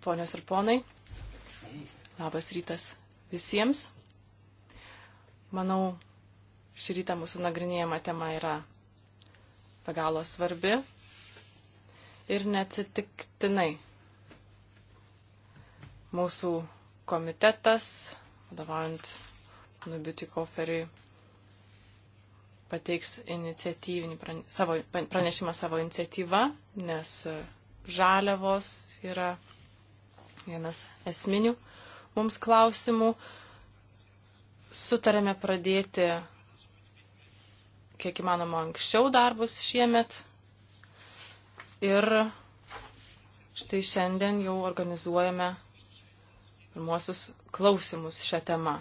ponios ir ponai. Labas rytas visiems. Manau, šį rytą mūsų nagrinėjama tema yra be galo svarbi ir neatsitiktinai. Mūsų komitetas, vadovaujant Nubiuti Koferiui, pateiks savo, pranešimą savo iniciatyvą, nes žaliavos yra vienas esminių mums klausimų. Sutarėme pradėti kiek įmanoma anksčiau darbus šiemet ir štai šiandien jau organizuojame pirmuosius klausimus šią temą.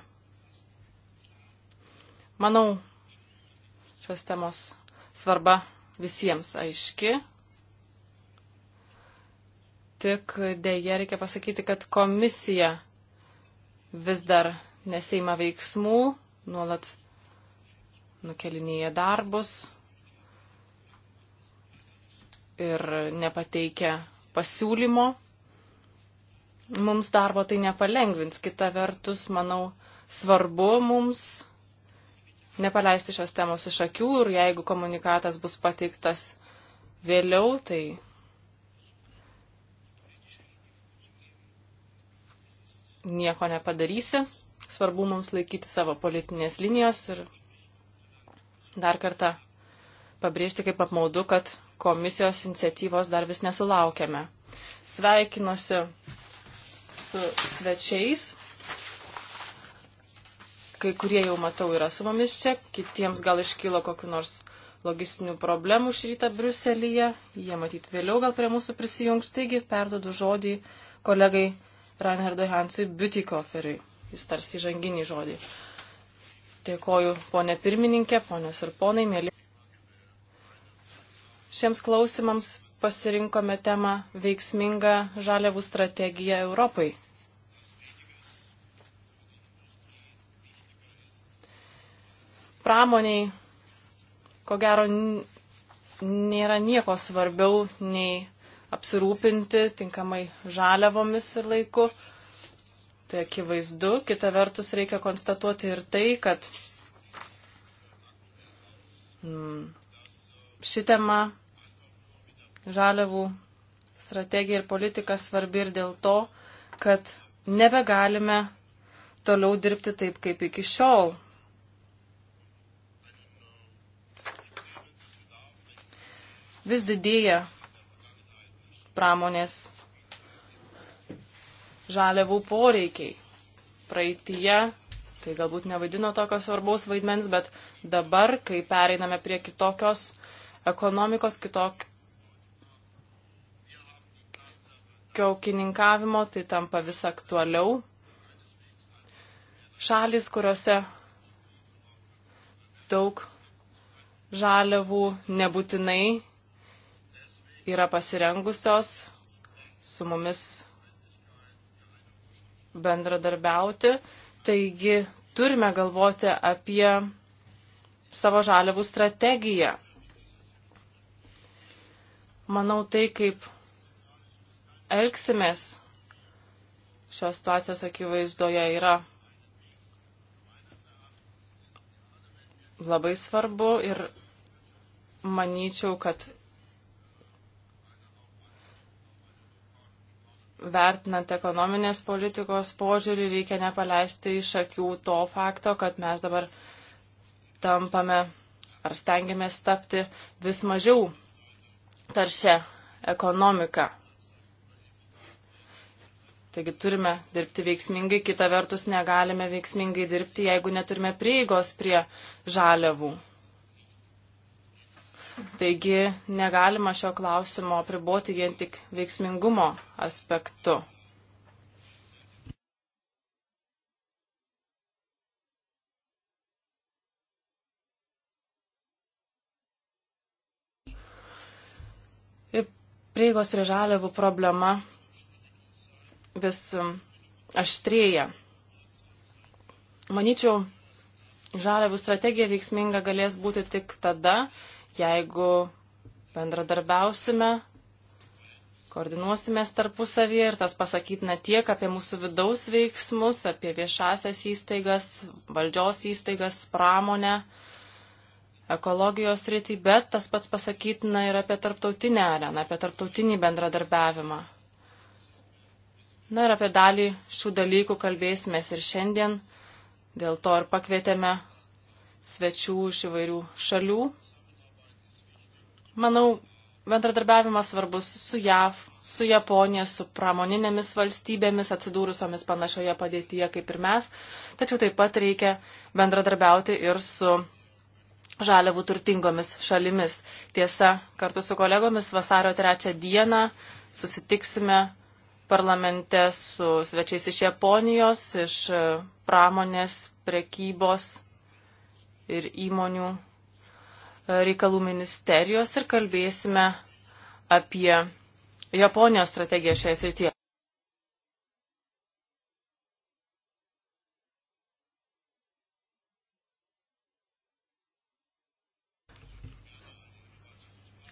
Manau, šios temos svarba visiems aiški, tik dėje reikia pasakyti, kad komisija vis dar neseima veiksmų, nuolat nukelinėja darbus ir nepateikia pasiūlymo. Mums darbo tai nepalengvins. Kita vertus, manau, svarbu mums nepaleisti šios temos iš akių ir jeigu komunikatas bus pateiktas vėliau, tai nieko nepadarysi. Svarbu mums laikyti savo politinės linijos ir dar kartą pabrėžti kaip apmaudu, kad komisijos iniciatyvos dar vis nesulaukėme. Sveikinuosi su svečiais. Kai kurie jau matau yra su mumis čia, kitiems gal iškylo kokiu nors logistinių problemų šį rytą Bruselėje. Jie matyt vėliau gal prie mūsų prisijungs. Taigi perdodu žodį kolegai Reinhardui Hansui Butikoferiui. Jis tarsi įžanginį žodį. Dėkoju, ponė pirmininkė, ponios ir ponai, mėly. Šiems klausimams pasirinkome temą veiksminga žaliavų strategija Europai. Pramoniai, ko gero, nėra nieko svarbiau nei apsirūpinti tinkamai žaliavomis ir laiku. Tai akivaizdu. Kita vertus reikia konstatuoti ir tai, kad mm, ši tema žaliavų strategija ir politika svarbi ir dėl to, kad nebegalime toliau dirbti taip kaip iki šiol. Vis didėja pramonės žaliavų poreikiai. Praeitie tai galbūt nevaidino tokio svarbaus vaidmens, bet dabar, kai pereiname prie kitokios ekonomikos, kitokio ūkininkavimo, tai tampa vis aktualiau. Šalis, kuriuose daug žaliavų nebūtinai yra pasirengusios su mumis bendradarbiauti. Taigi turime galvoti apie savo žaliavų strategiją. Manau, tai kaip elgsimės šios situacijos akivaizdoje yra labai svarbu ir manyčiau, kad vertinant ekonominės politikos požiūrį, reikia nepaleisti iš akių to fakto, kad mes dabar tampame ar stengiamės tapti vis mažiau taršia ekonomika. Taigi turime dirbti veiksmingai, kita vertus negalime veiksmingai dirbti, jeigu neturime prieigos prie žaliavų. Taigi negalima šio klausimo priboti vien tik veiksmingumo aspektu. Ir prieigos prie žaliavų problema vis um, aštrėja. Manyčiau, žaliavų strategija veiksminga galės būti tik tada, jeigu bendradarbiausime, koordinuosimės tarpusavyje ir tas pasakytina tiek apie mūsų vidaus veiksmus, apie viešasias įstaigas, valdžios įstaigas, pramonę, ekologijos rytį, bet tas pats pasakytina ir apie tarptautinę areną, apie tarptautinį bendradarbiavimą. Na ir apie dalį šių dalykų kalbėsimės ir šiandien, dėl to ir pakvietėme svečių iš įvairių šalių, Manau, bendradarbiavimas svarbus su JAV, su Japonija, su pramoninėmis valstybėmis atsidūrusiomis panašioje padėtyje kaip ir mes, tačiau taip pat reikia bendradarbiauti ir su žaliavų turtingomis šalimis. Tiesa, kartu su kolegomis vasario trečią dieną susitiksime parlamente su svečiais iš Japonijos, iš pramonės, prekybos ir įmonių reikalų ministerijos ir kalbėsime apie Japonijos strategiją šioje srityje.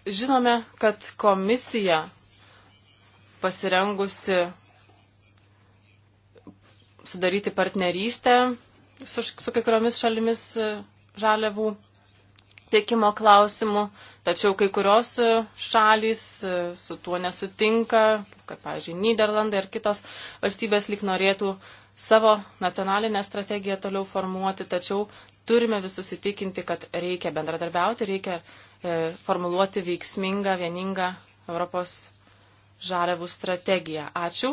Žinome, kad komisija pasirengusi sudaryti partnerystę su, su kiekvienomis šalimis e, žaliavų tiekimo klausimų, tačiau kai kurios e, šalys e, su tuo nesutinka, kad, pavyzdžiui, Niderlandai ar kitos valstybės lik norėtų savo nacionalinę strategiją toliau formuoti, tačiau turime visus įtikinti, kad reikia bendradarbiauti, reikia e, formuluoti veiksmingą, vieningą Europos žaliavų strategiją. Ačiū.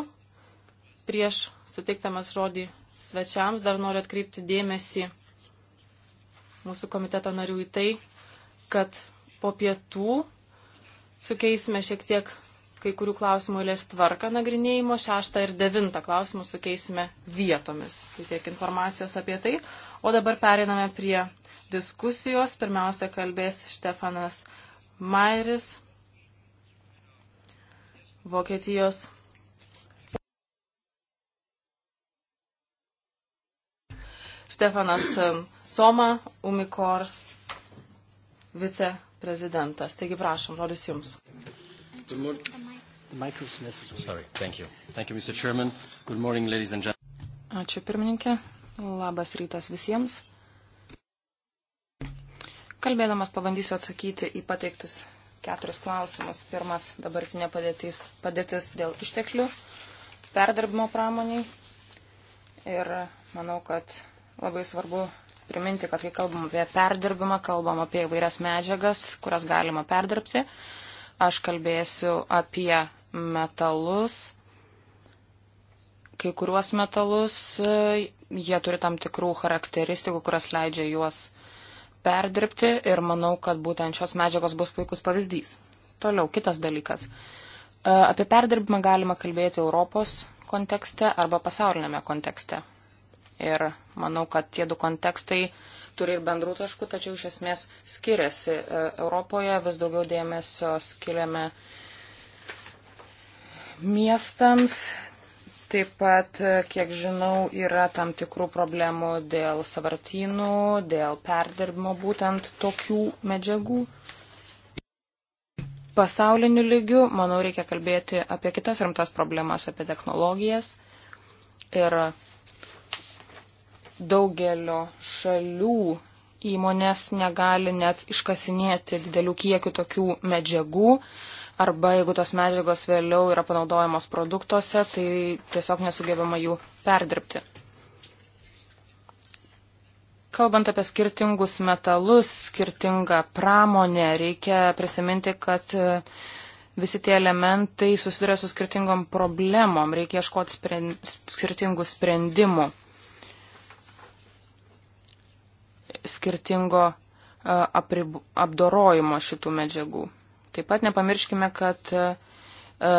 Prieš suteiktamas žodį svečiams dar noriu atkreipti dėmesį mūsų komiteto narių į tai, kad po pietų sukeisime šiek tiek kai kurių klausimų eilės tvarką nagrinėjimo, šeštą ir devintą klausimų sukeisime vietomis. Tai tiek informacijos apie tai. O dabar pereiname prie diskusijos. Pirmiausia, kalbės Štefanas Mairis, Vokietijos Stefanas Soma, Umikor viceprezidentas. Taigi prašom, rodys Jums. Ačiū pirmininkė. Labas rytas visiems. Kalbėdamas pabandysiu atsakyti į pateiktus keturis klausimus. Pirmas - dabartinė padėtis, padėtis dėl išteklių, perdarbimo pramoniai. Ir manau, kad Labai svarbu priminti, kad kai kalbam apie perdirbimą, kalbam apie įvairias medžiagas, kurias galima perdirbti. Aš kalbėsiu apie metalus. Kai kuriuos metalus e, jie turi tam tikrų charakteristikų, kurias leidžia juos perdirbti ir manau, kad būtent šios medžiagos bus puikus pavyzdys. Toliau, kitas dalykas. E, apie perdirbimą galima kalbėti Europos kontekste arba pasaulinėme kontekste. Ir manau, kad tie du kontekstai turi ir bendrų taškų, tačiau iš esmės skiriasi. E, Europoje vis daugiau dėmesio skiriame miestams. Taip pat, e, kiek žinau, yra tam tikrų problemų dėl savartynų, dėl perdirbimo būtent tokių medžiagų. Pasauliniu lygiu, manau, reikia kalbėti apie kitas rimtas problemas, apie technologijas. Ir daugelio šalių įmonės negali net iškasinėti didelių kiekių tokių medžiagų, arba jeigu tos medžiagos vėliau yra panaudojamos produktuose, tai tiesiog nesugebama jų perdirbti. Kalbant apie skirtingus metalus, skirtingą pramonę, reikia prisiminti, kad e, visi tie elementai susiduria su skirtingom problemom, reikia ieškoti sprend, skirtingų sprendimų. skirtingo e, aprib, apdorojimo šitų medžiagų. Taip pat nepamirškime, kad e, e,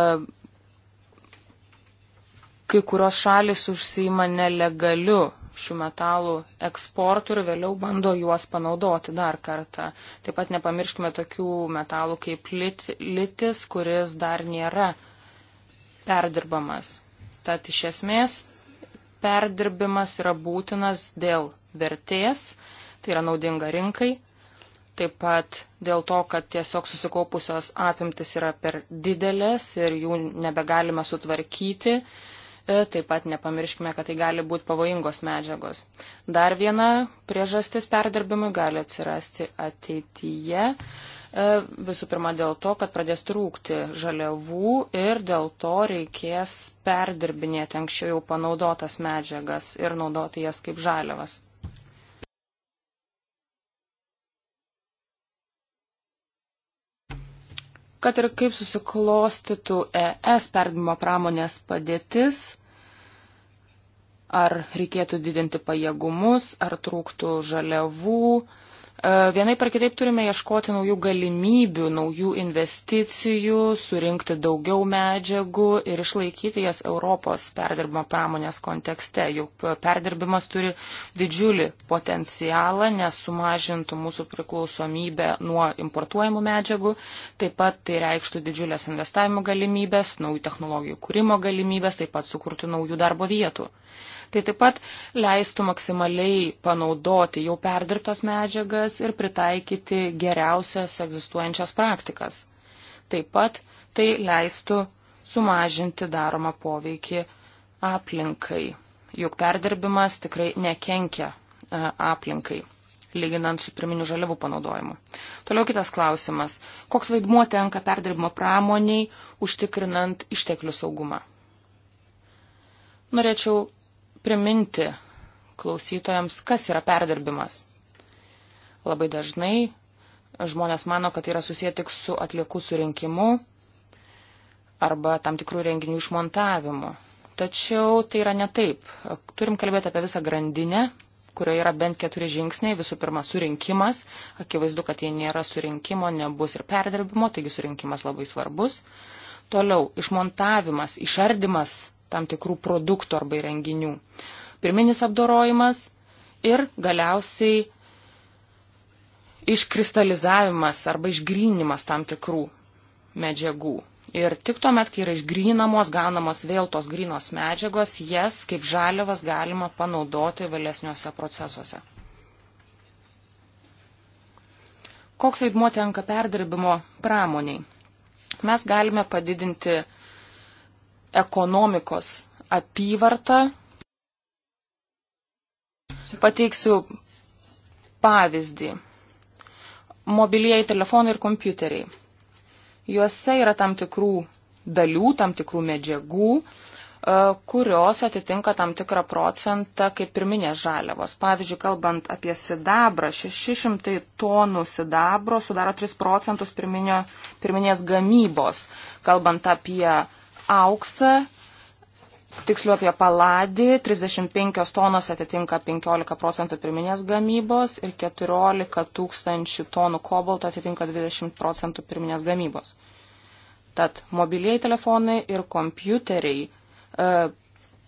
kai kurios šalis užsima nelegaliu šių metalų eksportų ir vėliau bando juos panaudoti dar kartą. Taip pat nepamirškime tokių metalų kaip lit, litis, kuris dar nėra perdirbamas. Tad iš esmės perdirbimas yra būtinas dėl vertės, tai yra naudinga rinkai, taip pat dėl to, kad tiesiog susikaupusios apimtis yra per didelės ir jų nebegalime sutvarkyti, e, taip pat nepamirškime, kad tai gali būti pavojingos medžiagos. Dar viena priežastis perdarbimui gali atsirasti ateityje. E, visų pirma dėl to, kad pradės trūkti žaliavų ir dėl to reikės perdirbinėti anksčiau jau panaudotas medžiagas ir naudoti jas kaip žaliavas. kad ir kaip susiklostytų ES perdimo pramonės padėtis, ar reikėtų didinti pajėgumus, ar trūktų žaliavų, E, Vienai par kitaip turime ieškoti naujų galimybių, naujų investicijų, surinkti daugiau medžiagų ir išlaikyti jas Europos perdirbimo pramonės kontekste. Juk perdirbimas turi didžiulį potencialą, nes sumažintų mūsų priklausomybę nuo importuojamų medžiagų. Taip pat tai reikštų didžiulės investavimo galimybės, naujų technologijų kūrimo galimybės, taip pat sukurti naujų darbo vietų. Tai taip pat leistų maksimaliai panaudoti jau perdirbtas medžiagas ir pritaikyti geriausias egzistuojančias praktikas. Taip pat tai leistų sumažinti daromą poveikį aplinkai, juk perdirbimas tikrai nekenkia e, aplinkai lyginant su pirminių žaliavų panaudojimu. Toliau kitas klausimas. Koks vaidmuo tenka perdirbimo pramoniai, užtikrinant išteklių saugumą? Norėčiau priminti klausytojams, kas yra perdirbimas. Labai dažnai žmonės mano, kad tai yra susiję tik su atliekų surinkimu arba tam tikrų renginių išmontavimu. Tačiau tai yra ne taip. Turim kalbėti apie visą grandinę, kurioje yra bent keturi žingsniai. Visų pirma, surinkimas. Akivaizdu, kad jei nėra surinkimo, nebus ir perdirbimo, taigi surinkimas labai svarbus. Toliau, išmontavimas, išardimas tam tikrų produktų arba įrenginių. Pirminis apdorojimas ir galiausiai iškristalizavimas arba išgrinimas tam tikrų medžiagų. Ir tik tuomet, kai yra išgrinamos, gaunamos vėl tos grinos medžiagos, jas kaip žaliavas galima panaudoti vėlesniuose procesuose. Koks vaidmuo tenka perdirbimo pramoniai? Mes galime padidinti ekonomikos apyvartą. Pateiksiu pavyzdį. Mobilieji telefonai ir kompiuteriai. Juose yra tam tikrų dalių, tam tikrų medžiagų, e, kurios atitinka tam tikrą procentą kaip pirminės žaliavos. Pavyzdžiui, kalbant apie sidabrą, 600 tonų sidabro sudaro 3 procentus pirminio, pirminės gamybos. Kalbant apie uh, auksą, tiksliau apie paladį, 35 tonos atitinka 15 procentų pirminės gamybos ir 14 tūkstančių tonų kobalto atitinka 20 procentų pirminės gamybos. Tad mobilieji telefonai ir kompiuteriai e,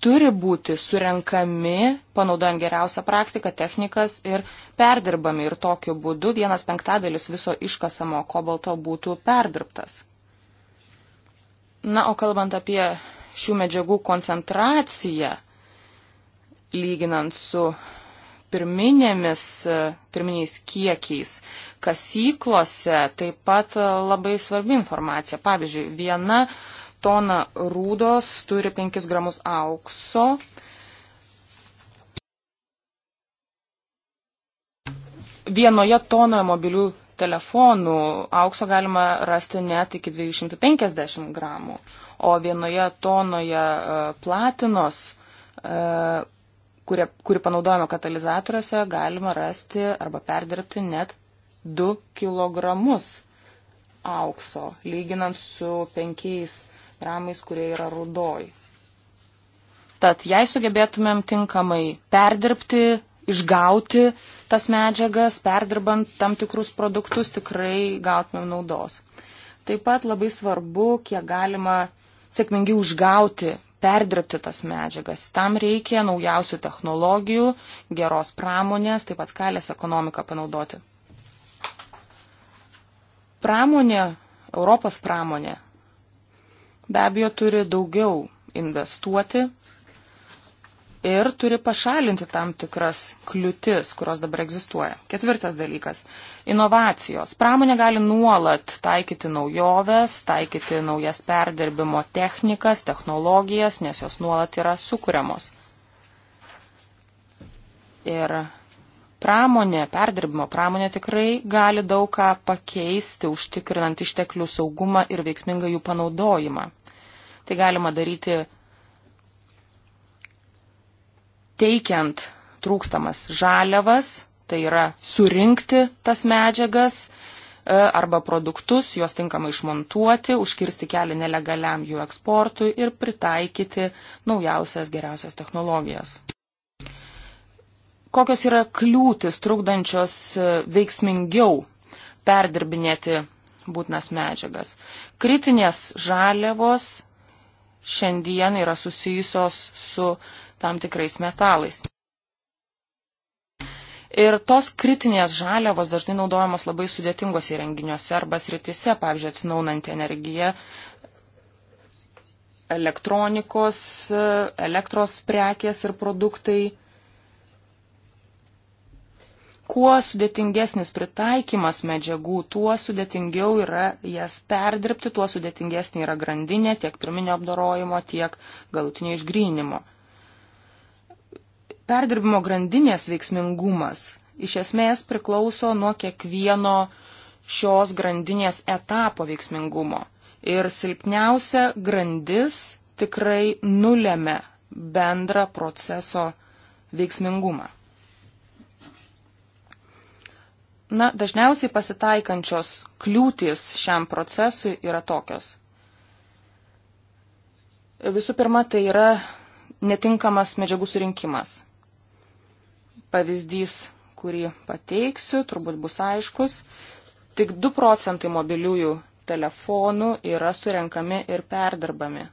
turi būti surenkami, panaudojant geriausią praktiką, technikas ir perdirbami. Ir tokiu būdu vienas penktadalis viso iškasamo kobalto būtų perdirbtas. Na, o kalbant apie šių medžiagų koncentraciją, lyginant su pirminėmis, e, pirminiais kiekiais kasyklose, taip pat e, labai svarbi informacija. Pavyzdžiui, viena tona rūdos turi 5 gramus aukso. Vienoje tonoje mobilių telefonų aukso galima rasti net iki 250 gramų, o vienoje tonoje e, platinos, e, kuri, kuri panaudojama katalizatoriuose, galima rasti arba perdirbti net 2 kg aukso, lyginant su 5 gramais, kurie yra rudoj. Tad jei sugebėtumėm tinkamai perdirbti, išgauti, uh, tas medžiagas, perdirbant tam tikrus produktus, tikrai gautumėm naudos. Taip pat labai svarbu, kiek galima sėkmingai užgauti, perdirbti tas medžiagas. Tam reikia naujausių technologijų, geros pramonės, taip pat skalės ekonomiką panaudoti. Pramonė, Europos pramonė, be abejo turi daugiau investuoti ir turi pašalinti tam tikras kliūtis, kurios dabar egzistuoja. Ketvirtas dalykas - inovacijos. Pramonė gali nuolat taikyti naujoves, taikyti naujas perdirbimo technikas, technologijas, nes jos nuolat yra sukūriamos. Ir pramonė, perdirbimo pramonė tikrai gali daug ką pakeisti, užtikrinant išteklių saugumą ir veiksmingą jų panaudojimą. Tai galima daryti teikiant trūkstamas žaliavas, tai yra surinkti tas medžiagas e, arba produktus, juos tinkamai išmontuoti, užkirsti kelią nelegaliam jų eksportui ir pritaikyti naujausias geriausias technologijas. Kokios yra kliūtis trukdančios e, veiksmingiau perdirbinėti būtinas medžiagas? Kritinės žaliavos šiandien yra susijusios su tam tikrais metalais. Ir tos kritinės žaliavos dažnai naudojamos labai sudėtingose įrenginiuose arba sritise, pavyzdžiui, atsinaunanti energija, elektronikos, elektros prekės ir produktai. Kuo sudėtingesnis pritaikymas medžiagų, tuo sudėtingiau yra jas perdirbti, tuo sudėtingesnė yra grandinė tiek pirminio apdorojimo, tiek galutinio išgrynimo. Perdirbimo grandinės veiksmingumas iš esmės priklauso nuo kiekvieno šios grandinės etapo veiksmingumo. Ir silpniausia grandis tikrai nulėmė bendrą proceso veiksmingumą. Na, dažniausiai pasitaikančios kliūtis šiam procesui yra tokios. Visų pirma, tai yra netinkamas medžiagų surinkimas pavyzdys, kurį pateiksiu, turbūt bus aiškus. Tik 2 procentai mobiliųjų telefonų yra surenkami ir perdarbami.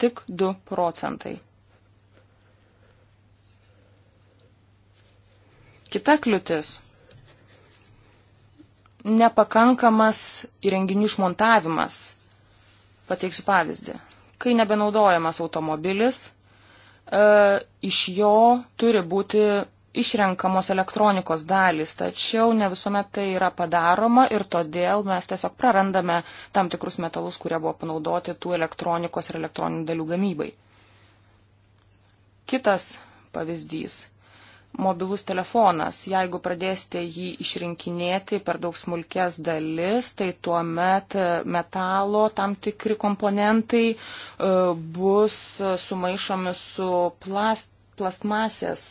Tik 2 procentai. Kita kliūtis - nepakankamas įrenginių išmontavimas. Pateiksiu pavyzdį. Kai nebenaudojamas automobilis, e, iš jo turi būti išrenkamos elektronikos dalys, tačiau ne visuomet tai yra padaroma ir todėl mes tiesiog prarandame tam tikrus metalus, kurie buvo panaudoti tų elektronikos ir elektroninių dalių gamybai. Kitas pavyzdys mobilus telefonas. Jeigu pradėsite jį išrinkinėti per daug smulkės dalis, tai tuo met e, metalo tam tikri komponentai e, bus e, sumaišomi su plast, plastmasės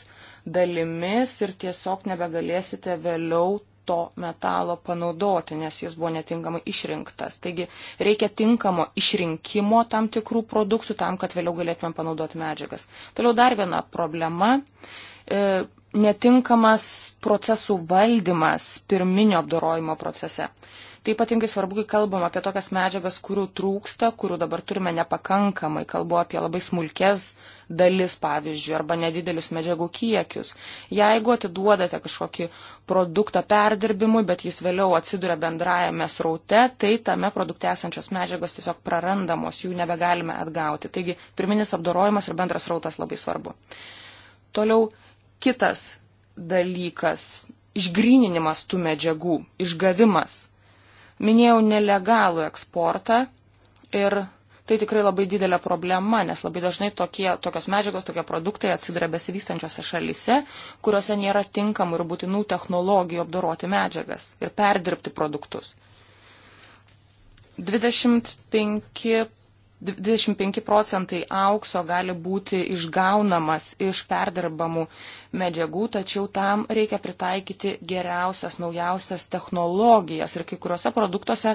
dalimis ir tiesiog nebegalėsite vėliau to metalo panaudoti, nes jis buvo netinkamai išrinktas. Taigi reikia tinkamo išrinkimo tam tikrų produktų tam, kad vėliau galėtume panaudoti medžiagas. Toliau dar viena problema. E, netinkamas procesų valdymas pirminio apdorojimo procese. Tai ypatingai svarbu, kai kalbam apie tokias medžiagas, kurių trūksta, kurių dabar turime nepakankamai. Kalbu apie labai smulkės dalis, pavyzdžiui, arba nedidelius medžiagų kiekius. Jeigu atiduodate kažkokį produktą perdirbimui, bet jis vėliau atsiduria bendrajame sraute, tai tame produkte esančios medžiagos tiesiog prarandamos, jų nebegalime atgauti. Taigi pirminis apdorojimas ir bendras srautas labai svarbu. Toliau kitas dalykas - išgrininimas tų medžiagų, išgavimas. Minėjau nelegalų eksportą ir Tai tikrai labai didelė problema, nes labai dažnai tokie, tokios medžiagos, tokie produktai atsiduria besivystančiose šalise, kuriuose nėra tinkamų ir būtinų technologijų apdoroti medžiagas ir perdirbti produktus. 25 25 procentai aukso gali būti išgaunamas iš perdarbamų medžiagų, tačiau tam reikia pritaikyti geriausias, naujausias technologijas. Ir kai kuriuose produktuose,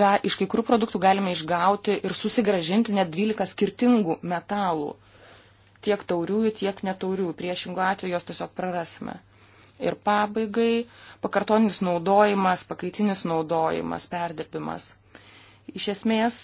ga, iš kai kurių produktų galime išgauti ir susigražinti net 12 skirtingų metalų. Tiek tauriųjų, tiek netauriųjų. Priešingų atveju jos tiesiog prarasime. Ir pabaigai pakartoninis naudojimas, pakaitinis naudojimas, perdirbimas. Iš esmės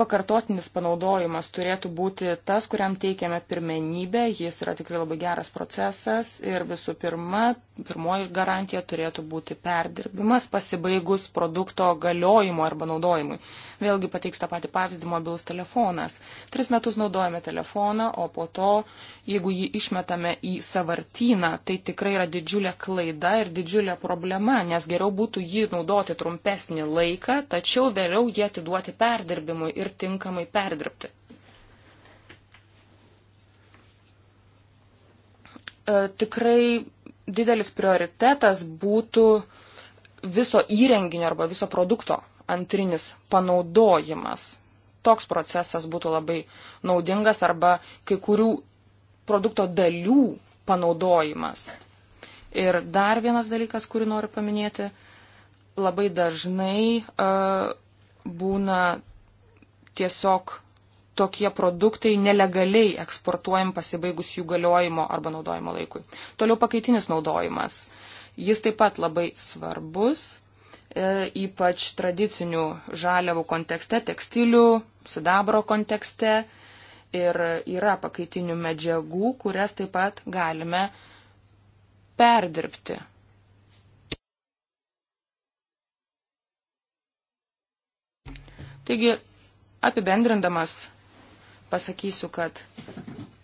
pakartotinis panaudojimas turėtų būti tas, kuriam teikiame pirmenybę. Jis yra tikrai labai geras procesas ir visų pirma pirmoji garantija turėtų būti perdirbimas pasibaigus produkto galiojimo arba naudojimui. Vėlgi pateiks tą patį pavyzdį mobilus telefonas. Tris metus naudojame telefoną, o po to, jeigu jį išmetame į savartyną, tai tikrai yra didžiulė klaida ir didžiulė problema, nes geriau būtų jį naudoti trumpesnį laiką, tačiau vėliau jį atiduoti perdirbimui ir tinkamai perdirbti. E, tikrai didelis prioritetas būtų viso įrenginio arba viso produkto antrinis panaudojimas. Toks procesas būtų labai naudingas arba kai kurių produkto dalių panaudojimas. Ir dar vienas dalykas, kurį noriu paminėti, labai dažnai uh, būna tiesiog tokie produktai nelegaliai eksportuojami pasibaigus jų galiojimo arba naudojimo laikui. Toliau pakaitinis naudojimas. Jis taip pat labai svarbus, e, ypač tradicinių žaliavų kontekste, tekstilių, sidabro kontekste. Ir yra pakaitinių medžiagų, kurias taip pat galime perdirbti. Taigi, apibendrindamas pasakysiu, kad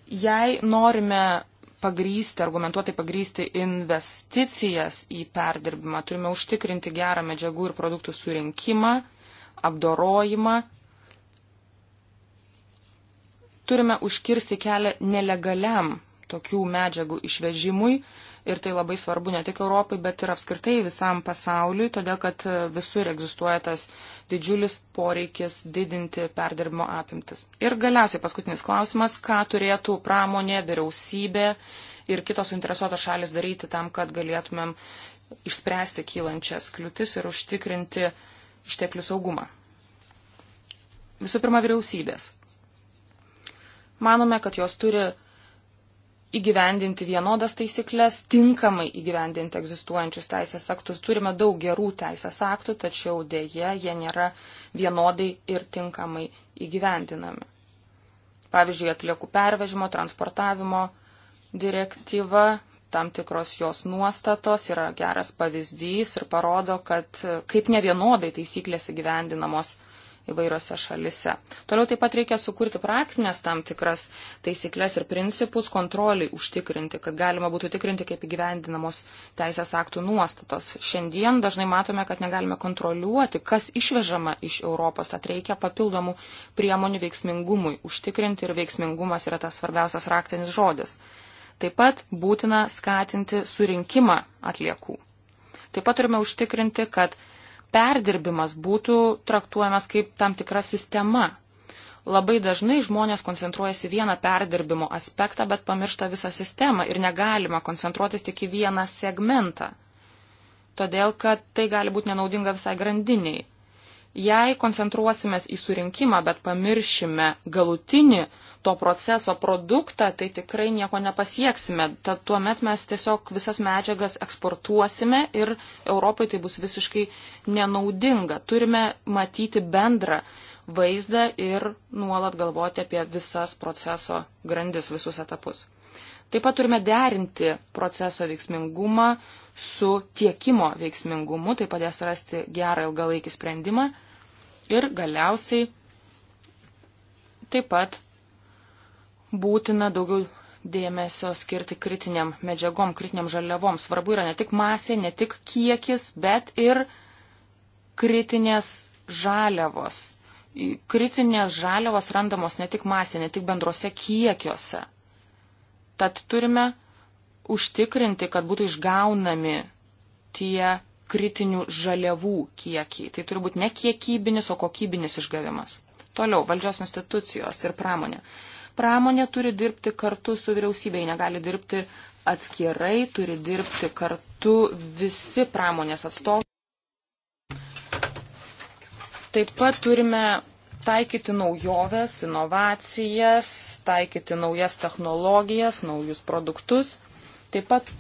jei norime pagrysti, argumentuotai pagrysti investicijas į perdirbimą, turime užtikrinti gerą medžiagų ir produktų surinkimą, apdorojimą, turime užkirsti kelią nelegaliam tokių medžiagų išvežimui ir tai labai svarbu ne tik Europai, bet ir apskritai visam pasauliui, todėl kad visur egzistuoja tas didžiulis poreikis didinti perdirbimo apimtis. Ir galiausiai paskutinis klausimas, ką turėtų pramonė, vyriausybė ir kitos suinteresuotos šalis daryti tam, kad galėtumėm išspręsti kylančias kliūtis ir užtikrinti išteklių saugumą. Visų pirma, vyriausybės. Manome, kad jos turi įgyvendinti vienodas taisyklės, tinkamai įgyvendinti egzistuojančius teisės aktus. Turime daug gerų teisės aktų, tačiau dėje jie nėra vienodai ir tinkamai įgyvendinami. Pavyzdžiui, atliekų pervežimo, transportavimo direktyva, tam tikros jos nuostatos yra geras pavyzdys ir parodo, kad kaip nevienodai taisyklės įgyvendinamos įvairiose šalise. Toliau taip pat reikia sukurti praktinės tam tikras taisyklės ir principus kontroliai užtikrinti, kad galima būtų tikrinti, kaip įgyvendinamos teisės aktų nuostatos. Šiandien dažnai matome, kad negalime kontroliuoti, kas išvežama iš Europos, tad reikia papildomų priemonių veiksmingumui užtikrinti ir veiksmingumas yra tas svarbiausias raktinis žodis. Taip pat būtina skatinti surinkimą atliekų. Taip pat turime užtikrinti, kad perdirbimas būtų traktuojamas kaip tam tikra sistema. Labai dažnai žmonės koncentruojasi vieną perdirbimo aspektą, bet pamiršta visą sistemą ir negalima koncentruotis tik į vieną segmentą. Todėl, kad tai gali būti nenaudinga visai grandiniai. Jei koncentruosimės į surinkimą, bet pamiršime galutinį to proceso produktą, tai tikrai nieko nepasieksime. Tad tuomet mes tiesiog visas medžiagas eksportuosime ir Europai tai bus visiškai nenaudinga. Turime matyti bendrą vaizdą ir nuolat galvoti apie visas proceso grandis, visus etapus. Taip pat turime derinti proceso veiksmingumą su tiekimo veiksmingumu, tai padės rasti gerą ilgalaikį sprendimą ir galiausiai taip pat būtina daugiau dėmesio skirti kritiniam medžiagom, kritiniam žaliavom. Svarbu yra ne tik masė, ne tik kiekis, bet ir kritinės žaliavos. Kritinės žaliavos randamos ne tik masė, ne tik bendrose kiekiuose. Tad turime užtikrinti, kad būtų išgaunami tie kritinių žaliavų kiekiai. Tai turi būti ne kiekybinis, o kokybinis išgavimas. Toliau, valdžios institucijos ir pramonė. Pramonė turi dirbti kartu su vyriausybė, jie negali dirbti atskirai, turi dirbti kartu visi pramonės atstovai. Taip pat turime taikyti naujoves, inovacijas, taikyti naujas technologijas, naujus produktus. Taip pat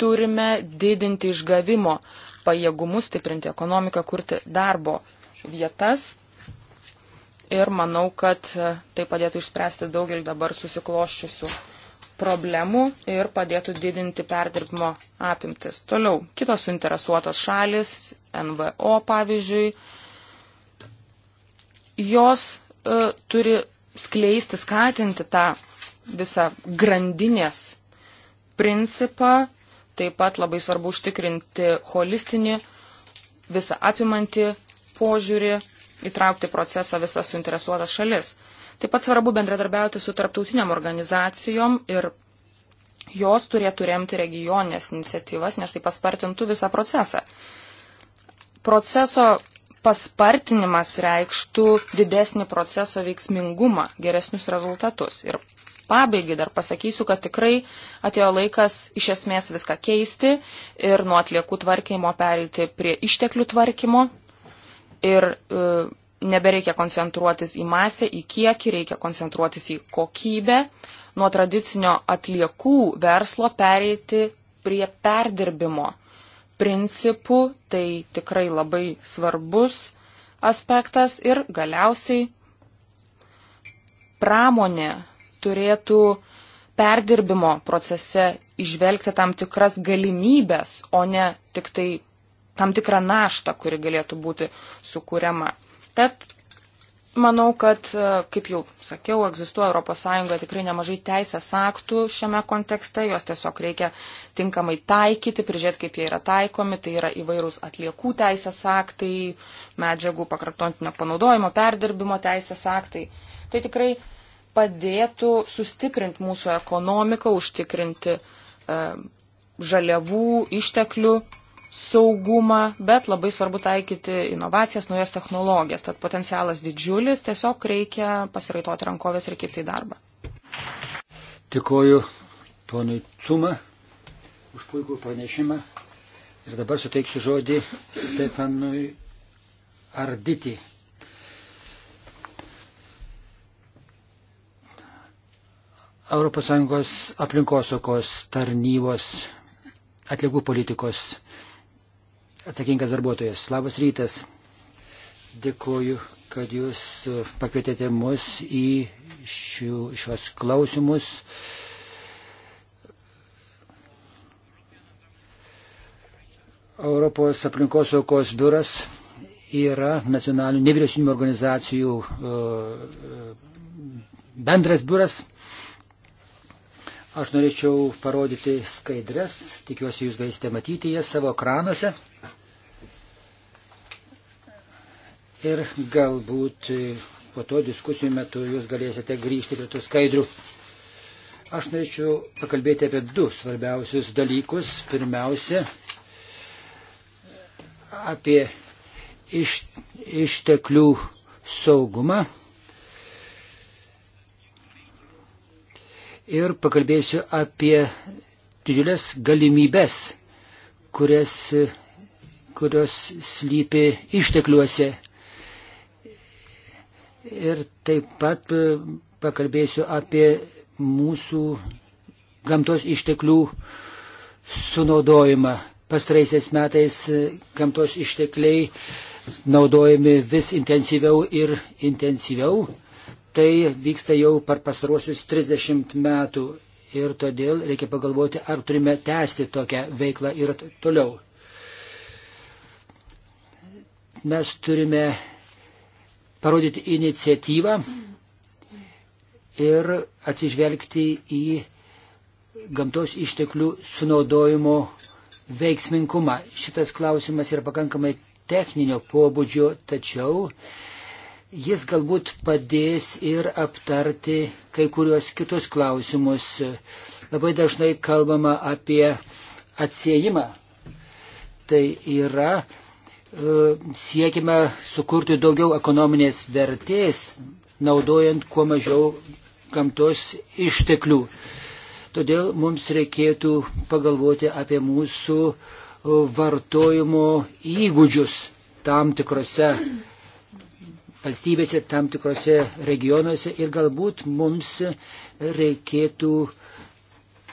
turime didinti išgavimo pajėgumus, stiprinti ekonomiką, kurti darbo vietas. Ir manau, kad tai padėtų išspręsti daugelį dabar susikloščiusių problemų ir padėtų didinti perdirbimo apimtis. Toliau, kitos suinteresuotos šalis, NVO pavyzdžiui, jos e, turi skleisti, skatinti tą visą grandinės principą, taip pat labai svarbu užtikrinti holistinį, visą apimantį požiūrį, įtraukti procesą visas suinteresuotas šalis. Taip pat svarbu bendradarbiauti su tarptautiniam organizacijom ir jos turėtų remti regioninės iniciatyvas, nes tai paspartintų visą procesą. Proceso paspartinimas reikštų didesnį proceso veiksmingumą, geresnius rezultatus. Ir pabaigai dar pasakysiu, kad tikrai atėjo laikas iš esmės viską keisti ir nuo atliekų tvarkymo pereiti prie išteklių tvarkymo. Ir e, nebereikia koncentruotis į masę, į kiekį, reikia koncentruotis į kokybę. Nuo tradicinio atliekų verslo pereiti prie perdirbimo principų, tai tikrai labai svarbus aspektas ir galiausiai pramonė turėtų perdirbimo procese išvelgti tam tikras galimybės, o ne tik tai tam tikrą naštą, kuri galėtų būti sukūriama. Tad Manau, kad, e, kaip jau sakiau, egzistuoja ES tikrai nemažai teisės aktų šiame kontekste, juos tiesiog reikia tinkamai taikyti, prižiūrėti, kaip jie yra taikomi, tai yra įvairūs atliekų teisės aktai, medžiagų pakartotinio panaudojimo, perdirbimo teisės aktai. Tai tikrai padėtų sustiprinti mūsų ekonomiką, užtikrinti e, žaliavų išteklių saugumą, bet labai svarbu taikyti inovacijas, naujas technologijas. Tad potencialas didžiulis, tiesiog reikia pasiraitoti rankovės ir kibti į darbą. Tikoju ponui Cuma už puikų pranešimą. Ir dabar suteiksiu žodį Stefanui Arditi. ES aplinkosaugos tarnybos atlikų politikos atsakingas darbuotojas. Labas rytas. Dėkuoju, kad jūs pakvietėte mus į šių, šios klausimus. Europos aplinkosaugos biuras yra nacionalinių nevyriausybinių organizacijų uh, uh, bendras biuras Aš norėčiau parodyti skaidres, tikiuosi jūs galėsite matyti jas savo ekranuose. Ir galbūt po to diskusijų metu jūs galėsite grįžti prie tų skaidrių. Aš norėčiau pakalbėti apie du svarbiausius dalykus. Pirmiausia, apie iš, išteklių saugumą ir pakalbėsiu apie didžiulės galimybės, kurias, kurios slypi ištekliuose. Ir taip pat e, pakalbėsiu apie mūsų gamtos išteklių sunaudojimą. Pastraisiais metais e, gamtos ištekliai naudojami vis intensyviau ir intensyviau tai vyksta jau per pastaruosius 30 metų ir todėl reikia pagalvoti, ar turime tęsti tokią veiklą ir toliau. Mes turime parodyti iniciatyvą ir atsižvelgti į gamtos išteklių sunaudojimo veiksmingumą. Šitas klausimas yra pakankamai techninio pobūdžio, tačiau Jis galbūt padės ir aptarti kai kurios kitus klausimus. Labai dažnai kalbama apie atsiejimą. Tai yra e, siekime sukurti daugiau ekonominės vertės, naudojant kuo mažiau gamtos išteklių. Todėl mums reikėtų pagalvoti apie mūsų e, vartojimo įgūdžius tam tikrose valstybėse, tam tikrose regionuose ir galbūt mums reikėtų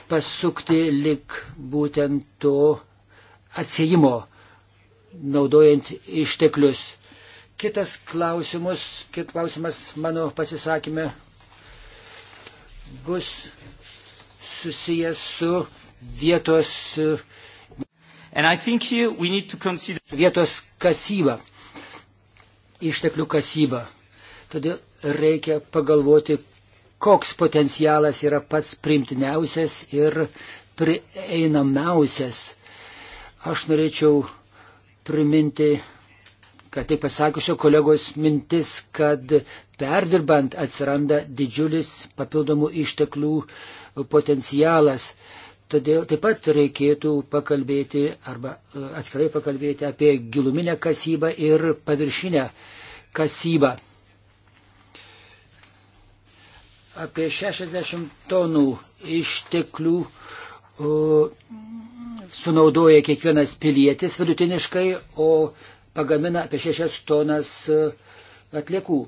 pasukti lik būtent to atsijimo, naudojant išteklius. Kitas klausimus, kit klausimas mano pasisakymė bus susijęs su vietos, consider... vietos kasyba išteklių kasybą. Todėl reikia pagalvoti, koks potencialas yra pats primtiniausias ir prieinamiausias. Aš norėčiau priminti, kad tai pasakiusio kolegos mintis, kad perdirbant atsiranda didžiulis papildomų išteklių potencialas. Todėl taip pat reikėtų pakalbėti arba e, atskirai pakalbėti apie giluminę kasybą ir paviršinę kasybą. Apie 60 tonų išteklių e, sunaudoja kiekvienas pilietis vidutiniškai, o pagamina apie 6 tonas e, atliekų.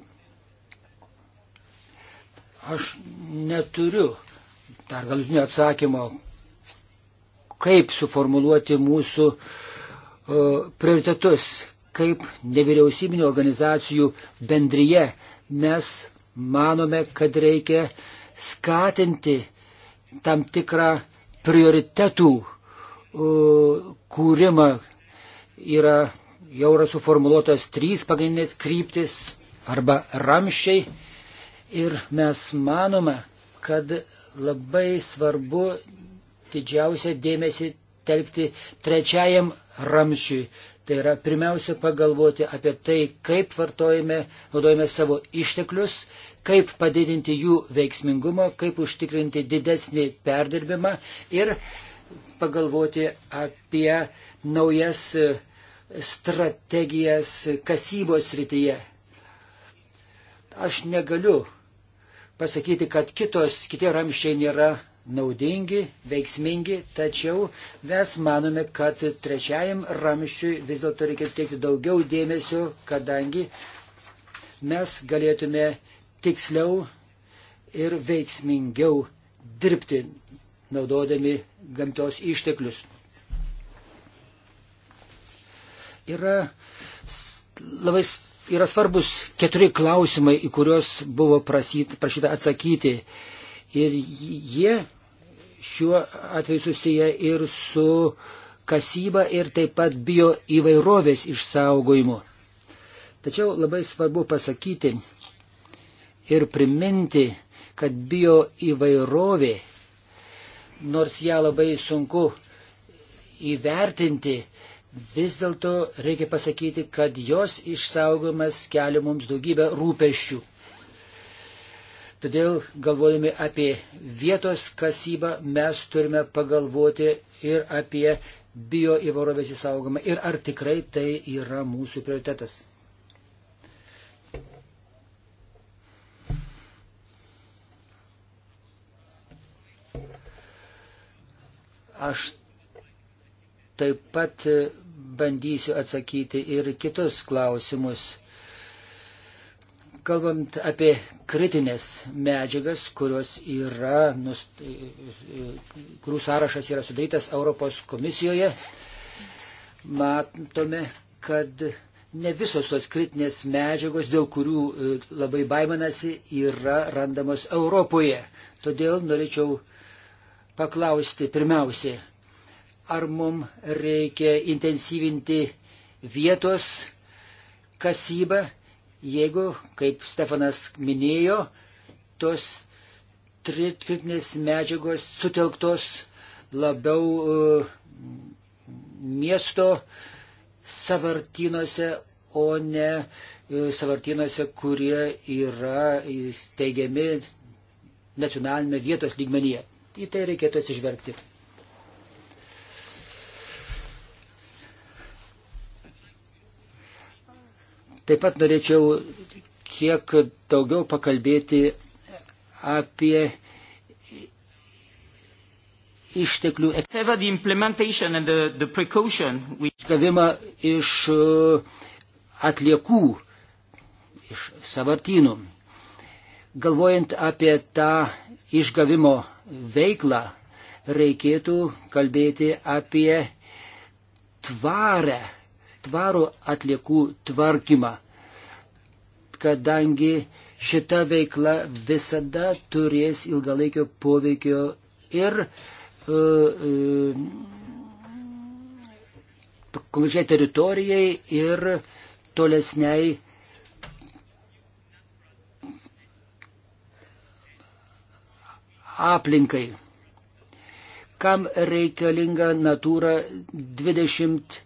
Aš neturiu dar galutinio atsakymo, kaip suformuluoti mūsų e, prioritetus, kaip nevyriausybinio organizacijų bendryje mes manome, kad reikia skatinti tam tikrą prioritetų e, kūrimą. Yra, jau yra suformuoluotas trys pagrindinės kryptis arba ramščiai ir mes manome, kad labai svarbu didžiausią dėmesį telkti trečiajam ramšiui. Tai yra pirmiausia pagalvoti apie tai, kaip vartojame, naudojame savo išteklius, kaip padidinti jų veiksmingumą, kaip užtikrinti didesnį perdirbimą ir pagalvoti apie naujas e, strategijas kasybos rytyje. Aš negaliu pasakyti, kad kitos, kitie ramščiai nėra naudingi, veiksmingi, tačiau mes manome, kad trečiajam ramščiui vis dėlto reikia teikti daugiau dėmesio, kadangi mes galėtume tiksliau ir veiksmingiau dirbti, naudodami gamtos išteklius. Yra labai yra svarbus keturi klausimai, į kuriuos buvo prasyt, prašyta atsakyti ir jie šiuo atveju susiję ir su kasyba ir taip pat bio įvairovės išsaugojimu. Tačiau labai svarbu pasakyti ir priminti, kad bio įvairovė, nors ją labai sunku įvertinti, vis dėlto reikia pasakyti, kad jos išsaugojimas kelia mums daugybę rūpeščių. Todėl galvojami apie vietos kasybą, mes turime pagalvoti ir apie bio įvarovės įsaugomą ir ar tikrai tai yra mūsų prioritetas. Aš taip pat bandysiu atsakyti ir kitus klausimus. Kalbant apie kritinės medžiagas, kurios yra, nust... kurių sąrašas yra sudarytas Europos komisijoje, matome, kad ne visos tos kritinės medžiagos, dėl kurių e, labai baiminasi, yra randamos Europoje. Todėl norėčiau paklausti pirmiausiai, ar mums reikia intensyvinti vietos kasybą jeigu, kaip Stefanas minėjo, tos kritinės medžiagos sutelktos labiau e, miesto savartinuose, o ne e, savartinuose, kurie yra įsteigiami nacionalinėme vietos lygmenyje. Į tai reikėtų atsižvelgti. Taip pat norėčiau kiek daugiau pakalbėti apie išteklių išgavimą iš uh, atliekų, iš savartynų. Galvojant apie tą išgavimo veiklą, reikėtų kalbėti apie tvarę tvarų atliekų tvarkymą, kadangi šita veikla visada turės ilgalaikio poveikio ir uh, uh, konkrečiai teritorijai ir tolesniai aplinkai. Kam reikalinga Natūra 20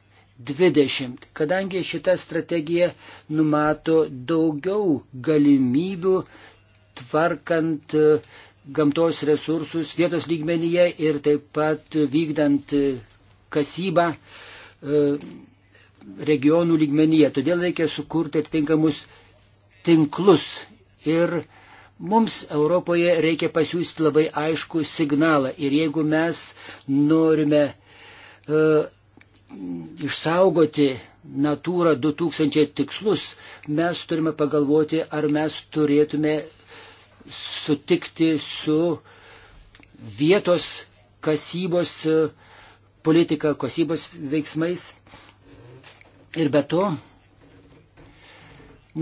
20, kadangi šita strategija numato daugiau galimybių tvarkant e, gamtos resursus vietos lygmenyje ir taip pat vykdant e, kasybą e, regionų lygmenyje. Todėl reikia sukurti atitinkamus tinklus ir Mums Europoje reikia pasiūsti labai aišku signalą ir jeigu mes norime uh, išsaugoti Natūra 2000 tikslus, mes turime pagalvoti, ar mes turėtume sutikti su vietos kasybos e, politika, kasybos veiksmais. Ir be to,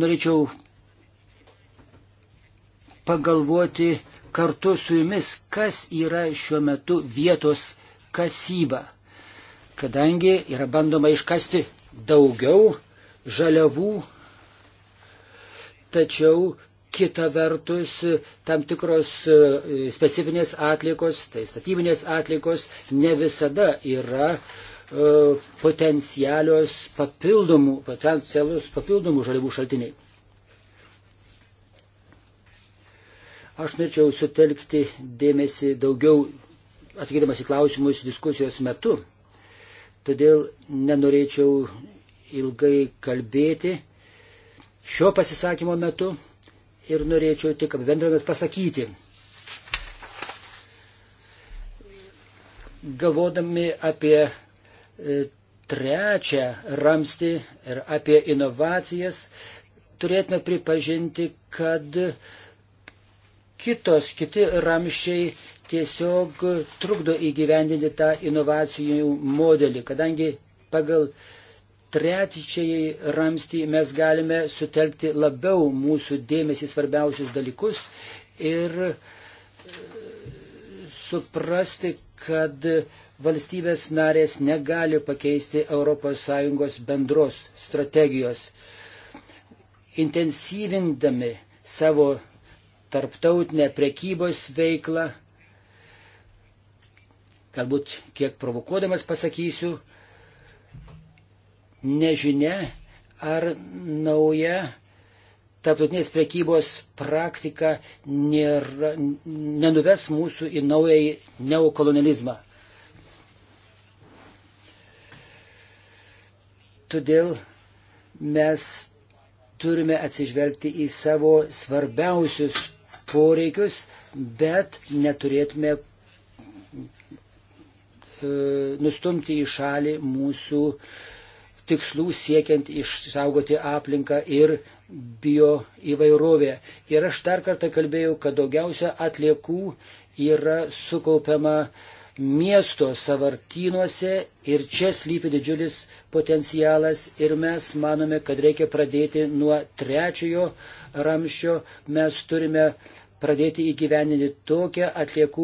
norėčiau pagalvoti kartu su jumis, kas yra šiuo metu vietos kasyba kadangi yra bandoma iškasti daugiau žaliavų, tačiau kita vertus tam tikros e, specifinės atlikos, tai statybinės atlikos ne visada yra e, potencialios papildomų, potencialus papildomų žaliavų šaltiniai. Aš norėčiau sutelkti dėmesį daugiau, atsakydamas į klausimus diskusijos metu, todėl nenorėčiau ilgai kalbėti šio pasisakymo metu ir norėčiau tik apibendrinamas pasakyti. Galvodami apie e, trečią ramstį ir apie inovacijas, turėtume pripažinti, kad kitos, kiti ramščiai tiesiog trukdo įgyvendinti tą inovacijų modelį, kadangi pagal trečiąjį ramstį mes galime sutelkti labiau mūsų dėmesį svarbiausius dalykus ir e, suprasti, kad valstybės narės negali pakeisti ES bendros strategijos. Intensyvindami savo tarptautinę prekybos veiklą galbūt kiek provokuodamas pasakysiu, nežinia, ar nauja tarptautinės prekybos praktika nėra, nenuves mūsų į naująjį neokolonializmą. Todėl mes turime atsižvelgti į savo svarbiausius poreikius, bet neturėtume E, nustumti į šalį mūsų tikslų siekiant išsaugoti aplinką ir bio įvairovę. Ir aš dar kartą kalbėjau, kad daugiausia atliekų yra sukaupiama miesto savartynuose ir čia slypi didžiulis potencialas ir mes manome, kad reikia pradėti nuo trečiojo ramščio. Mes turime uh, pradėti įgyveninti tokią atliekų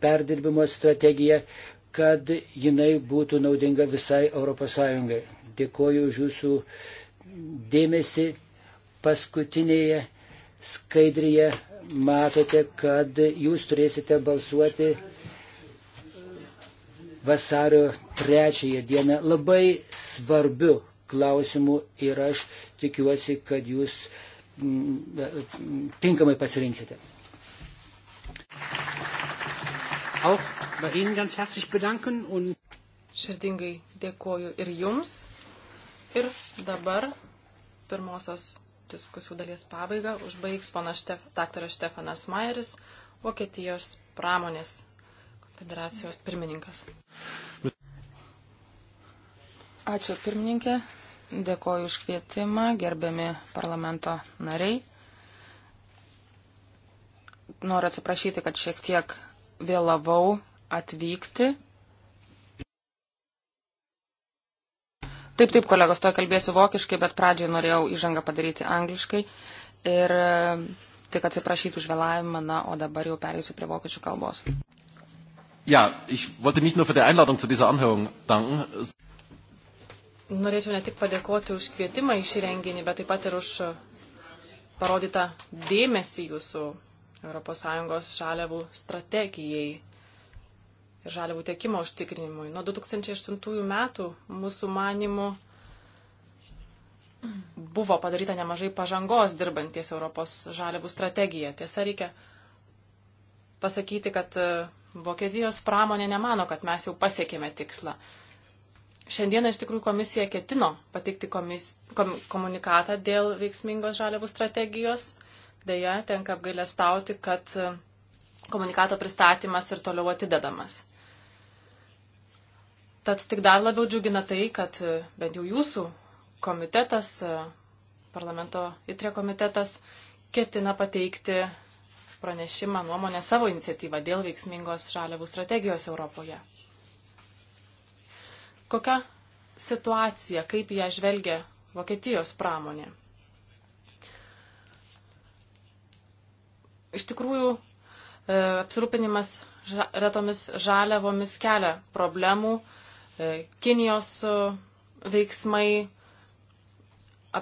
perdirbimo strategiją, kad jinai būtų naudinga visai ES. Dėkoju už jūsų dėmesį. Paskutinėje skaidrėje matote, kad jūs turėsite balsuoti vasario trečiąją dieną. Labai svarbiu klausimu ir aš tikiuosi, kad jūs tinkamai pasirinksite. Auch bei Ihnen ganz herzlich bedanken und Širdingai dėkoju ir Jums. Ir dabar pirmosios diskusijų dalies pabaigą užbaigs panas Štef, dr. Štefanas Mayeris, Vokietijos pramonės konfederacijos pirmininkas. Ačiū pirmininkė. Dėkoju už kvietimą, gerbiami parlamento nariai. Noriu atsiprašyti, kad šiek tiek vėlavau atvykti. Taip, taip, kolegos, to kalbėsiu vokiškai, bet pradžiai norėjau įžangą padaryti angliškai. Ir e, tik atsiprašyti už vėlavimą, na, o dabar jau perėsiu prie vokiečių kalbos. Ja, ich wollte nicht nur für die Einladung zu dieser Anhörung danken norėčiau ne tik padėkoti už kvietimą į šį renginį, bet taip pat ir už parodytą dėmesį jūsų ES žaliavų strategijai ir žaliavų tiekimo užtikrinimui. Nuo 2008 metų mūsų manimų buvo padaryta nemažai pažangos dirbanties Europos žaliavų strategiją. Tiesa, reikia pasakyti, kad Vokietijos pramonė nemano, kad mes jau pasiekėme tikslą. Šiandieną iš tikrųjų komisija ketino pateikti komis, kom, komunikatą dėl veiksmingos žaliavų strategijos. Deja, tenka apgailestauti, kad e, komunikato pristatymas ir toliau atidedamas. Tad tik dar labiau džiugina tai, kad e, bent jau jūsų komitetas, e, parlamento įtrė komitetas, ketina pateikti pranešimą nuomonę savo iniciatyvą dėl veiksmingos žaliavų strategijos Europoje. Kokia situacija, kaip ją žvelgia Vokietijos pramonė? Iš tikrųjų, e, apsirūpinimas retomis žaliavomis kelia problemų. E, Kinijos e, veiksmai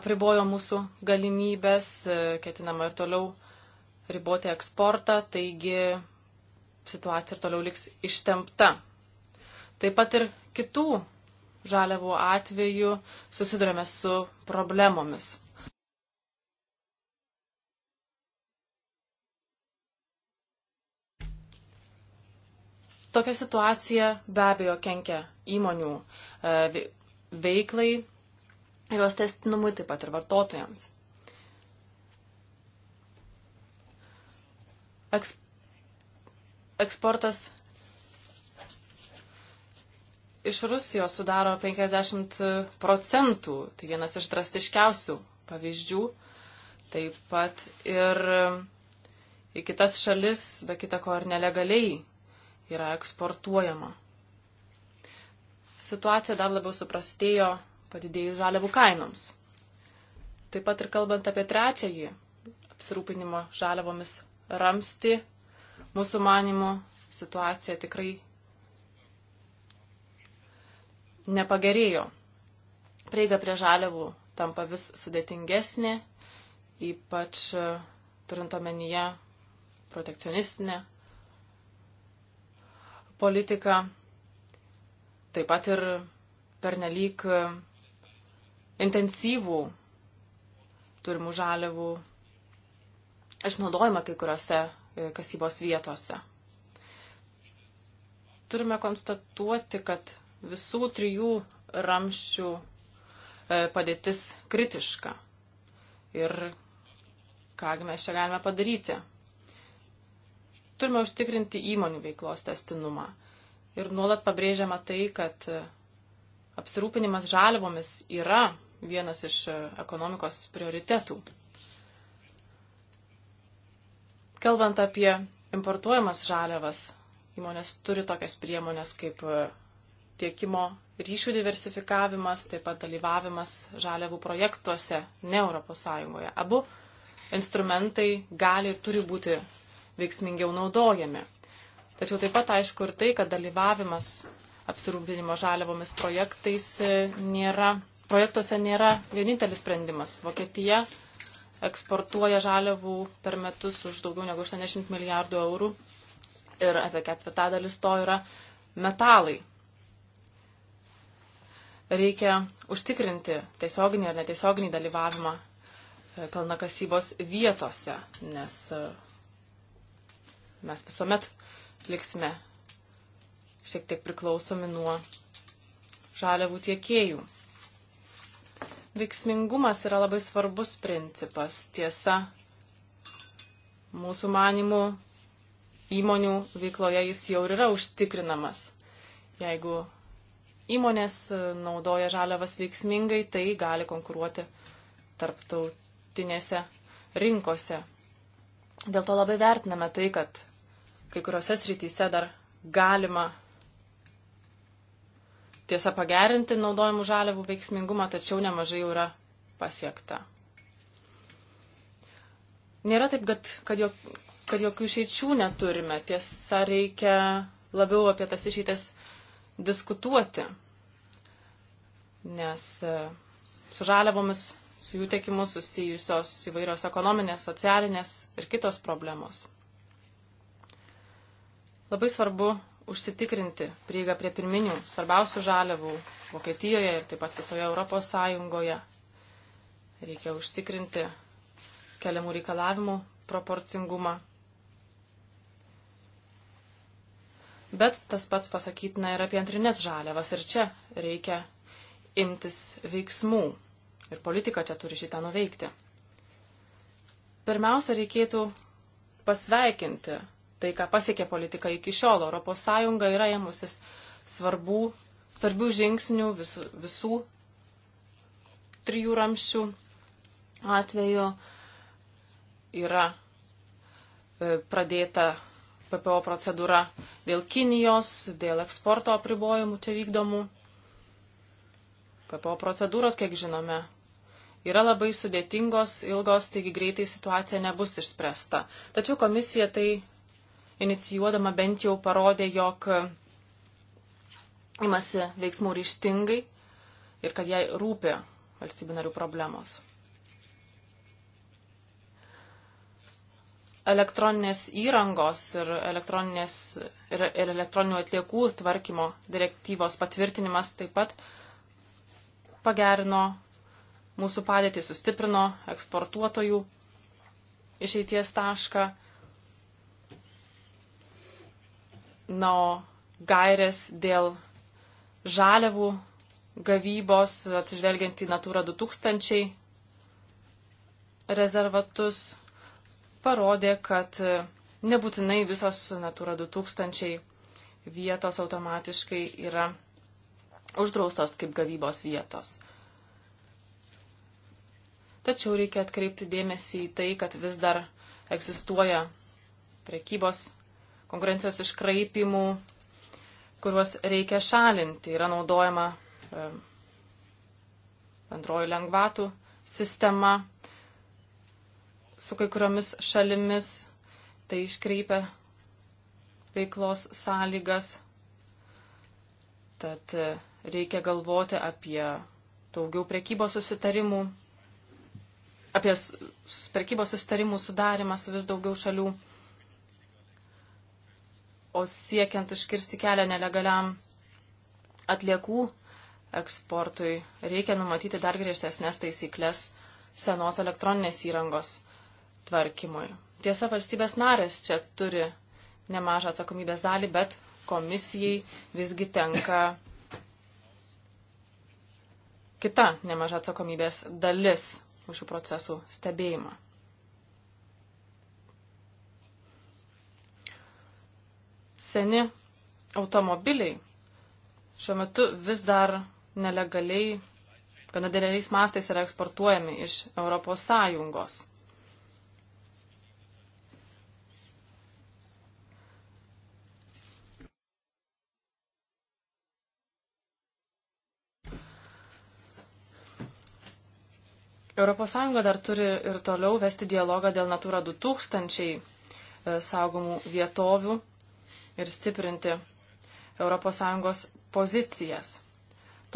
apribojo mūsų galimybės, ketinama ir toliau riboti eksportą, taigi situacija ir toliau liks ištempta. Taip pat ir kitų žaliavų atveju susidurėme su problemomis. Tokia situacija be abejo kenkia įmonių e, veiklai ir jos testinumui taip pat ir vartotojams. Eks, eksportas iš Rusijos sudaro 50 procentų, tai vienas iš drastiškiausių pavyzdžių. Taip pat ir į kitas šalis, be kita ko ir nelegaliai, yra eksportuojama. Situacija dar labiau suprastėjo padidėjus žaliavų kainoms. Taip pat ir kalbant apie trečiąjį apsirūpinimo žaliavomis ramsti, mūsų manimų situacija tikrai nepagerėjo. Prieiga prie žaliavų tampa vis sudėtingesnė, ypač e, turint omenyje protekcionistinę politiką, taip pat ir pernelyg e, intensyvų turimų žaliavų išnaudojimą kai kuriuose e, kasybos vietose. Turime konstatuoti, kad visų trijų ramščių e, padėtis kritiška. Ir kągi mes čia galime padaryti? Turime užtikrinti įmonių veiklos testinumą. Ir nuolat pabrėžiama tai, kad e, apsirūpinimas žaliavomis yra vienas iš e, ekonomikos prioritetų. Kalbant apie importuojamas žaliavas, įmonės turi tokias priemonės kaip tiekimo ryšių diversifikavimas, taip pat dalyvavimas žaliavų projektuose ne ES. Abu instrumentai gali ir turi būti veiksmingiau naudojami. Tačiau taip pat aišku ir tai, kad dalyvavimas apsirūpinimo žaliavomis projektais e, nėra, projektuose nėra vienintelis sprendimas. Vokietija eksportuoja žaliavų per metus už daugiau negu 80 milijardų eurų ir apie ketvirtadalis to yra metalai reikia užtikrinti tiesioginį ar netiesioginį dalyvavimą e, kalnakasybos vietose, nes e, mes visuomet liksime šiek tiek priklausomi nuo žaliavų tiekėjų. Veiksmingumas yra labai svarbus principas. Tiesa, mūsų manimų įmonių veikloje jis jau yra užtikrinamas. Jeigu įmonės e, naudoja žaliavas veiksmingai, tai gali konkuruoti tarptautinėse rinkose. Dėl to labai vertiname tai, kad kai kuriuose srityse dar galima tiesa pagerinti naudojimų žaliavų veiksmingumą, tačiau nemažai jau yra pasiekta. Nėra taip, kad, kad, jok, kad jokių išeičių neturime. Tiesa, reikia labiau apie tas išeitas diskutuoti, nes e, su žaliavomis, su jų tiekimu susijusios įvairios ekonominės, socialinės ir kitos problemos. Labai svarbu užsitikrinti prieigą prie pirminių, svarbiausių žaliavų Vokietijoje ir taip pat visoje Europos Sąjungoje. Reikia užtikrinti keliamų reikalavimų proporcingumą Bet tas pats pasakytina ir apie antrinės žaliavas. Ir čia reikia imtis veiksmų. Ir politika čia turi šitą nuveikti. Pirmiausia, reikėtų pasveikinti tai, ką pasiekė politika iki šiol. Europos Sąjunga yra ėmusis svarbų, svarbių žingsnių vis, visų trijų ramščių atveju. Yra e, pradėta PPO procedūra dėl Kinijos, dėl eksporto apribojimų čia vykdomų. PPO procedūros, kiek žinome, yra labai sudėtingos, ilgos, taigi greitai situacija nebus išspręsta. Tačiau komisija tai inicijuodama bent jau parodė, jog imasi veiksmų ryštingai ir kad jai rūpi valstybių narių problemos. elektroninės įrangos ir, elektroninės, ir, ir elektroninių atliekų tvarkymo direktyvos patvirtinimas taip pat pagerino mūsų padėtį, sustiprino eksportuotojų išeities tašką. Na, o gairės dėl žaliavų gavybos, atsižvelgiant į Natūra 2000 rezervatus parodė, kad e, nebūtinai visos Natura 2000 vietos automatiškai yra uždraustos kaip gavybos vietos. Tačiau reikia atkreipti dėmesį į tai, kad vis dar egzistuoja prekybos konkurencijos iškraipimų, kuriuos reikia šalinti. Yra naudojama e, bendroji lengvatų sistema su kai kuriomis šalimis, tai iškreipia veiklos sąlygas. Tad e, reikia galvoti apie daugiau prekybos susitarimų, apie prekybos susitarimų sudarimą su vis daugiau šalių. O siekiant užkirsti kelią nelegaliam atliekų eksportui, reikia numatyti dar griežtesnės taisyklės senos elektroninės įrangos tvarkymui. Tiesa, valstybės narės čia turi nemažą atsakomybės dalį, bet komisijai visgi tenka kita nemaža atsakomybės dalis už šių procesų stebėjimą. Seni automobiliai šiuo metu vis dar nelegaliai, gana dideliais mastais yra eksportuojami iš Europos Sąjungos. ES dar turi ir toliau vesti dialogą dėl Natura 2000 e, saugomų vietovių ir stiprinti ES pozicijas.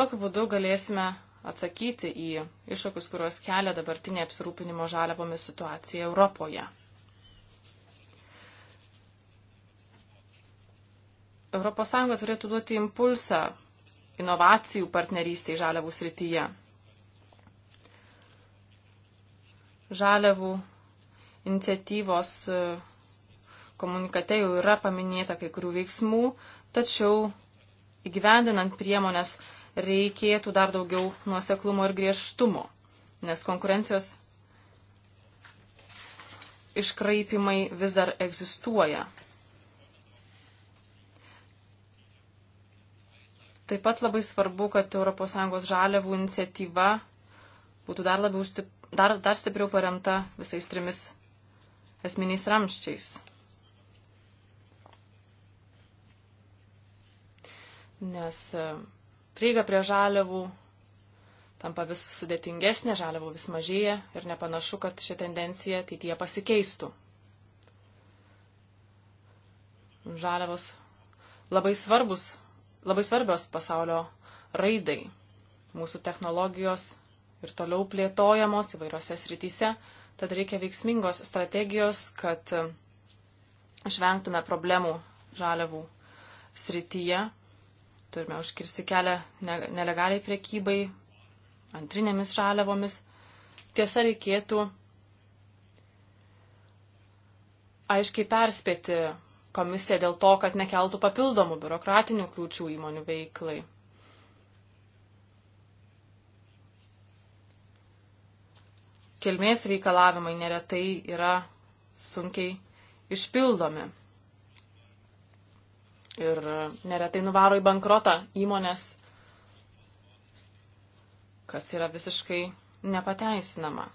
Tokiu būdu galėsime atsakyti į iššūkius, kuriuos kelia dabartinė apsirūpinimo žaliavomis situacija Europoje. ES turėtų duoti impulsą inovacijų partnerystėje žaliavų srityje. žaliavų iniciatyvos e, komunikate jau yra paminėta kai kurių veiksmų, tačiau įgyvendinant priemonės reikėtų dar daugiau nuoseklumo ir griežtumo, nes konkurencijos iškraipimai vis dar egzistuoja. Taip pat labai svarbu, kad ES žaliavų iniciatyva būtų dar labiau stiprinta dar, dar stipriau paremta visais trimis esminiais ramščiais. Nes e, prieiga prie žaliavų tampa vis sudėtingesnė, žaliavų vis mažėja ir nepanašu, kad ši tendencija ateityje pasikeistų. Žaliavos labai, svarbus, labai svarbios pasaulio raidai. Mūsų technologijos ir toliau plėtojamos įvairiose srityse. Tad reikia veiksmingos strategijos, kad išvengtume problemų žaliavų srityje. Turime užkirsti kelią nelegaliai priekybai, antrinėmis žaliavomis. Tiesa, reikėtų aiškiai perspėti komisiją dėl to, kad nekeltų papildomų biurokratinių kliūčių įmonių veiklai. kilmės reikalavimai neretai yra sunkiai išpildomi. Ir neretai nuvaro į bankrotą įmonės, kas yra visiškai nepateisinama.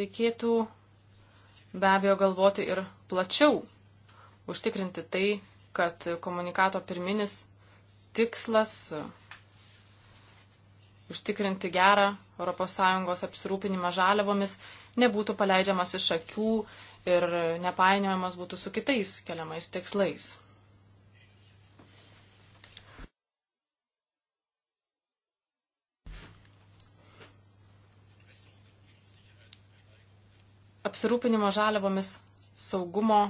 Reikėtų be abejo galvoti ir plačiau, užtikrinti tai, kad komunikato pirminis tikslas užtikrinti gerą ES apsirūpinimą žaliavomis, nebūtų paleidžiamas iš akių ir nepainiojamas būtų su kitais keliamais tikslais. Apsirūpinimo žaliavomis saugumo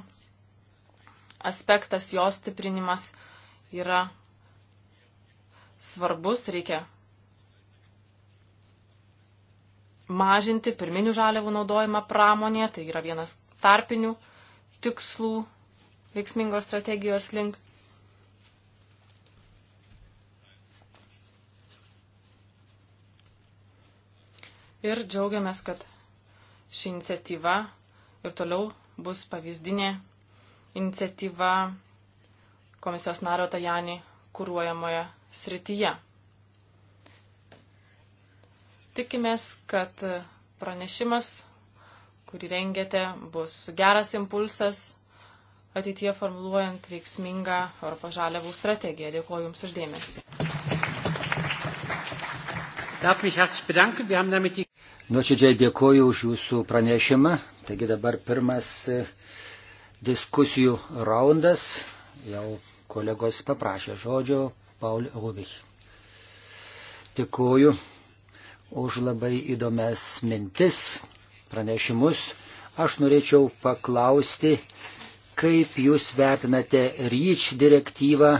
aspektas, jos stiprinimas yra svarbus, reikia mažinti pirminių žaliavų naudojimą pramonėje, tai yra vienas tarpinių tikslų veiksmingos strategijos link. Ir džiaugiamės, kad ši iniciatyva ir toliau bus pavyzdinė iniciatyva komisijos nario Tajani kūruojamoje srityje tikimės, kad pranešimas, kurį rengėte, bus geras impulsas ateitie formuluojant veiksmingą Europos žaliavų strategiją. Dėkuoju Jums uždėmesi. Nuoširdžiai dėkuoju už Jūsų pranešimą. Taigi dabar pirmas e, diskusijų raundas. Jau kolegos paprašė žodžio Paul Rubich. Dėkuoju už labai įdomias mintis, pranešimus. Aš norėčiau paklausti, kaip jūs vertinate ryč direktyvą,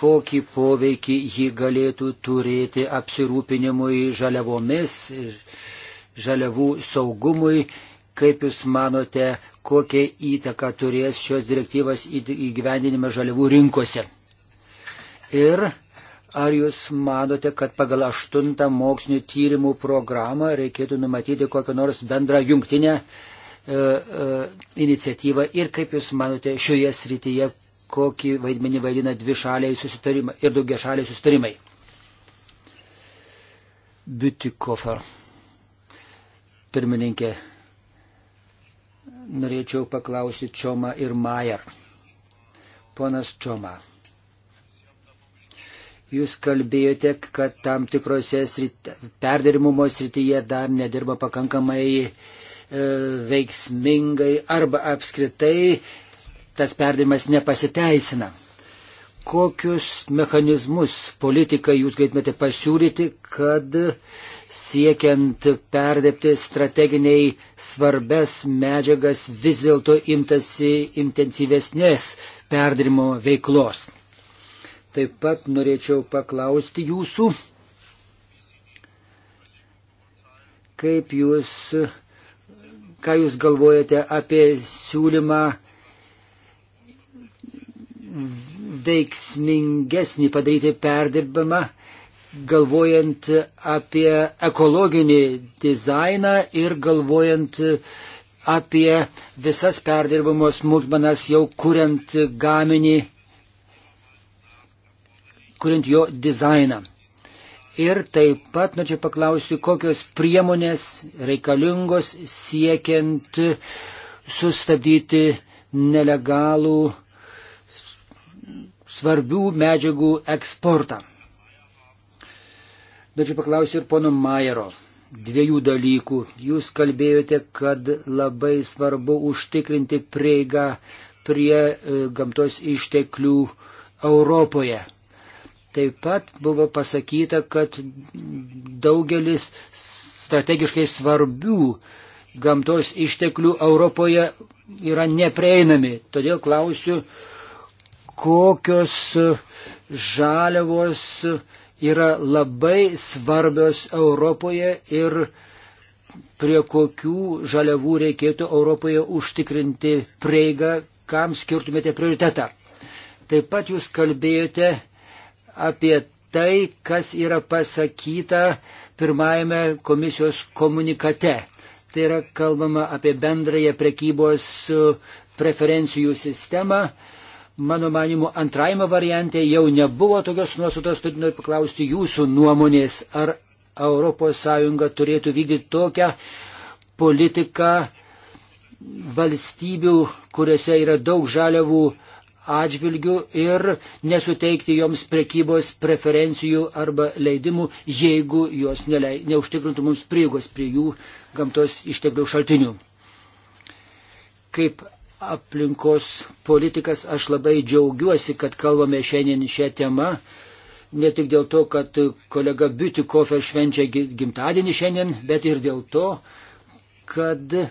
kokį poveikį ji galėtų turėti apsirūpinimui žaliavomis, žaliavų saugumui, kaip jūs manote, kokią įtaką turės šios direktyvos įgyvendinime žaliavų rinkose. Ir Ar jūs manote, kad pagal aštuntą mokslinio tyrimų programą reikėtų numatyti kokią nors bendrą jungtinę e, e, iniciatyvą ir kaip jūs manote šioje srityje, kokį vaidmenį vaidina dvi šaliai susitarimai ir daugia šaliai susitarimai? Bütikofer. Pirmininkė, norėčiau paklausyti Čioma ir Majer. Ponas Čioma. Jūs kalbėjote, kad tam tikrose srit, perdirimumo srityje dar nedirba pakankamai e, veiksmingai arba apskritai tas perdirimas nepasiteisina. Kokius mechanizmus politikai jūs galėtumėte pasiūlyti, kad siekiant perdėpti strateginiai svarbes medžiagas vis dėlto imtasi intensyvesnės perdirimo veiklos? Taip pat norėčiau paklausti jūsų, kaip jūs, ką jūs galvojate apie siūlymą veiksmingesnį padaryti perdirbimą, galvojant apie ekologinį dizainą ir galvojant apie visas perdirbamos smulkmenas jau kuriant gaminį kuriant jo dizainą. Ir taip pat norėčiau nu, paklausti, kokios priemonės reikalingos siekiant sustabdyti nelegalų svarbių medžiagų eksportą. Norėčiau nu, paklausti ir pono Majero dviejų dalykų. Jūs kalbėjote, kad labai svarbu užtikrinti prieigą prie e, gamtos išteklių Europoje. Taip pat buvo pasakyta, kad daugelis strategiškai svarbių gamtos išteklių Europoje yra neprieinami. Todėl klausiu, kokios žaliavos yra labai svarbios Europoje ir prie kokių žaliavų reikėtų Europoje užtikrinti prieigą, kam skirtumėte prioritetą. Taip pat jūs kalbėjote apie tai, kas yra pasakyta pirmajame komisijos komunikate. Tai yra kalbama apie bendrąją prekybos e, preferencijų sistemą. Mano manimu, antrajame variante jau nebuvo tokios nuostatos, tad noriu paklausti jūsų nuomonės, ar ES turėtų vykdyti tokią politiką valstybių, kuriuose yra daug žaliavų atžvilgių ir nesuteikti joms prekybos preferencijų arba leidimų, jeigu jos nelei, neužtikrintų mums prieigos prie jų gamtos išteklių šaltinių. Kaip aplinkos politikas aš labai džiaugiuosi, kad kalbame šiandien šią temą. Ne tik dėl to, kad kolega Biutikofer švenčia gimtadienį šiandien, bet ir dėl to, kad e,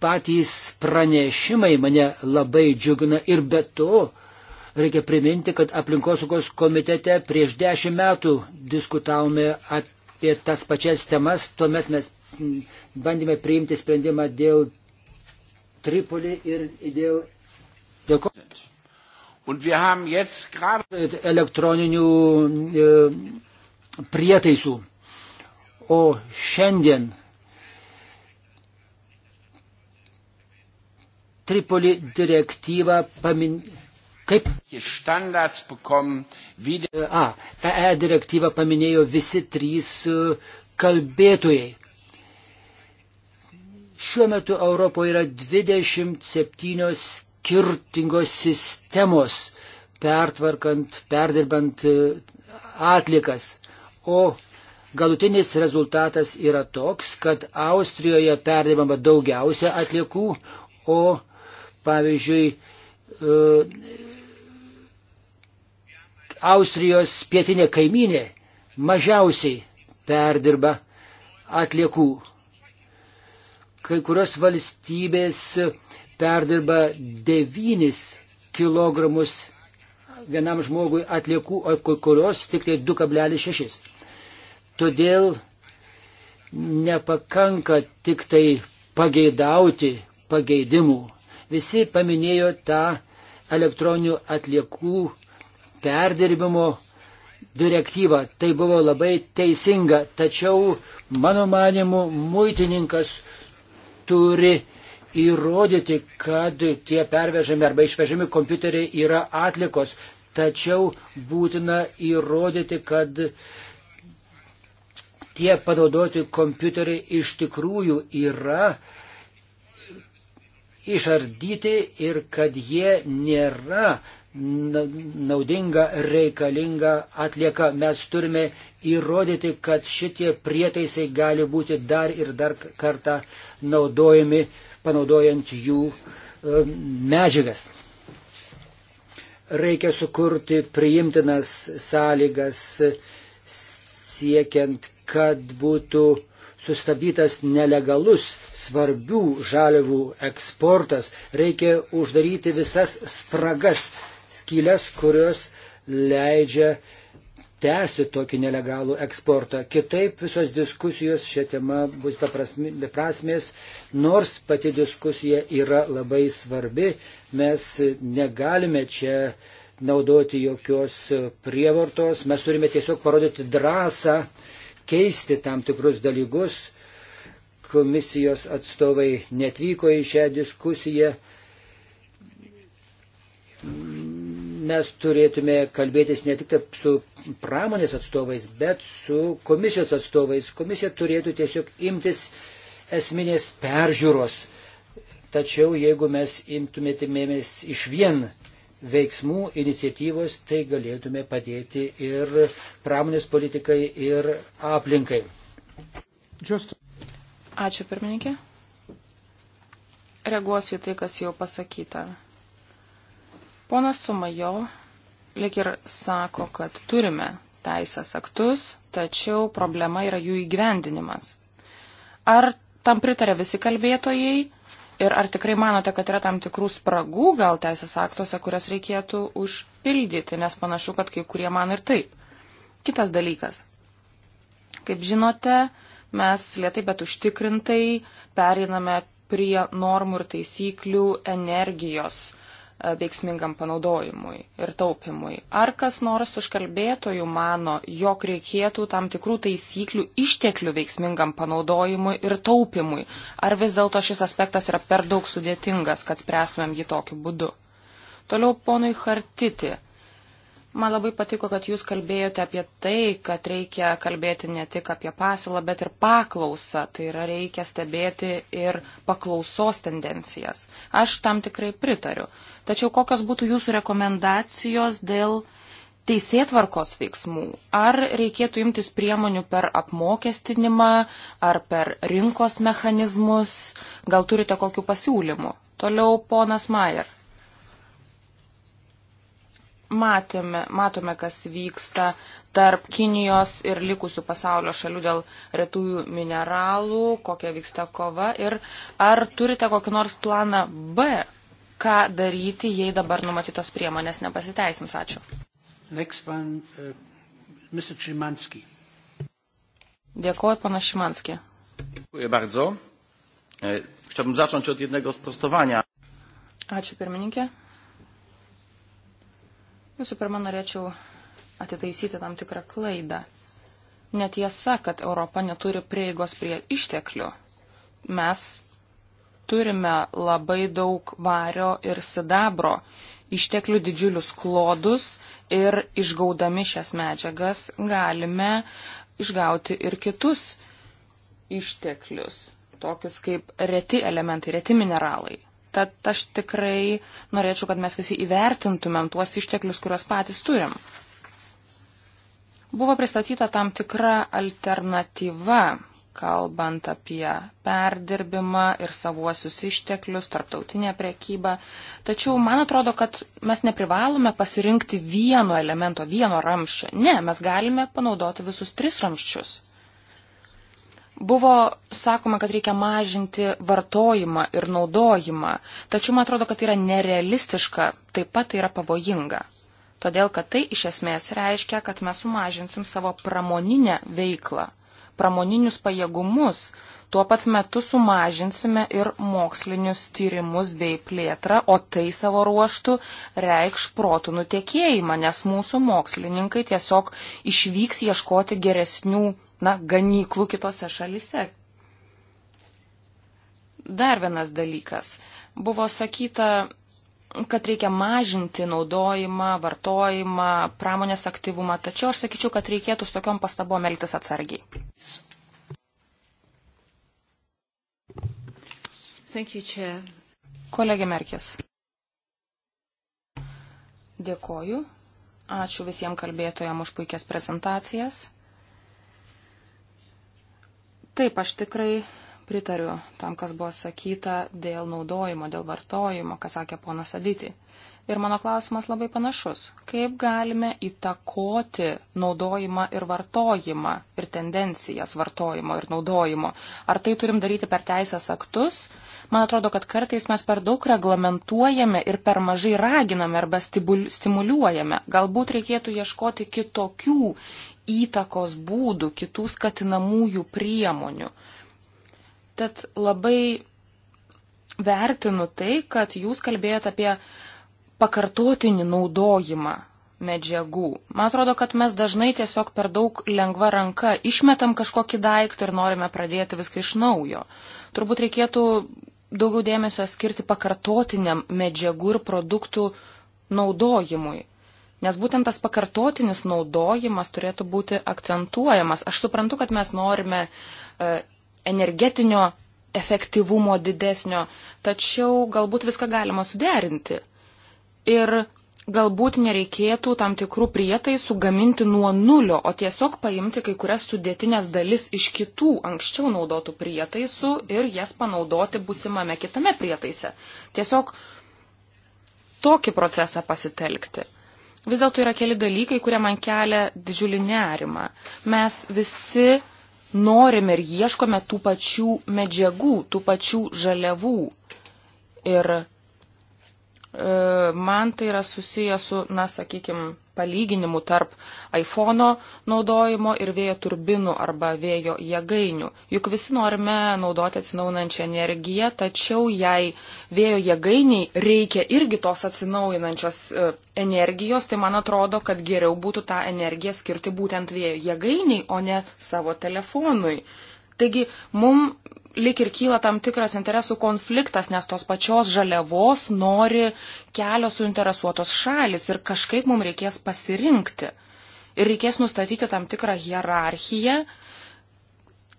patys pranešimai mane labai džiugina ir be to reikia priminti, kad aplinkosaugos komitete prieš dešimt metų diskutavome apie tas pačias temas, tuomet mes bandėme priimti sprendimą dėl Tripolį ir dėl. dėl ko... elektroninių e, prietaisų. O šiandien Tripoli direktyvą pamin... Kaip? E, A, EE direktyvą paminėjo visi trys e, kalbėtojai. Šiuo metu Europoje yra 27 skirtingos sistemos pertvarkant, perdirbant e, atlikas. O galutinis rezultatas yra toks, kad Austrijoje perdirbama daugiausia atliekų, o pavyzdžiui, e, Austrijos pietinė kaiminė mažiausiai perdirba atliekų. Kai kurios valstybės perdirba 9 kg vienam žmogui atliekų, o kurios tik tai 2,6. Todėl nepakanka tik tai pageidauti pageidimų Visi paminėjo tą elektroninių atliekų perdirbimo direktyvą. Tai buvo labai teisinga, tačiau mano manimu muitininkas turi įrodyti, kad tie pervežami arba išvežami kompiuteriai yra atlikos, tačiau būtina įrodyti, kad tie panaudoti kompiuteriai iš tikrųjų yra uh, išardyti ir kad jie nėra naudinga, reikalinga atlieka. Mes turime įrodyti, kad šitie prietaisai gali būti dar ir dar kartą naudojami, panaudojant jų e, medžiagas. Reikia sukurti priimtinas sąlygas siekiant, kad būtų sustabdytas nelegalus svarbių žaliavų eksportas, reikia uždaryti visas spragas, skylės, kurios leidžia tęsti tokį nelegalų eksportą. Kitaip visos diskusijos šią temą bus beprasmės, nors pati diskusija yra labai svarbi, mes negalime čia naudoti jokios prievartos, mes turime tiesiog parodyti drąsą keisti tam tikrus dalykus, komisijos atstovai netvyko į šią diskusiją. Mes turėtume kalbėtis ne tik su pramonės atstovais, bet su komisijos atstovais. Komisija turėtų tiesiog imtis esminės peržiūros. Tačiau jeigu mes imtumėtumėmės iš vien veiksmų iniciatyvos, tai galėtume padėti ir pramonės politikai, ir aplinkai. Just... Ačiū pirmininkė. Reaguosiu į tai, kas jau pasakyta. Ponas Sumajo lik ir sako, kad turime teisės aktus, tačiau problema yra jų įgyvendinimas. Ar tam pritarė visi kalbėtojai ir ar tikrai manote, kad yra tam tikrų spragų gal teisės aktuose, kurias reikėtų užpildyti, nes panašu, kad kai kurie man ir taip. Kitas dalykas. Kaip žinote, mes lietai bet užtikrintai periname prie normų ir taisyklių energijos e, veiksmingam panaudojimui ir taupimui. Ar kas nors iš kalbėtojų mano, jog reikėtų tam tikrų taisyklių išteklių veiksmingam panaudojimui ir taupimui? Ar vis dėlto šis aspektas yra per daug sudėtingas, kad spręstumėm jį tokiu būdu? Toliau ponui Hartiti. Man labai patiko, kad jūs kalbėjote apie tai, kad reikia kalbėti ne tik apie pasiūlą, bet ir paklausą. Tai yra reikia stebėti ir paklausos tendencijas. Aš tam tikrai pritariu. Tačiau kokios būtų jūsų rekomendacijos dėl teisėtvarkos veiksmų? Ar reikėtų imtis priemonių per apmokestinimą, ar per rinkos mechanizmus? Gal turite kokių pasiūlymų? Toliau ponas Mayer matėme, matome, kas vyksta tarp Kinijos ir likusių pasaulio šalių dėl retųjų mineralų, kokia vyksta kova ir ar turite kokį nors planą B, ką daryti, jei dabar numatytos priemonės nepasiteisins. Ačiū. Next one, uh, Mr. Šimanski. Dėkuoju, pana Šimanski. Dziękuję bardzo. E, chciałbym zacząć od jednego sprostowania. Ačiū pirmininkė. Visų pirma, norėčiau atitaisyti tam tikrą klaidą. Netiesa, kad Europa neturi prieigos prie išteklių. Mes turime labai daug vario ir sidabro išteklių didžiulius klodus ir išgaudami šias medžiagas galime išgauti ir kitus išteklius, tokius kaip reti elementai, reti mineralai. Tad aš tikrai norėčiau, kad mes visi įvertintumėm tuos išteklius, kuriuos patys turim. Buvo pristatyta tam tikra alternatyva, kalbant apie perdirbimą ir savuosius išteklius, tarptautinę priekybą. Tačiau man atrodo, kad mes neprivalome pasirinkti vieno elemento, vieno ramščio. Ne, mes galime panaudoti visus tris ramščius. Buvo sakoma, kad reikia mažinti vartojimą ir naudojimą, tačiau man atrodo, kad tai yra nerealistiška, taip pat tai yra pavojinga. Todėl, kad tai iš esmės reiškia, kad mes sumažinsim savo pramoninę veiklą, pramoninius pajėgumus, tuo pat metu sumažinsime ir mokslinius tyrimus bei plėtrą, o tai savo ruoštų reikš protų nutiekėjimą, nes mūsų mokslininkai tiesiog išvyks ieškoti geresnių na, ganyklų kitose šalise. Dar vienas dalykas. Buvo sakyta, kad reikia mažinti naudojimą, vartojimą, pramonės aktyvumą, tačiau aš sakyčiau, kad reikėtų su tokiom pastabom elgtis atsargiai. Thank you, Chair. Kolegė Merkis. Dėkoju. Ačiū visiems kalbėtojams už puikias prezentacijas. Taip, aš tikrai pritariu tam, kas buvo sakyta dėl naudojimo, dėl vartojimo, ką sakė ponas Adyti. Ir mano klausimas labai panašus. Kaip galime įtakoti naudojimą ir vartojimą ir tendencijas vartojimo ir naudojimo? Ar tai turim daryti per teisės aktus? Man atrodo, kad kartais mes per daug reglamentuojame ir per mažai raginame arba stimuliuojame. Galbūt reikėtų ieškoti kitokių įtakos būdų, kitų skatinamųjų priemonių. Tad labai vertinu tai, kad jūs kalbėjote apie pakartotinį naudojimą medžiagų. Man atrodo, kad mes dažnai tiesiog per daug lengva ranka išmetam kažkokį daiktą ir norime pradėti viską iš naujo. Turbūt reikėtų daugiau dėmesio skirti pakartotiniam medžiagų ir produktų naudojimui. Nes būtent tas pakartotinis naudojimas turėtų būti akcentuojamas. Aš suprantu, kad mes norime e, energetinio efektyvumo didesnio, tačiau galbūt viską galima suderinti. Ir galbūt nereikėtų tam tikrų prietaisų gaminti nuo nulio, o tiesiog paimti kai kurias sudėtinės dalis iš kitų anksčiau naudotų prietaisų ir jas panaudoti busimame kitame prietaise. Tiesiog tokį procesą pasitelkti. Vis dėlto yra keli dalykai, kurie man kelia didžiulį nerimą. Mes visi norime ir ieškome tų pačių medžiagų, tų pačių žaliavų. Ir E, man tai yra susiję su, na, sakykime, palyginimu tarp iPhone'o naudojimo ir vėjo turbinų arba vėjo jėgainių. Juk visi norime naudoti atsinaujinančią energiją, tačiau jei vėjo jėgainiai reikia irgi tos atsinaujinančios e, energijos, tai man atrodo, kad geriau būtų tą energiją skirti būtent vėjo jėgainiai, o ne savo telefonui. Taigi, mums lik ir kyla tam tikras interesų konfliktas, nes tos pačios žaliavos nori kelios suinteresuotos šalis ir kažkaip mums reikės pasirinkti. Ir reikės nustatyti tam tikrą hierarchiją,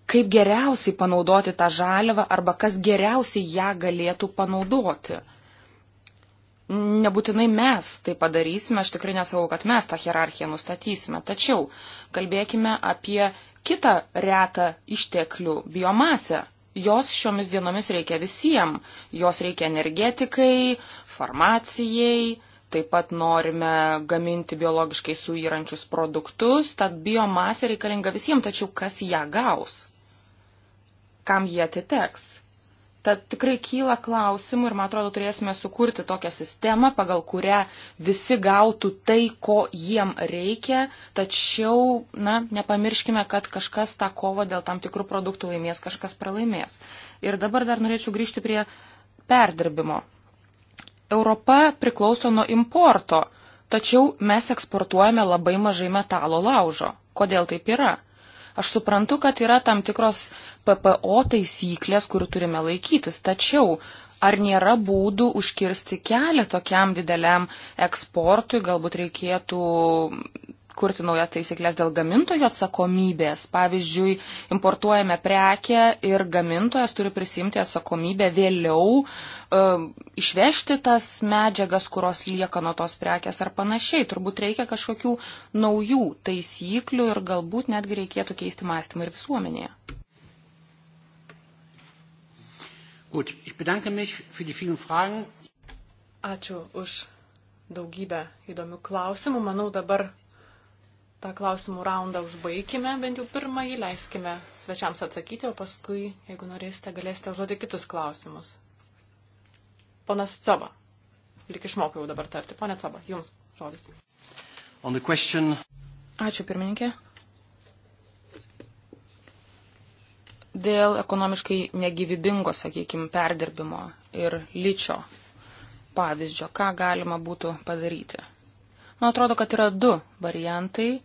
kaip geriausiai panaudoti tą žaliavą arba kas geriausiai ją galėtų panaudoti. Nebūtinai mes tai padarysime, aš tikrai nesakau, kad mes tą hierarchiją nustatysime, tačiau kalbėkime apie kitą retą išteklių biomasę jos šiomis dienomis reikia visiems. Jos reikia energetikai, farmacijai, taip pat norime gaminti biologiškai suyrančius produktus, tad biomasė reikalinga visiems, tačiau kas ją gaus? Kam jie atiteks? Tad tikrai kyla klausimų ir, man atrodo, turėsime sukurti tokią sistemą, pagal kurią visi gautų tai, ko jiem reikia, tačiau, na, nepamirškime, kad kažkas tą kovą dėl tam tikrų produktų laimės, kažkas pralaimės. Ir dabar dar norėčiau grįžti prie perdirbimo. Europa priklauso nuo importo, tačiau mes eksportuojame labai mažai metalo laužo. Kodėl taip yra? Aš suprantu, kad yra tam tikros PPO taisyklės, kurių turime laikytis, tačiau ar nėra būdų užkirsti kelią tokiam dideliam eksportui, galbūt reikėtų kurti naujas taisyklės dėl gamintojo atsakomybės. Pavyzdžiui, importuojame prekę ir gamintojas turi prisimti atsakomybę vėliau um, išvežti tas medžiagas, kurios lieka nuo tos prekės ar panašiai. Turbūt reikia kažkokių naujų taisyklių ir galbūt netgi reikėtų keisti mąstymą ir visuomenėje. Gut, ich bedanke mich für die vielen Fragen. Ačiū už daugybę įdomių klausimų. Manau, dabar tą klausimų raundą užbaikime, bent jau pirmąjį leiskime svečiams atsakyti, o paskui, jeigu norėsite, galėsite užduoti kitus klausimus. Ponas Coba, lik išmokau dabar tarti. Pone Coba, jums žodis. Question... Ačiū pirmininkė. Dėl ekonomiškai negyvybingo, sakykime, perdirbimo ir lyčio pavyzdžio, ką galima būtų padaryti. Man atrodo, kad yra du variantai,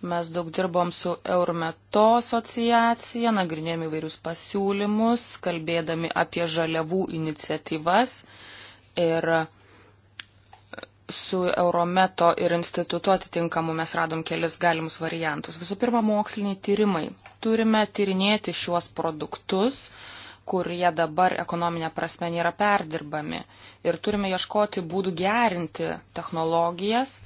Mes daug dirbom su Eurometo asociacija, nagrinėjom įvairius pasiūlymus, kalbėdami apie žaliavų iniciatyvas ir su Eurometo ir institutu atitinkamu mes radom kelis galimus variantus. Visų pirma, moksliniai tyrimai. Turime tyrinėti šiuos produktus, kurie dabar ekonominė prasme nėra perdirbami. Ir turime ieškoti būdų gerinti technologijas.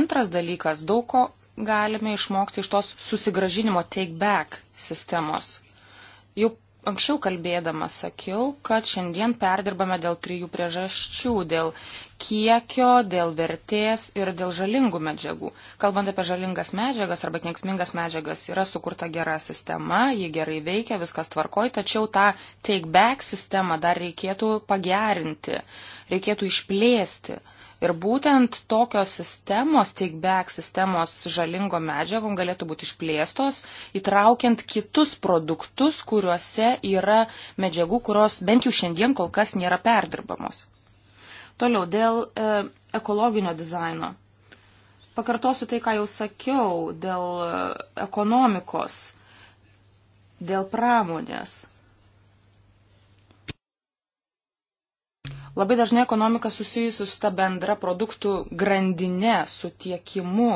Antras dalykas, daug ko galime išmokti iš tos susigražinimo take back sistemos. Jau anksčiau kalbėdama sakiau, kad šiandien perdirbame dėl trijų priežasčių - dėl kiekio, dėl vertės ir dėl žalingų medžiagų. Kalbant apie žalingas medžiagas arba kenksmingas medžiagas, yra sukurta gera sistema, ji gerai veikia, viskas tvarkoj, tačiau tą take back sistemą dar reikėtų pagerinti, reikėtų išplėsti Ir būtent tokios sistemos, take back sistemos žalingom medžiagom galėtų būti išplėstos, įtraukiant kitus produktus, kuriuose yra medžiagų, kurios bent jau šiandien kol kas nėra perdirbamos. Toliau dėl e, ekologinio dizaino. Pakartosiu tai, ką jau sakiau, dėl e, ekonomikos, dėl pramonės Labai dažnai ekonomika susijusi su ta bendra produktų grandinė, su tiekimu.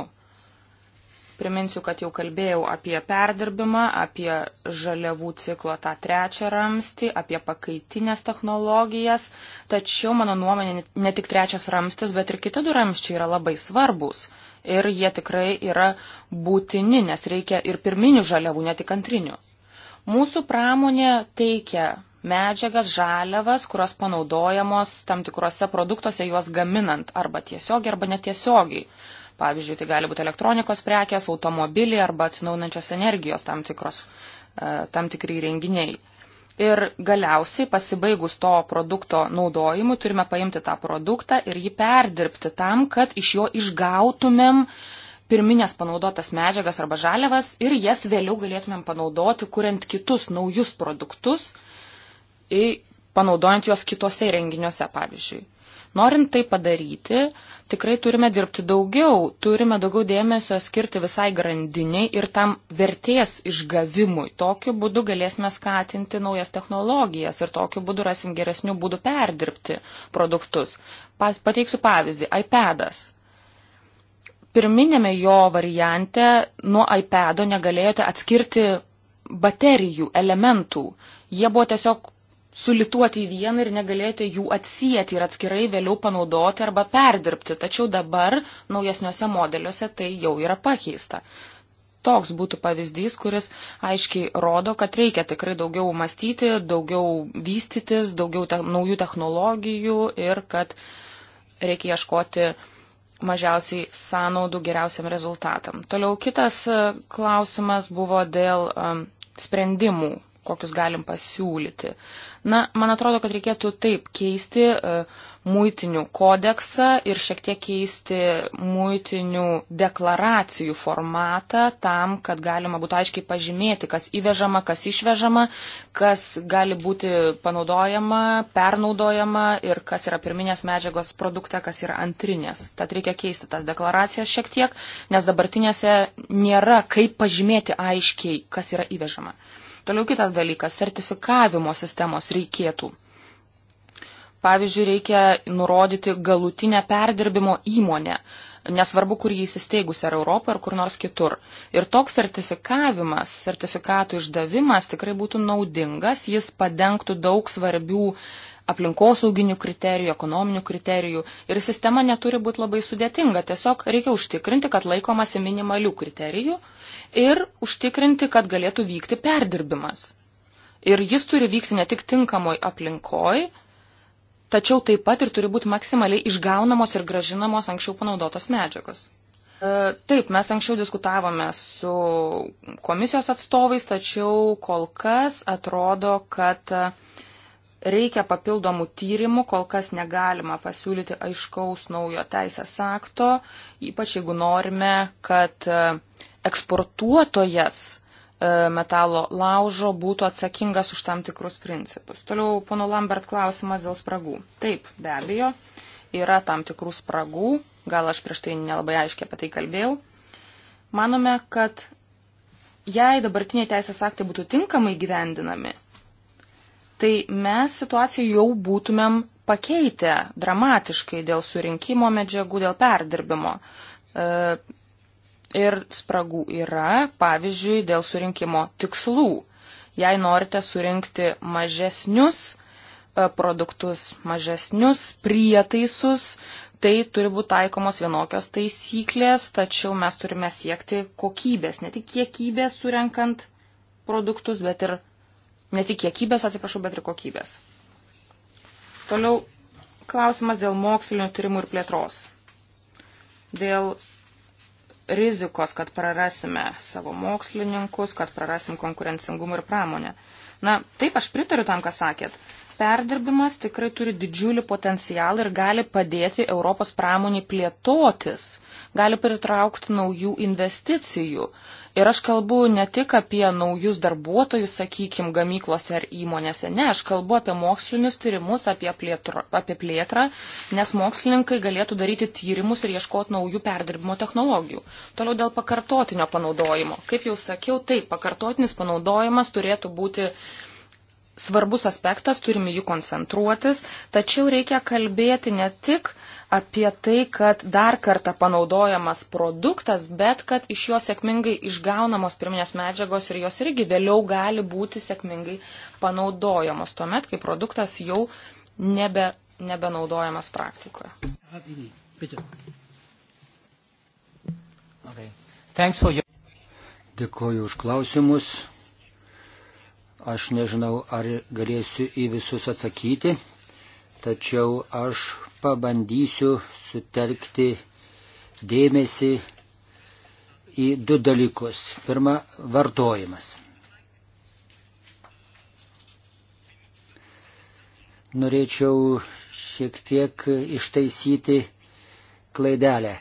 Priminsiu, kad jau kalbėjau apie perdirbimą, apie žaliavų ciklo tą trečią ramstį, apie pakaitinės technologijas, tačiau mano nuomonė ne tik trečias ramstis, bet ir kiti du ramščiai yra labai svarbus ir jie tikrai yra būtini, nes reikia ir pirminių žaliavų, ne tik antrinių. Mūsų pramonė teikia medžiagas, žaliavas, kurios panaudojamos tam tikrose produktuose juos gaminant arba tiesiogiai arba netiesiogiai. Pavyzdžiui, tai gali būti elektronikos prekės, automobiliai arba atsinaunančios energijos tam, tikros, e, tam tikri renginiai. Ir galiausiai pasibaigus to produkto naudojimui turime paimti tą produktą ir jį perdirbti tam, kad iš jo išgautumėm pirminės panaudotas medžiagas arba žaliavas ir jas vėliau galėtumėm panaudoti, kuriant kitus naujus produktus, panaudojant juos kitose renginiuose, pavyzdžiui. Norint tai padaryti, tikrai turime dirbti daugiau, turime daugiau dėmesio skirti visai grandiniai ir tam vertės išgavimui. Tokiu būdu galėsime skatinti naujas technologijas ir tokiu būdu rasim geresnių būdų perdirbti produktus. Pateiksiu pavyzdį. iPadas. Pirminėme jo variante nuo iPado negalėjote atskirti baterijų elementų. Jie buvo tiesiog sulituoti į vieną ir negalėjote jų atsijėti ir atskirai vėliau panaudoti arba perdirbti. Tačiau dabar naujesniuose modeliuose tai jau yra pakeista. Toks būtų pavyzdys, kuris aiškiai rodo, kad reikia tikrai daugiau mąstyti, daugiau vystytis, daugiau te naujų technologijų ir kad reikia ieškoti mažiausiai sąnaudų geriausiam rezultatam. Toliau kitas e, klausimas buvo dėl um, sprendimų kokius galim pasiūlyti. Na, man atrodo, kad reikėtų taip keisti e, muitinių kodeksą ir šiek tiek keisti muitinių deklaracijų formatą tam, kad galima būtų aiškiai pažymėti, kas įvežama, kas išvežama, kas gali būti panaudojama, pernaudojama ir kas yra pirminės medžiagos produkte, kas yra antrinės. Tad reikia keisti tas deklaracijas šiek tiek, nes dabartinėse nėra kaip pažymėti aiškiai, kas yra įvežama. Toliau kitas dalykas - sertifikavimo sistemos reikėtų. Pavyzdžiui, reikia nurodyti galutinę perdirbimo įmonę, nesvarbu, kur jį įsisteigusi, ar Europoje, ar kur nors kitur. Ir toks sertifikavimas, sertifikatų išdavimas tikrai būtų naudingas, jis padengtų daug svarbių aplinkosauginių kriterijų, ekonominių kriterijų ir sistema neturi būti labai sudėtinga. Tiesiog reikia užtikrinti, kad laikomasi minimalių kriterijų ir užtikrinti, kad galėtų vykti perdirbimas. Ir jis turi vykti ne tik tinkamoj aplinkoj, tačiau taip pat ir turi būti maksimaliai išgaunamos ir gražinamos anksčiau panaudotos medžiagos. E, taip, mes anksčiau diskutavome su komisijos atstovais, tačiau kol kas atrodo, kad uh, reikia papildomų tyrimų, kol kas negalima pasiūlyti aiškaus naujo teisės akto, ypač jeigu norime, kad e, eksportuotojas e, metalo laužo būtų atsakingas už tam tikrus principus. Toliau, pono Lambert, klausimas dėl spragų. Taip, be abejo, yra tam tikrų spragų, gal aš prieš tai nelabai aiškiai apie tai kalbėjau. Manome, kad jei dabartiniai teisės aktai būtų tinkamai gyvendinami, tai mes situaciją jau būtumėm pakeitę dramatiškai dėl surinkimo medžiagų, dėl perdirbimo. E, ir spragų yra, pavyzdžiui, dėl surinkimo tikslų. Jei norite surinkti mažesnius e, produktus, mažesnius prietaisus, tai turi būti taikomos vienokios taisyklės, tačiau mes turime siekti kokybės, ne tik kiekybės surenkant produktus, bet ir Ne tik kiekybės, atsiprašau, bet ir kokybės. Toliau klausimas dėl mokslinio tyrimų ir plėtros. Dėl rizikos, kad prarasime savo mokslininkus, kad prarasim konkurencingumą ir pramonę. Na, taip aš pritariu tam, ką sakėt. Perdirbimas tikrai turi didžiulį potencialą ir gali padėti Europos pramoniai plėtotis, gali pritraukti naujų investicijų. Ir aš kalbu ne tik apie naujus darbuotojus, sakykim, gamyklose ar įmonėse, ne, aš kalbu apie mokslinius tyrimus, apie, plėtro, apie plėtrą, nes mokslininkai galėtų daryti tyrimus ir ieškoti naujų perdirbimo technologijų. Toliau dėl pakartotinio panaudojimo. Kaip jau sakiau, taip, pakartotinis panaudojimas turėtų būti svarbus aspektas, turime jų koncentruotis, tačiau reikia kalbėti ne tik apie tai, kad dar kartą panaudojamas produktas, bet kad iš jo sėkmingai išgaunamos pirminės medžiagos ir jos irgi vėliau gali būti sėkmingai panaudojamos, tuomet, kai produktas jau nebe, nebenaudojamas praktikoje. Dėkuoju už klausimus. Aš nežinau, ar galėsiu į visus atsakyti, tačiau aš pabandysiu sutelkti dėmesį į du dalykus. Pirma, vartojimas. Norėčiau šiek tiek ištaisyti klaidelę.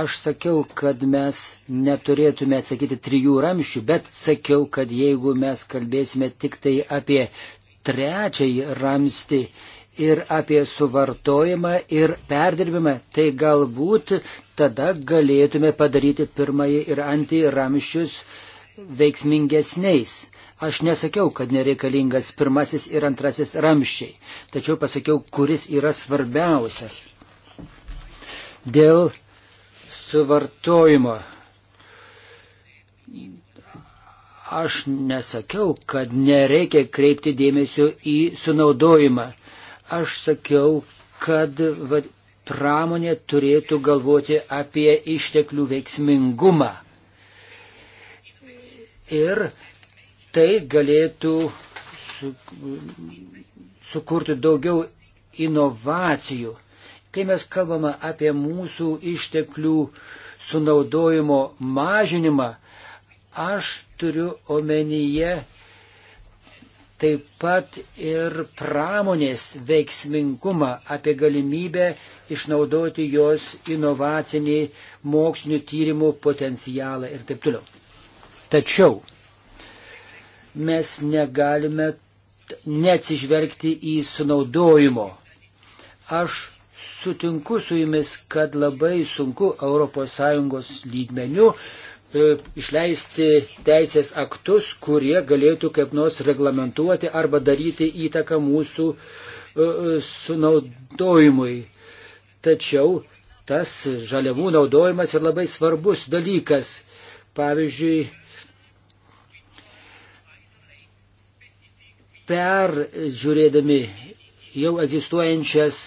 Aš sakiau, kad mes neturėtume atsakyti trijų ramščių, bet sakiau, kad jeigu mes kalbėsime tik tai apie trečiąjį ramstį ir apie suvartojimą ir perdirbimą, tai galbūt tada galėtume padaryti pirmąjį ir antiramščius veiksmingesniais. Aš nesakiau, kad nereikalingas pirmasis ir antrasis ramščiai, tačiau pasakiau, kuris yra svarbiausias. Dėl suvartojimo. Aš nesakiau, kad nereikia kreipti dėmesio į sunaudojimą aš sakiau, kad va, pramonė turėtų galvoti apie išteklių veiksmingumą. Ir tai galėtų su, sukurti daugiau inovacijų. Kai mes kalbame apie mūsų išteklių sunaudojimo mažinimą, aš turiu omenyje taip pat ir pramonės veiksmingumą, apie galimybę išnaudoti jos inovacinį mokslinių tyrimų potencialą ir taip toliau. Tačiau mes negalime neatsižvelgti į sunaudojimo. Aš sutinku su jumis, kad labai sunku ES lygmenių E, išleisti teisės aktus, kurie galėtų kaip nors reglamentuoti arba daryti įtaką mūsų e, e, sunaudojimui. Tačiau tas žaliavų naudojimas yra labai svarbus dalykas. Pavyzdžiui, peržiūrėdami jau egzistuojančias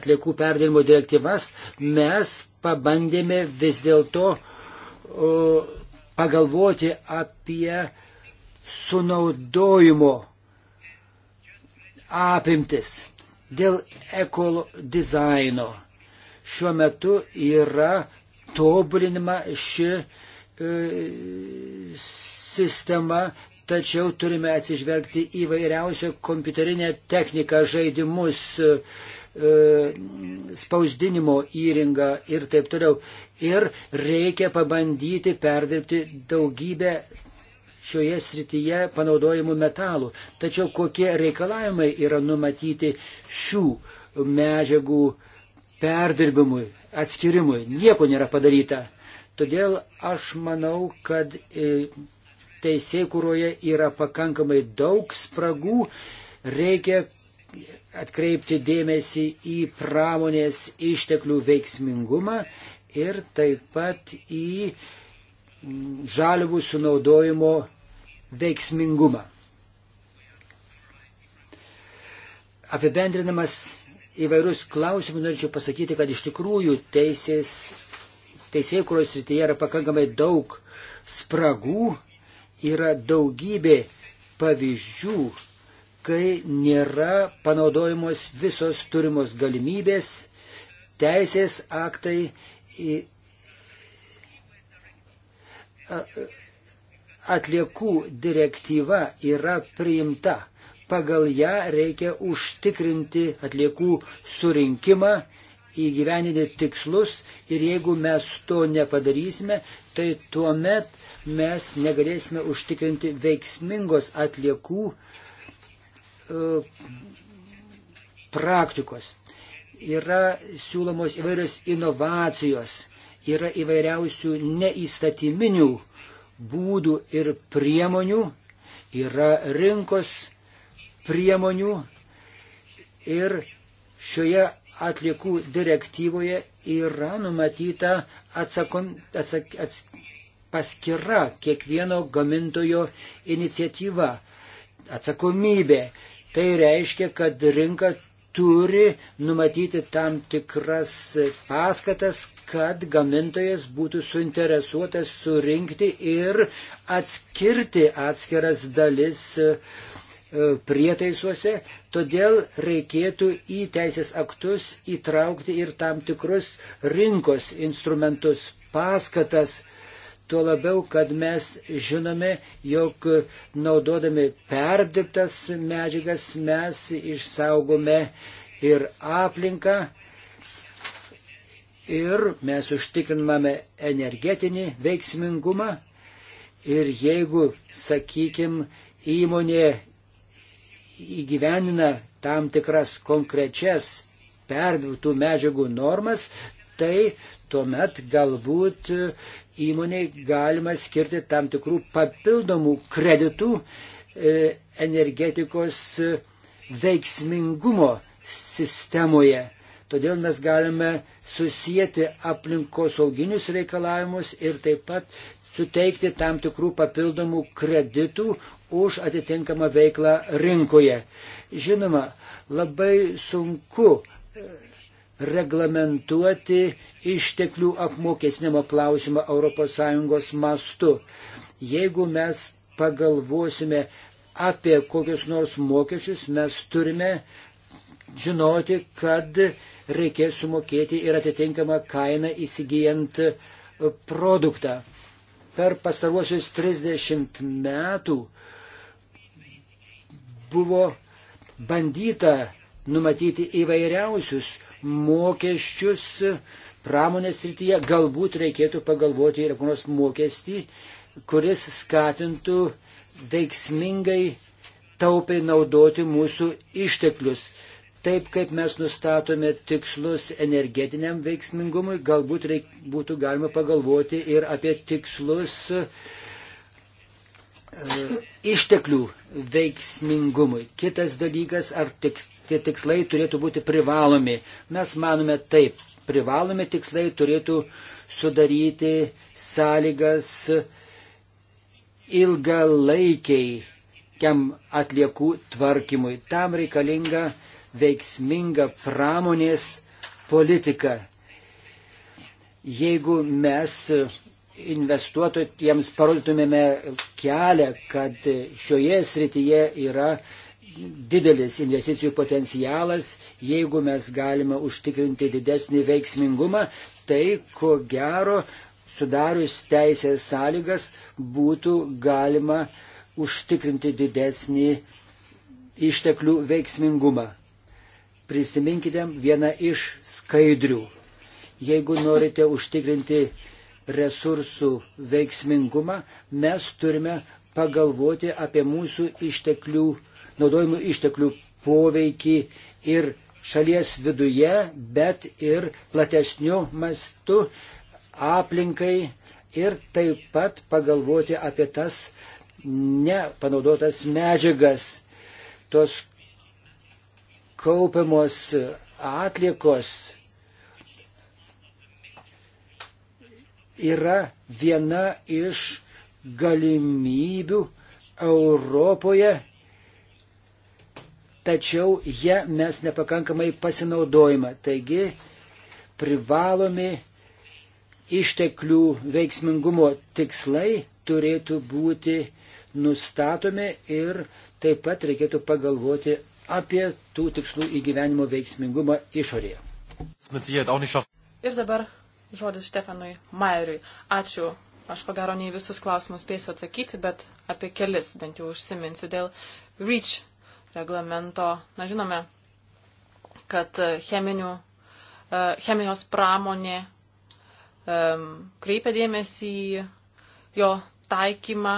atliekų perdėlimo direktyvas, mes pabandėme vis dėlto uh, pagalvoti apie sunaudojimo apimtis dėl ekolo dizaino. Šiuo metu yra tobulinama ši e, sistema, tačiau turime atsižvelgti įvairiausią kompiuterinę techniką, žaidimus, e, E, spausdinimo įrangą ir taip toliau. Ir reikia pabandyti perdirbti daugybę šioje srityje panaudojimų metalų. Tačiau kokie reikalavimai yra numatyti šių medžiagų perdirbimui, atskirimui, nieko nėra padaryta. Todėl aš manau, kad e, teisėkuroje yra pakankamai daug spragų, reikia atkreipti dėmesį į pramonės išteklių veiksmingumą ir taip pat į žalivų sunaudojimo veiksmingumą. Apibendrinamas įvairius klausimus norėčiau pasakyti, kad iš tikrųjų teisės, teisėjų kurios srityje yra pakankamai daug spragų, yra daugybė pavyzdžių, kai nėra panaudojamos visos turimos galimybės, teisės aktai. Atliekų direktyva yra priimta. Pagal ją reikia užtikrinti atliekų surinkimą, įgyveninti tikslus ir jeigu mes to nepadarysime, tai tuomet mes negalėsime užtikrinti veiksmingos atliekų uh, praktikos, yra siūlomos įvairios inovacijos, yra įvairiausių neįstatyminių būdų ir priemonių, yra rinkos priemonių ir šioje atliekų direktyvoje yra numatyta atsakom, atsak, ats, paskira kiekvieno gamintojo iniciatyva, atsakomybė. Tai reiškia, kad rinka turi numatyti tam tikras paskatas, kad gamintojas būtų suinteresuotas surinkti ir atskirti atskiras dalis e, prietaisuose, todėl reikėtų į teisės aktus įtraukti ir tam tikrus rinkos instrumentus, paskatas, Tuo labiau, kad mes žinome, jog naudodami perdirbtas medžiagas mes išsaugome ir aplinką, ir mes užtikriname energetinį veiksmingumą. Ir jeigu, sakykime, įmonė įgyvenina tam tikras konkrečias perdirbtų medžiagų normas, tai tuomet galbūt įmoniai galima skirti tam tikrų papildomų kreditų e, energetikos e, veiksmingumo sistemoje. Todėl mes galime susijęti aplinkosauginius reikalavimus ir taip pat suteikti tam tikrų papildomų kreditų už atitinkamą veiklą rinkoje. Žinoma, labai sunku e, reglamentuoti išteklių apmokesnimo klausimą ES mastu. Jeigu mes pagalvosime apie kokius nors mokesčius, mes turime žinoti, kad reikės sumokėti ir atitinkamą kainą įsigijant produktą. Per pastaruosius 30 metų buvo bandyta numatyti įvairiausius mokesčius pramonės srityje, galbūt reikėtų pagalvoti ir kokios mokestį, kuris skatintų veiksmingai taupiai naudoti mūsų išteklius. Taip kaip mes nustatome tikslus energetiniam veiksmingumui, galbūt reik, būtų galima pagalvoti ir apie tikslus e, išteklių veiksmingumui. Kitas dalykas, ar tik, tie tikslai turėtų būti privalomi. Mes manome taip, privalomi tikslai turėtų sudaryti sąlygas ilgalaikiai kiam atliekų tvarkymui. Tam reikalinga veiksminga pramonės politika. Jeigu mes investuotojams parodytumėme kelią, kad šioje srityje yra didelis investicijų potencialas, jeigu mes galime užtikrinti didesnį veiksmingumą, tai ko gero sudarius teisės sąlygas būtų galima užtikrinti didesnį išteklių veiksmingumą. Prisiminkite vieną iš skaidrių. Jeigu norite užtikrinti resursų veiksmingumą, mes turime pagalvoti apie mūsų išteklių veiksmingumą naudojimų išteklių poveikį ir šalies viduje, bet ir platesniu mastu aplinkai ir taip pat pagalvoti apie tas nepanaudotas medžiagas, tos kaupiamos atliekos yra viena iš galimybių Europoje tačiau jie mes nepakankamai pasinaudojame. Taigi privalomi išteklių veiksmingumo tikslai turėtų būti nustatomi ir taip pat reikėtų pagalvoti apie tų tikslų įgyvenimo veiksmingumą išorėje. Ir dabar žodis Štefanui Mairiui. Ačiū. Aš ko gero ne į visus klausimus spėsiu atsakyti, bet apie kelis bent jau užsiminsiu dėl REACH reglamento. Na, žinome, kad e, cheminių, e, chemijos pramonė e, kreipia dėmesį į jo taikymą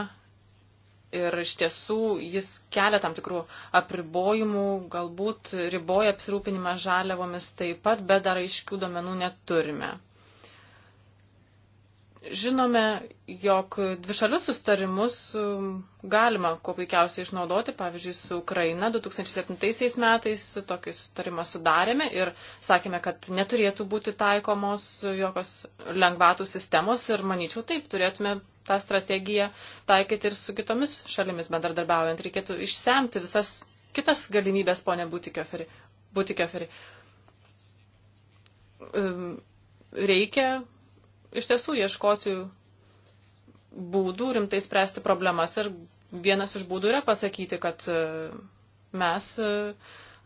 ir iš tiesų jis kelia tam tikrų apribojimų, galbūt riboja apsirūpinimą žaliavomis taip pat, bet dar aiškių duomenų neturime. Žinome, jog dvišalius sustarimus um, galima kuo puikiausiai išnaudoti. Pavyzdžiui, su Ukraina 2007 metais tokį sustarimą sudarėme ir sakėme, kad neturėtų būti taikomos jokios lengvatų sistemos ir manyčiau taip, turėtume tą strategiją taikyti ir su kitomis šalimis bendradarbiaujant. Reikėtų išsemti visas kitas galimybės, ponė Būtikioferi. Um, reikia iš tiesų ieškoti būdų rimtai spręsti problemas. Ir vienas iš būdų yra pasakyti, kad e, mes e,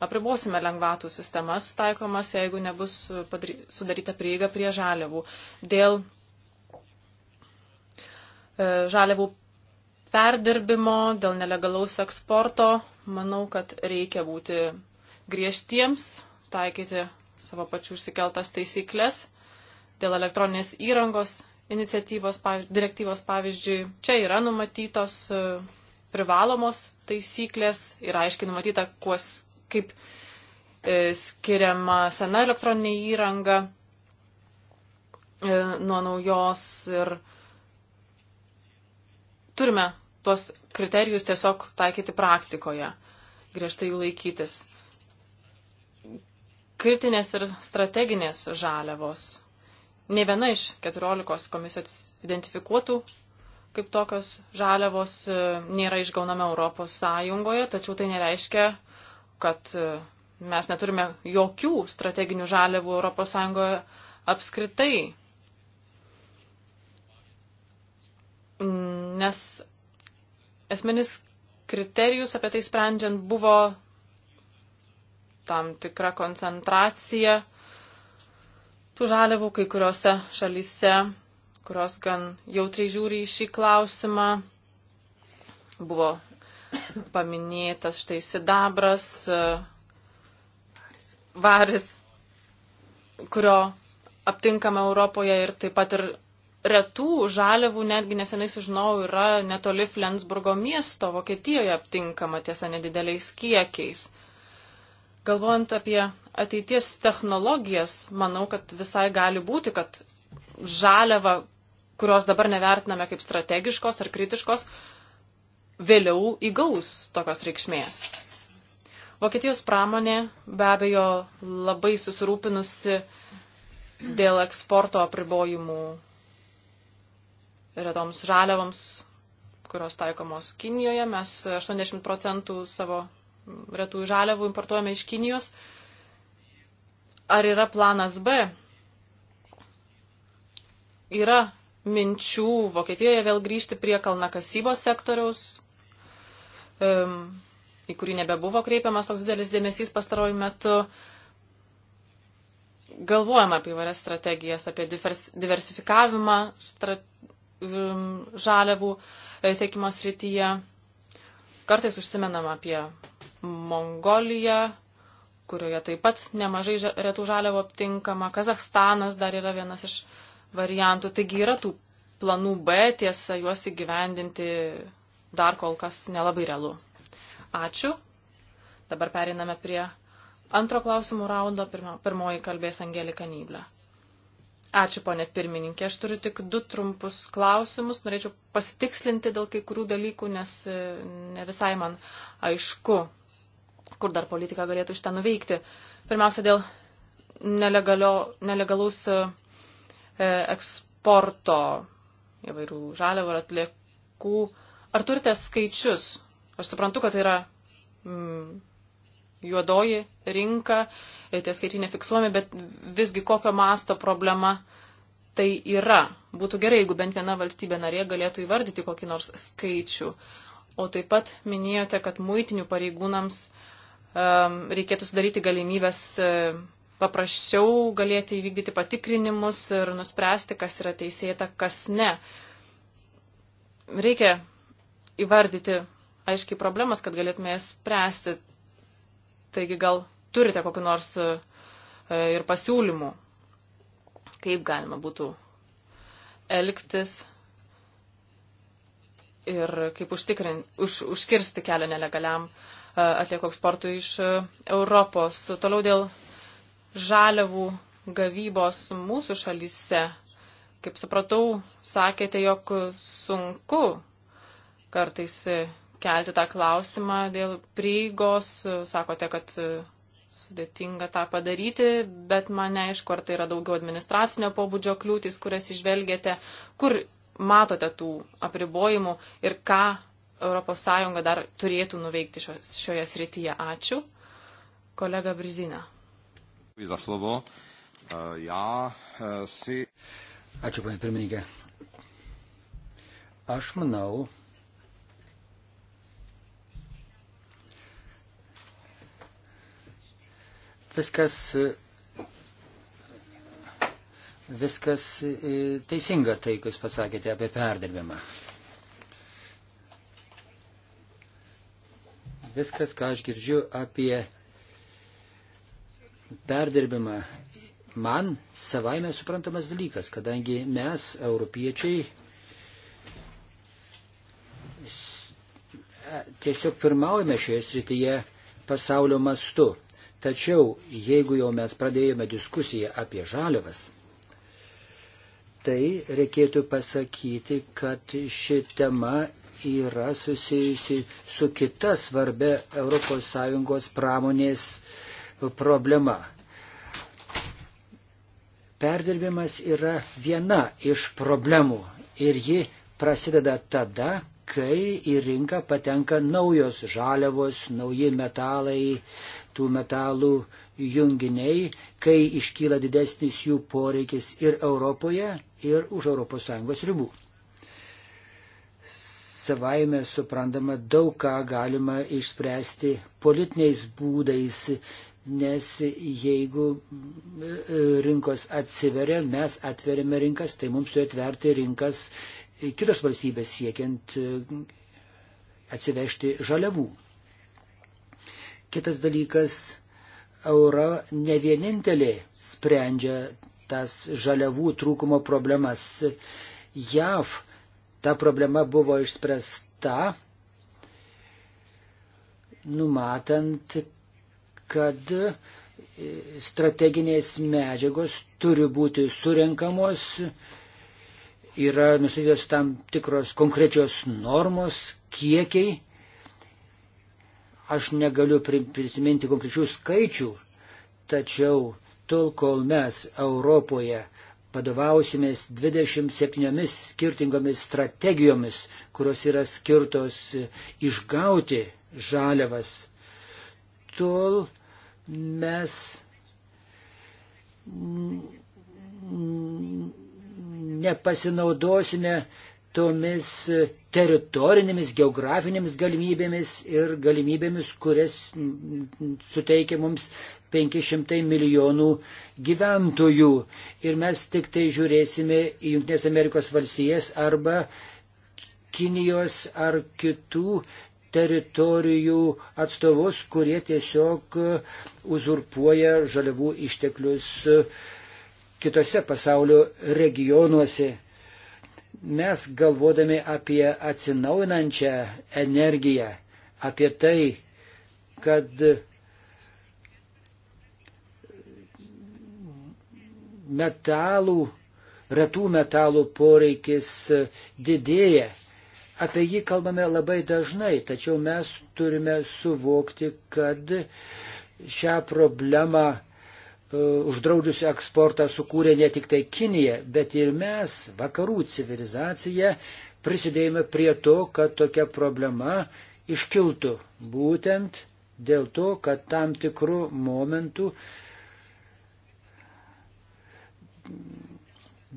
apribosime lengvatų sistemas taikomas, jeigu nebus e, padary, sudaryta prieiga prie žaliavų. Dėl žaliavų perdirbimo, dėl nelegalaus eksporto, manau, kad reikia būti griežtiems, taikyti savo pačių išsikeltas taisyklės dėl elektroninės įrangos iniciatyvos, pavyž, direktyvos pavyzdžiui, čia yra numatytos e, privalomos taisyklės ir aiškiai numatyta, kuos, kaip e, skiriama sena elektroninė įranga e, nuo naujos ir turime tuos kriterijus tiesiog taikyti praktikoje, griežtai jų laikytis. Kritinės ir strateginės žaliavos Ne viena iš 14 komisijos identifikuotų kaip tokios žaliavos e, nėra išgaunama Europos Sąjungoje, tačiau tai nereiškia, kad e, mes neturime jokių strateginių žaliavų Europos Sąjungoje apskritai. Nes esminis kriterijus apie tai sprendžiant buvo tam tikra koncentracija tų žaliavų kai kuriuose šalyse, kurios gan jautriai žiūri į šį klausimą. Buvo paminėtas štai sidabras, varis, kurio aptinkama Europoje ir taip pat ir retų žaliavų, netgi nesenai sužinojau, yra netoli Flensburgo miesto, Vokietijoje aptinkama tiesa nedideliais kiekiais. Galvojant apie ateities technologijas, manau, kad visai gali būti, kad žaliava, kurios dabar nevertiname kaip strategiškos ar kritiškos, vėliau įgaus tokios reikšmės. Vokietijos pramonė be abejo labai susirūpinusi dėl eksporto apribojimų retoms žaliavoms, kurios taikomos Kinijoje. Mes 80 procentų savo retų žaliavų importuojame iš Kinijos ar yra planas B? Yra minčių Vokietijoje vėl grįžti prie kalnakasybos sektoriaus, um, į kurį nebebuvo kreipiamas toks didelis dėmesys pastarojų metų. Galvojama apie įvairias strategijas, apie diversifikavimą strate žaliavų e, tiekimo srityje. Kartais užsimenam apie Mongoliją, kurioje taip pat nemažai retų žaliavų aptinkama. Kazahstanas dar yra vienas iš variantų. Taigi yra tų planų B, tiesa, juos įgyvendinti dar kol kas nelabai realu. Ačiū. Dabar periname prie antro klausimų raundo. Pirmoji kalbės Angelika Nyblė. Ačiū, ponė pirmininkė. Aš turiu tik du trumpus klausimus. Norėčiau pasitikslinti dėl kai kurių dalykų, nes e, ne visai man aišku kur dar politika galėtų šitą nuveikti. Pirmiausia, dėl nelegalaus e, eksporto įvairių žaliavų ir atliekų. Ar turite skaičius? Aš suprantu, kad tai yra mm, juodoji rinka, e, tie skaičiai nefiksuojami, bet visgi kokio masto problema tai yra. Būtų gerai, jeigu bent viena valstybė narė galėtų įvardyti kokį nors skaičių. O taip pat minėjote, kad muitinių pareigūnams reikėtų sudaryti galimybės e, paprasčiau galėti įvykdyti patikrinimus ir nuspręsti, kas yra teisėta, kas ne. Reikia įvardyti aiškiai problemas, kad galėtume jas spręsti. Taigi gal turite kokiu nors e, ir pasiūlymų, kaip galima būtų elgtis ir kaip užtikrin, už, užkirsti kelią nelegaliam uh, atlieko eksportų iš Europos. Toliau dėl žaliavų gavybos mūsų šalyse. Kaip supratau, sakėte, jog sunku kartais e, kelti tą klausimą dėl prieigos. Sakote, kad e, sudėtinga tą padaryti, bet man neaišku, ar tai yra daugiau administracinio pobūdžio kliūtis, kurias išvelgėte, kur matote tų apribojimų ir ką ES dar turėtų nuveikti šioje srityje. Ačiū. Kolega Brizina. Za slovo. E, ja e, si. Ačiū, panė pirmininkė. Aš manau, viskas, viskas e, teisinga tai, kas pasakėte apie perdirbimą. Viskas, ką aš girdžiu apie perdirbimą, man savaime suprantamas dalykas, kadangi mes, europiečiai, e, tiesiog pirmaujame šioje srityje pasaulio mastu. Tačiau, jeigu jau mes pradėjome diskusiją apie žaliavas, tai reikėtų pasakyti, kad ši tema yra susijusi su kita svarbia ES pramonės problema. Perdirbimas yra viena iš problemų ir ji prasideda tada, kai į rinką patenka naujos žaliavos, nauji metalai, tų metalų junginiai, kai iškyla didesnis jų poreikis ir Europoje, ir už ES ribų savaime suprantama daug ką galima išspręsti politiniais būdais, nes jeigu e, e, rinkos atsiveria, mes atveriame rinkas, tai mums turi atverti rinkas kitos valstybės siekiant e, atsivežti žaliavų. Kitas dalykas, euro ne vienintelė sprendžia tas žaliavų trūkumo problemas. JAV ta problema buvo išspręsta, numatant, kad strateginės medžiagos turi būti surinkamos, yra nusidėtos tam tikros konkrečios normos, kiekiai. Aš negaliu prisiminti konkrečių skaičių, tačiau tol, kol mes Europoje vadovausimės 27 skirtingomis strategijomis, kurios yra skirtos išgauti žaliavas, tol mes nepasinaudosime tomis teritorinėmis, geografinėmis galimybėmis ir galimybėmis, kurias suteikia mums 500 milijonų gyventojų ir mes tik tai žiūrėsime į Junktinės Amerikos valstijas arba Kinijos ar kitų teritorijų atstovus, kurie tiesiog uzurpuoja žaliavų išteklius kitose pasaulio regionuose. Mes galvodami apie atsinaujinančią energiją, apie tai, kad metalų, retų metalų poreikis didėja. Apie jį kalbame labai dažnai, tačiau mes turime suvokti, kad šią problemą e, uždraudžiusi eksportą sukūrė ne tik tai Kinija, bet ir mes, vakarų civilizacija, prisidėjome prie to, kad tokia problema iškiltų. Būtent dėl to, kad tam tikrų momentų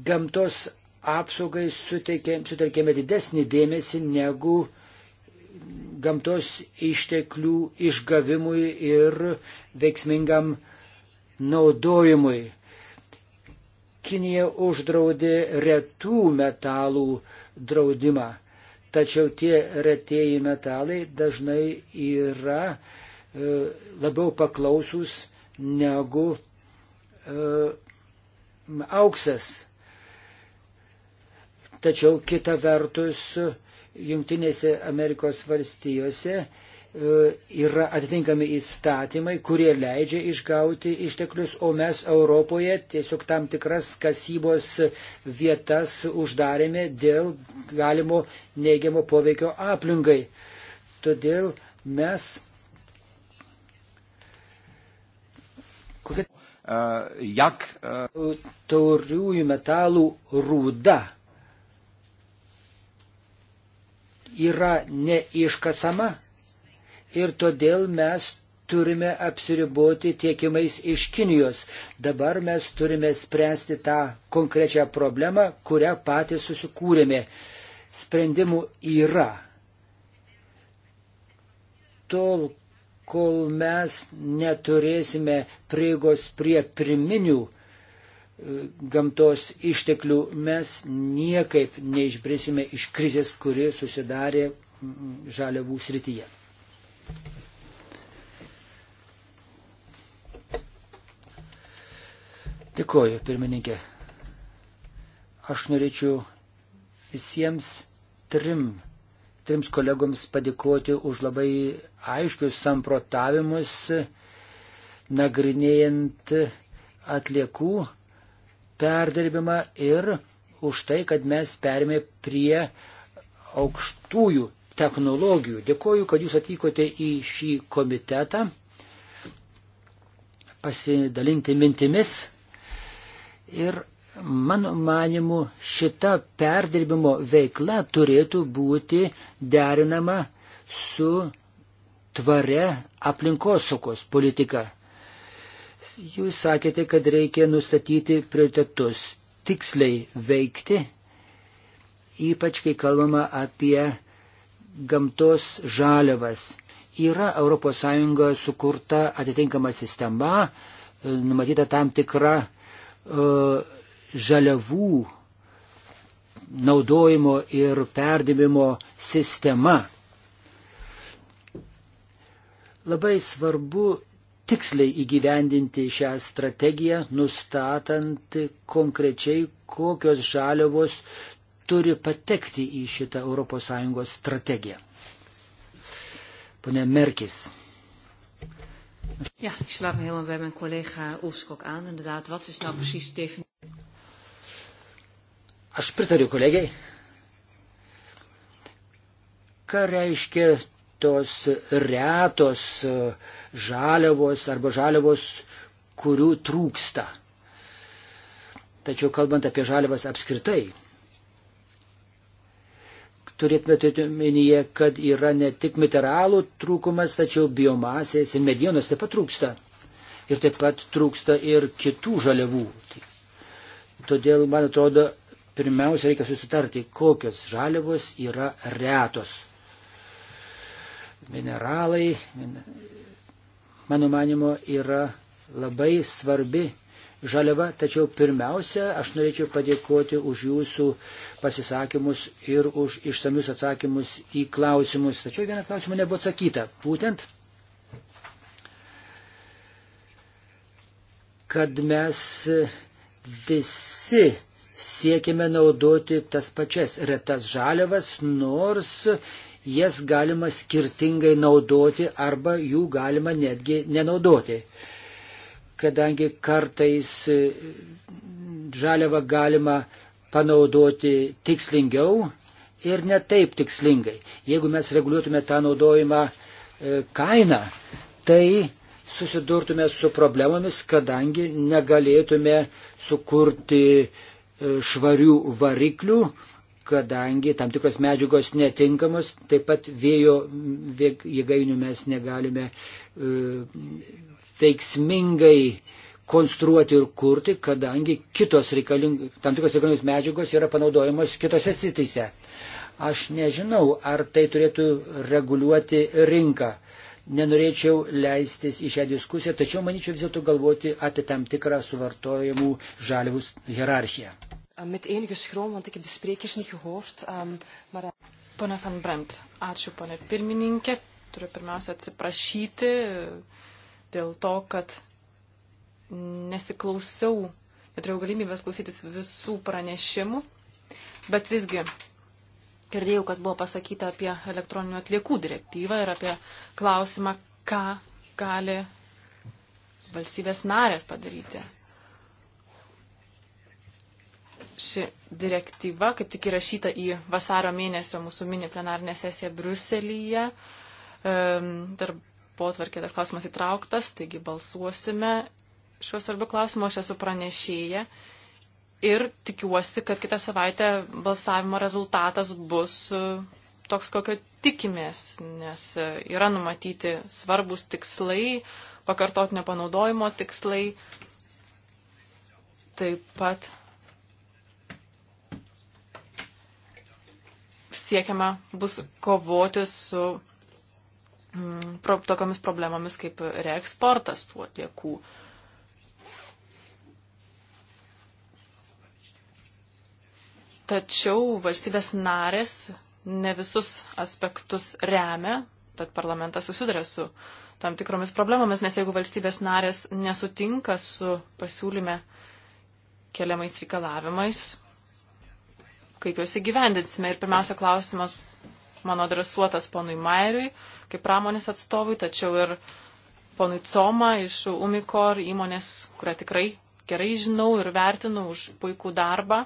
gamtos apsaugai sutelkėme didesnį dėmesį negu gamtos išteklių išgavimui ir veiksmingam naudojimui. Kinija uždraudė retų metalų draudimą, tačiau tie retieji metalai dažnai yra e, labiau paklausus negu e, auksas. Tačiau kita vertus, Junktinėse Amerikos valstijose e, yra atitinkami įstatymai, kurie leidžia išgauti išteklius, o mes Europoje tiesiog tam tikras kasybos vietas uždarėme dėl galimo neigiamo poveikio aplinkai. Todėl mes. Kokia... E, jak... E, Tauriųjų metalų rūda yra neiškasama ir todėl mes turime apsiriboti tiekimais iš Kinijos. Dabar mes turime spręsti tą konkrečią problemą, kurią patys susikūrėme. Sprendimų yra. Tol, kol mes neturėsime prieigos prie priminių e, gamtos išteklių, mes niekaip neišbrėsime iš krizės, kuri susidarė žaliavų srityje. Dėkoju, pirmininkė. Aš norėčiau visiems trim trims kolegoms padėkoti už labai aiškius samprotavimus, nagrinėjant atliekų perdirbimą ir už tai, kad mes perėmė prie aukštųjų technologijų. Dėkoju, kad jūs atvykote į šį komitetą pasidalinti mintimis ir Mano manimu, šita perdirbimo veikla turėtų būti derinama su tvare aplinkosaugos politika. Jūs sakėte, kad reikia nustatyti prioritetus, tiksliai veikti, ypač kai kalbama apie gamtos žaliavas. Yra ES sukurta atitinkama sistema, numatyta tam tikra uh, žaliavų naudojimo ir perdimimo sistema. Labai svarbu tiksliai įgyvendinti šią strategiją, nustatant konkrečiai, kokios žaliavos turi patekti į šitą ES strategiją. Pone Merkis. Ja, ik sluit me helemaal bij mijn collega Oelskok aan. Inderdaad, wat is nou precies de definitie? Aš pritariu kolegiai. Ką reiškia tos retos žaliavos arba žaliavos, kurių trūksta? Tačiau kalbant apie žaliavas apskritai, turėtume turėti omenyje, kad yra ne tik mineralų trūkumas, tačiau biomasės ir medienos taip pat trūksta. Ir taip pat trūksta ir kitų žaliavų. Todėl, man atrodo, pirmiausia reikia susitarti, kokios žaliavos yra retos. Mineralai, mano manimo, yra labai svarbi žaliava, tačiau pirmiausia, aš norėčiau padėkoti už jūsų pasisakymus ir už išsamius atsakymus į klausimus. Tačiau vieną klausimą nebuvo atsakyta. Būtent, kad mes visi siekiame naudoti tas pačias retas žaliavas, nors jas galima skirtingai naudoti arba jų galima netgi nenaudoti. Kadangi kartais e, žaliavą galima panaudoti tikslingiau ir ne taip tikslingai. Jeigu mes reguliuotume tą naudojimą e, kainą, tai susidurtume su problemomis, kadangi negalėtume sukurti E, švarių variklių, kadangi tam tikros medžiagos netinkamos, taip pat vėjo jėgainių mes negalime e, veiksmingai konstruoti ir kurti, kadangi kitos reikaling, tam tikros reikalingos medžiagos yra panaudojamos kitose sitise. Aš nežinau, ar tai turėtų reguliuoti rinką. Nenorėčiau leistis į šią diskusiją, tačiau manyčiau vis dėlto galvoti apie tam tikrą suvartojimų žaliavus hierarchiją. Eh, met enige schroom, want ik heb de sprekers niet gehoord. Um, maar... Eh, pone Van Bremt, ačiū pone pirmininkė. Turiu pirmiausia atsiprašyti eh, dėl to, kad nesiklausiau, neturėjau galimybės klausytis visų pranešimų, bet visgi girdėjau, kas buvo pasakyta apie elektroninių atliekų direktyvą ir apie klausimą, ką gali valstybės narės padaryti ši direktyva, kaip tik įrašyta į vasaro mėnesio mūsų mini plenarinę sesiją Bruselėje. Darbo tvarkė tas klausimas įtrauktas, taigi balsuosime šiuo svarbiu klausimu. Aš esu pranešėja ir tikiuosi, kad kitą savaitę balsavimo rezultatas bus e, toks, kokio tikimės, nes e, yra numatyti svarbus tikslai, pakartotinio panaudojimo tikslai. Taip pat siekiama bus kovoti su mm, pro, tokiamis problemomis kaip reeksportas tų atliekų. Tačiau valstybės narės ne visus aspektus remia, tad parlamentas susiduria su tam tikromis problemomis, nes jeigu valstybės narės nesutinka su pasiūlyme keliamais reikalavimais, kaip juos įgyvendinsime. Ir pirmiausia klausimas mano adresuotas ponui Mairiui, kaip pramonės atstovui, tačiau ir ponui Coma iš Umikor įmonės, kurią tikrai gerai žinau ir vertinu už puikų darbą.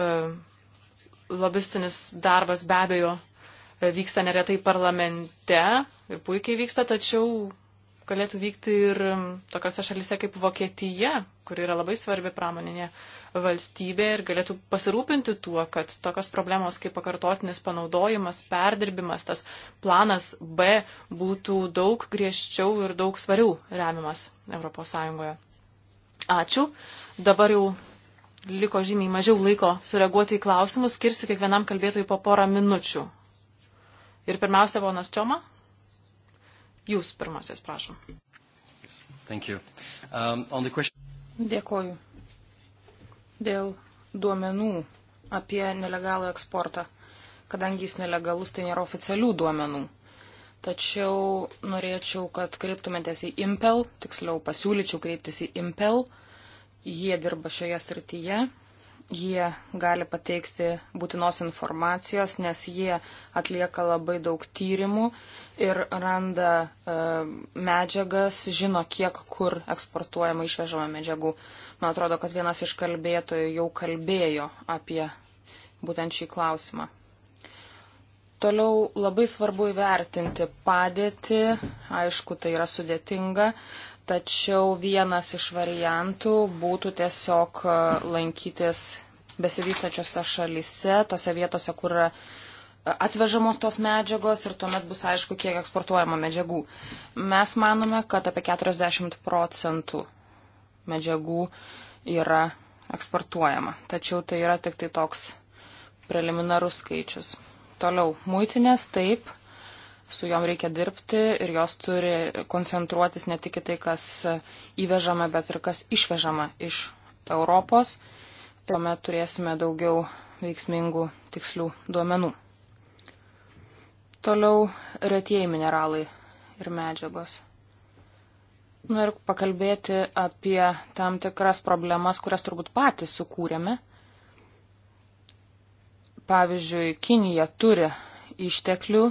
E, lobistinis darbas be abejo e, vyksta neretai parlamente ir puikiai vyksta, tačiau galėtų vykti ir tokiose šalise kaip Vokietija, kuri yra labai svarbi pramoninė valstybė ir galėtų pasirūpinti tuo, kad tokios problemos kaip pakartotinis panaudojimas, perdirbimas, tas planas B būtų daug griežčiau ir daug svariau remiamas ES. Ačiū. Dabar jau liko žymiai mažiau laiko sureaguoti į klausimus, skirsiu kiekvienam kalbėtojui po porą minučių. Ir pirmiausia, ponas Čioma, jūs pirmasis, prašom. Um, question... Dėkoju. Dėl duomenų apie nelegalų eksportą. Kadangi jis nelegalus, tai nėra oficialių duomenų. Tačiau norėčiau, kad kreiptumėtės į Impel, tiksliau pasiūlyčiau kreiptis į Impel. Jie dirba šioje srityje jie gali pateikti būtinos informacijos, nes jie atlieka labai daug tyrimų ir randa e, medžiagas, žino, kiek kur eksportuojama išvežama medžiagų. Man atrodo, kad vienas iš kalbėtojų jau kalbėjo apie būtent šį klausimą. Toliau labai svarbu įvertinti padėtį, aišku, tai yra sudėtinga, Tačiau vienas iš variantų būtų tiesiog e, lankytis besivystačiose šalise, tose vietose, kur yra e, atvežamos tos medžiagos ir tuomet bus aišku, kiek eksportuojama medžiagų. Mes manome, kad apie 40 procentų medžiagų yra eksportuojama. Tačiau tai yra tik tai toks preliminarus skaičius. Toliau, muitinės taip, su jom reikia dirbti ir jos turi koncentruotis ne tik į tai, kas įvežama, bet ir kas išvežama iš Europos. Tuomet turėsime daugiau veiksmingų tikslių duomenų. Toliau retieji mineralai ir medžiagos. Na nu ir pakalbėti apie tam tikras problemas, kurias turbūt patys sukūrėme. Pavyzdžiui, Kinija turi išteklių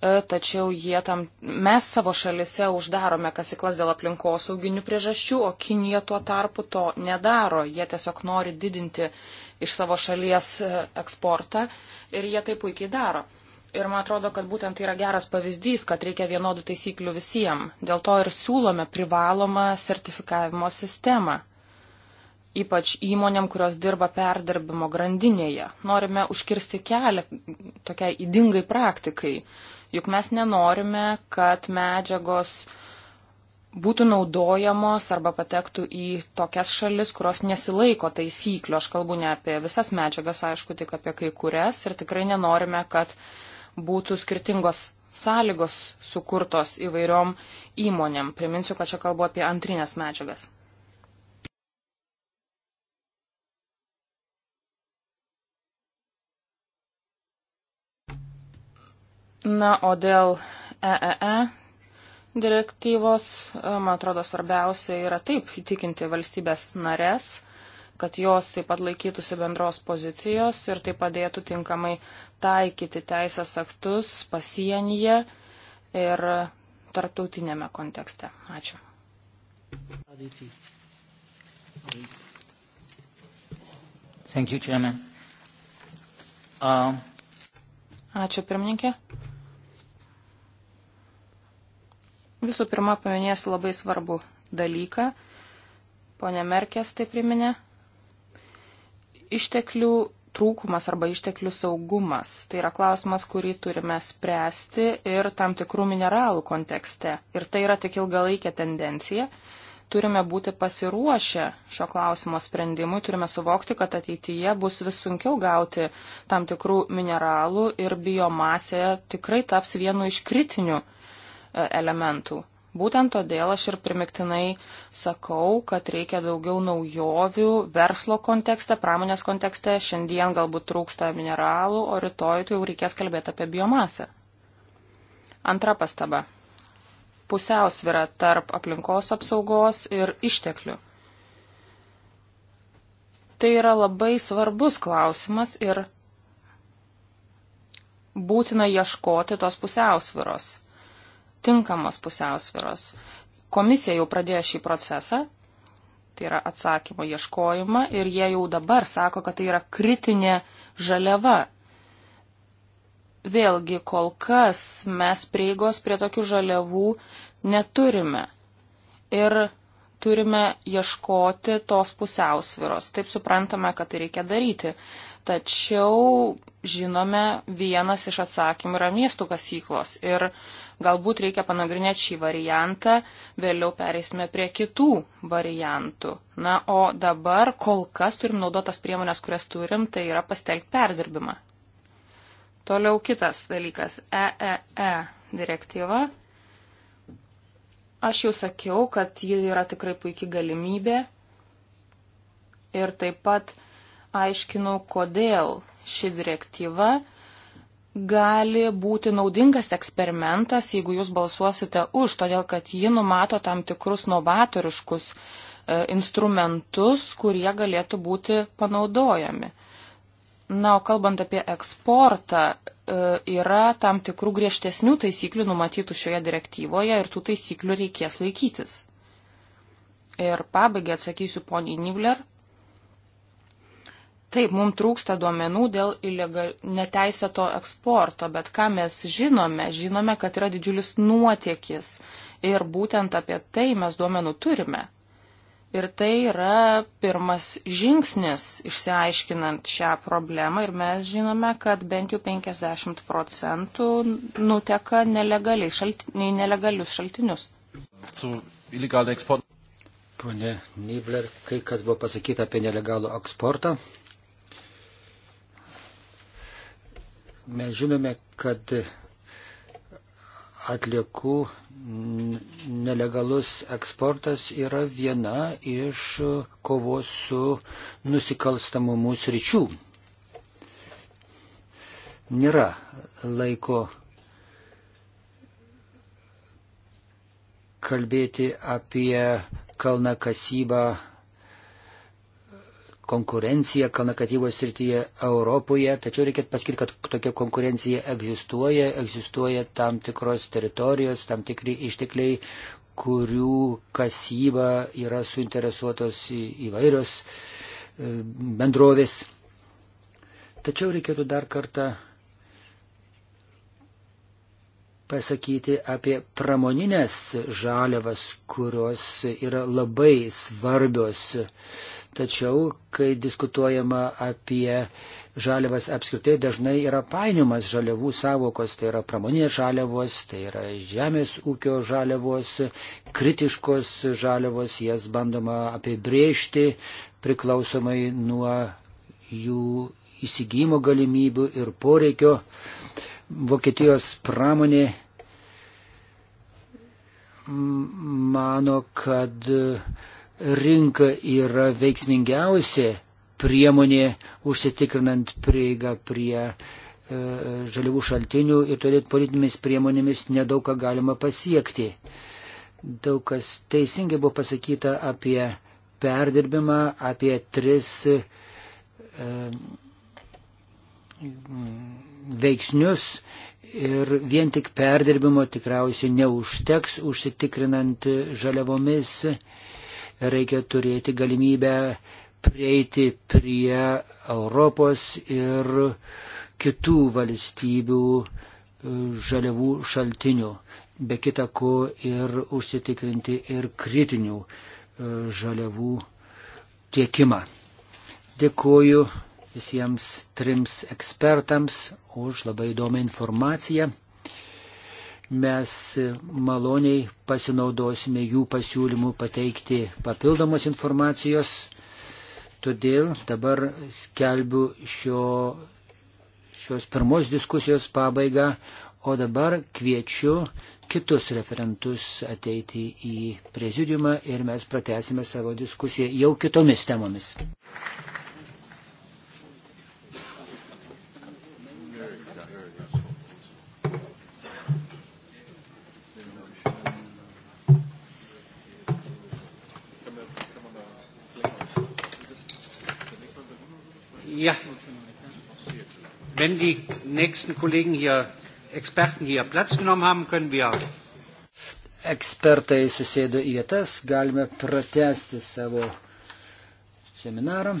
E, tačiau jie tam, mes savo šalise uždarome kasiklas dėl aplinkosauginių priežasčių, o Kinija tuo tarpu to nedaro. Jie tiesiog nori didinti iš savo šalies e, eksportą ir jie tai puikiai daro. Ir man atrodo, kad būtent tai yra geras pavyzdys, kad reikia vienodų taisyklių visiems. Dėl to ir siūlome privalomą sertifikavimo sistemą. Ypač įmonėm, kurios dirba perdirbimo grandinėje. Norime užkirsti kelią tokiai įdingai praktikai, Juk mes nenorime, kad medžiagos būtų naudojamos arba patektų į tokias šalis, kurios nesilaiko taisyklių. Aš kalbu ne apie visas medžiagas, aišku, tik apie kai kurias. Ir tikrai nenorime, kad būtų skirtingos sąlygos sukurtos įvairiom įmonėm. Priminsiu, kad čia kalbu apie antrinės medžiagas. Na, o dėl EEE e e direktyvos, e, man atrodo, svarbiausia yra taip įtikinti valstybės narės, kad jos taip pat laikytųsi bendros pozicijos ir tai padėtų tinkamai taikyti teisės aktus pasienyje ir tarptautinėme kontekste. Ačiū. Thank you, Chairman. Um... Ačiū, pirmininkė. Visų pirma, paminėsiu labai svarbų dalyką. Pone Merkės tai priminė. Išteklių trūkumas arba išteklių saugumas. Tai yra klausimas, kurį turime spręsti ir tam tikrų mineralų kontekste. Ir tai yra tik ilgalaikė tendencija. Turime būti pasiruošę šio klausimo sprendimui, turime suvokti, kad ateityje bus vis sunkiau gauti tam tikrų mineralų ir biomasė tikrai taps vienu iš kritinių E, elementų. Būtent todėl aš ir primiktinai sakau, kad reikia daugiau naujovių verslo kontekste, pramonės kontekste. Šiandien galbūt trūksta mineralų, o rytoj jau reikės kalbėti apie biomasę. Antra pastaba. Pusiausvira tarp aplinkos apsaugos ir išteklių. Tai yra labai svarbus klausimas ir būtina ieškoti tos pusiausviros tinkamos pusiausviros. Komisija jau pradėjo šį procesą, tai yra atsakymo ieškojimą ir jie jau dabar sako, kad tai yra kritinė žaliava. Vėlgi, kol kas mes prieigos prie tokių žaliavų neturime. Ir turime ieškoti tos pusiausviros. Taip suprantame, kad tai reikia daryti. Tačiau žinome, vienas iš atsakymų yra miestų kasyklos. Ir Galbūt reikia panagrinėti šį variantą, vėliau pereisime prie kitų variantų. Na, o dabar kol kas turim naudotas priemonės, kurias turim, tai yra pastelgti perdirbimą. Toliau kitas dalykas - EEE e e direktyva. Aš jau sakiau, kad ji yra tikrai puikia galimybė ir taip pat aiškinau, kodėl ši direktyva gali būti naudingas eksperimentas, jeigu jūs balsuosite už, todėl kad ji numato tam tikrus novatoriškus e, instrumentus, kurie galėtų būti panaudojami. Na, o kalbant apie eksportą, e, yra tam tikrų griežtesnių taisyklių numatytų šioje direktyvoje ir tų taisyklių reikės laikytis. Ir pabaigai atsakysiu poniai Nivler, Taip, mums trūksta duomenų dėl ilegal... neteisėto eksporto, bet ką mes žinome, žinome, kad yra didžiulis nuotėkis ir būtent apie tai mes duomenų turime. Ir tai yra pirmas žingsnis išsiaiškinant šią problemą ir mes žinome, kad bent jau 50 procentų nuteka nelegaliai šalti... į nelegalius šaltinius. Pone Nibler, kai kas buvo pasakyta apie nelegalų eksportą, Mes žinome, kad atliekų nelegalus eksportas yra viena iš kovos su nusikalstamumu sričių. Nėra laiko kalbėti apie kalnakasybą konkurencija kalnakatybos srityje Europoje, tačiau reikia pasakyti, kad tokia konkurencija egzistuoja, egzistuoja tam tikros teritorijos, tam tikri ištekliai, kurių kasyba yra suinteresuotos įvairios e, bendrovės. Tačiau reikėtų dar kartą pasakyti apie pramoninės žaliavas, kurios yra labai svarbios Tačiau, kai diskutuojama apie žaliavas apskritai, dažnai yra painiamas žaliavų savokos, tai yra pramoninės žaliavos, tai yra žemės ūkio žaliavos, kritiškos žaliavos, jas bandoma apibriežti priklausomai nuo jų įsigymo galimybių ir poreikio. Vokietijos pramonė mano, kad rinka yra veiksmingiausia priemonė užsitikrinant prieigą prie e, žaliavų šaltinių ir todėl politinėmis priemonėmis nedaug ką galima pasiekti. Daug kas teisingai buvo pasakyta apie perdirbimą, apie tris e, veiksnius ir vien tik perdirbimo tikriausiai neužteks užsitikrinant žaliavomis. E, reikia turėti galimybę prieiti prie Europos ir kitų valstybių e, žaliavų šaltinių, be kita ko ir užsitikrinti ir kritinių e, žaliavų tiekimą. Dėkuoju visiems trims ekspertams už labai įdomią informaciją mes maloniai pasinaudosime jų pasiūlymų pateikti papildomos informacijos. Todėl dabar skelbiu šio, šios pirmos diskusijos pabaigą, o dabar kviečiu kitus referentus ateiti į prezidiumą ir mes pratęsime savo diskusiją jau kitomis temomis. Ja, wenn die nächsten Kollegen hier, Experten hier Platz genommen haben, können wir. Ekspertai susėdo į vietas, galime pratesti savo seminarą.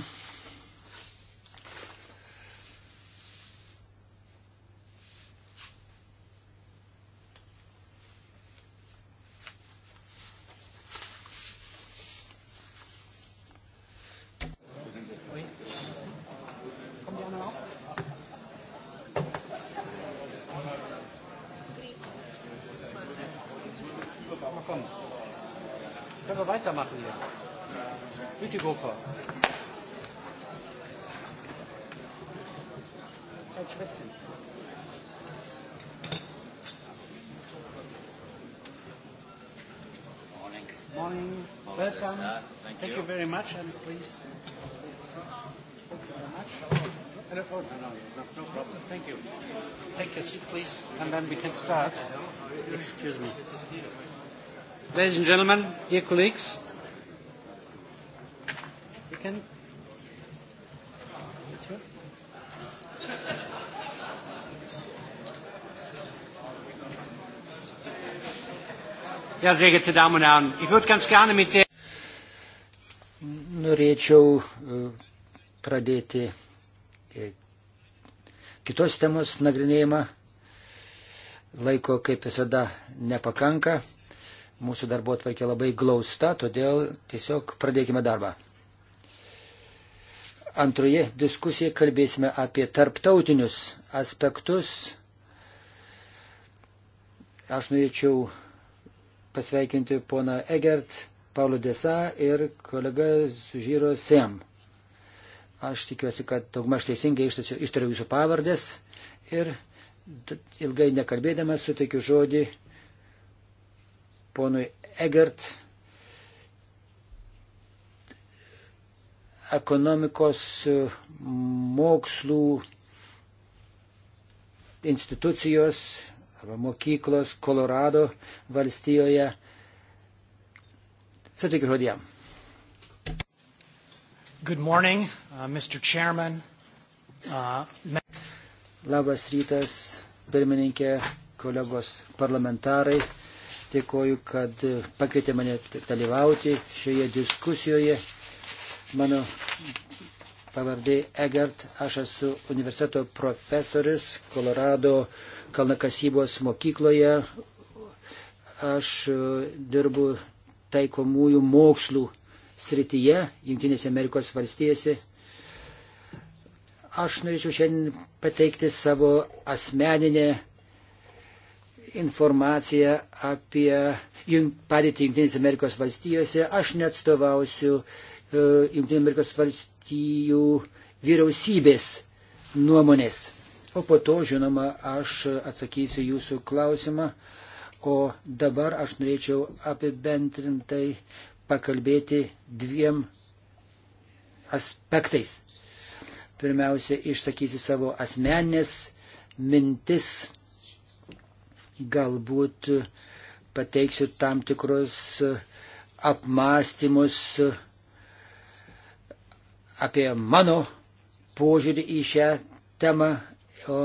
ladies and gentlemen, dear colleagues. You can. Ja, sehr geehrte Damen und Herren, ich würde ganz gerne mit der. Norėčiau e, pradėti e, kitos temos nagrinėjimą. Laiko, kaip visada, nepakanka. Mūsų darbo atvarkė labai glausta, todėl tiesiog pradėkime darbą. Antroje diskusijoje kalbėsime apie tarptautinius aspektus. Aš norėčiau pasveikinti poną Egert, Paulo Desa ir kolegą Sužyro Sem. Aš tikiuosi, kad daugmaž teisingai ištariau jūsų pavardės ir ilgai nekalbėdamas suteikiu žodį ponui Egert ekonomikos mokslų institucijos arba mokyklos Kolorado valstijoje. Sutikiu žodį jam. Good morning, uh, Mr. Chairman. Uh, Labas rytas, pirmininkė, kolegos parlamentarai. Dėkoju, kad pakvietė mane dalyvauti šioje diskusijoje. Mano pavardė Egert, aš esu universiteto profesorius Kolorado kalnakasybos mokykloje. Aš e, dirbu taikomųjų mokslų srityje, Junktinėse Amerikos valstijose. Aš norėčiau šiandien pateikti savo asmeninę informaciją apie padėtį Junktinėse Amerikos valstijose. Aš neatstovausiu e, Junktinėse Amerikos valstijų vyriausybės nuomonės. O po to, žinoma, aš atsakysiu jūsų klausimą. O dabar aš norėčiau apibendrintai pakalbėti dviem aspektais. Pirmiausia, išsakysiu savo asmenės mintis galbūt pateiksiu tam tikrus apmąstymus apie mano požiūrį į šią temą, o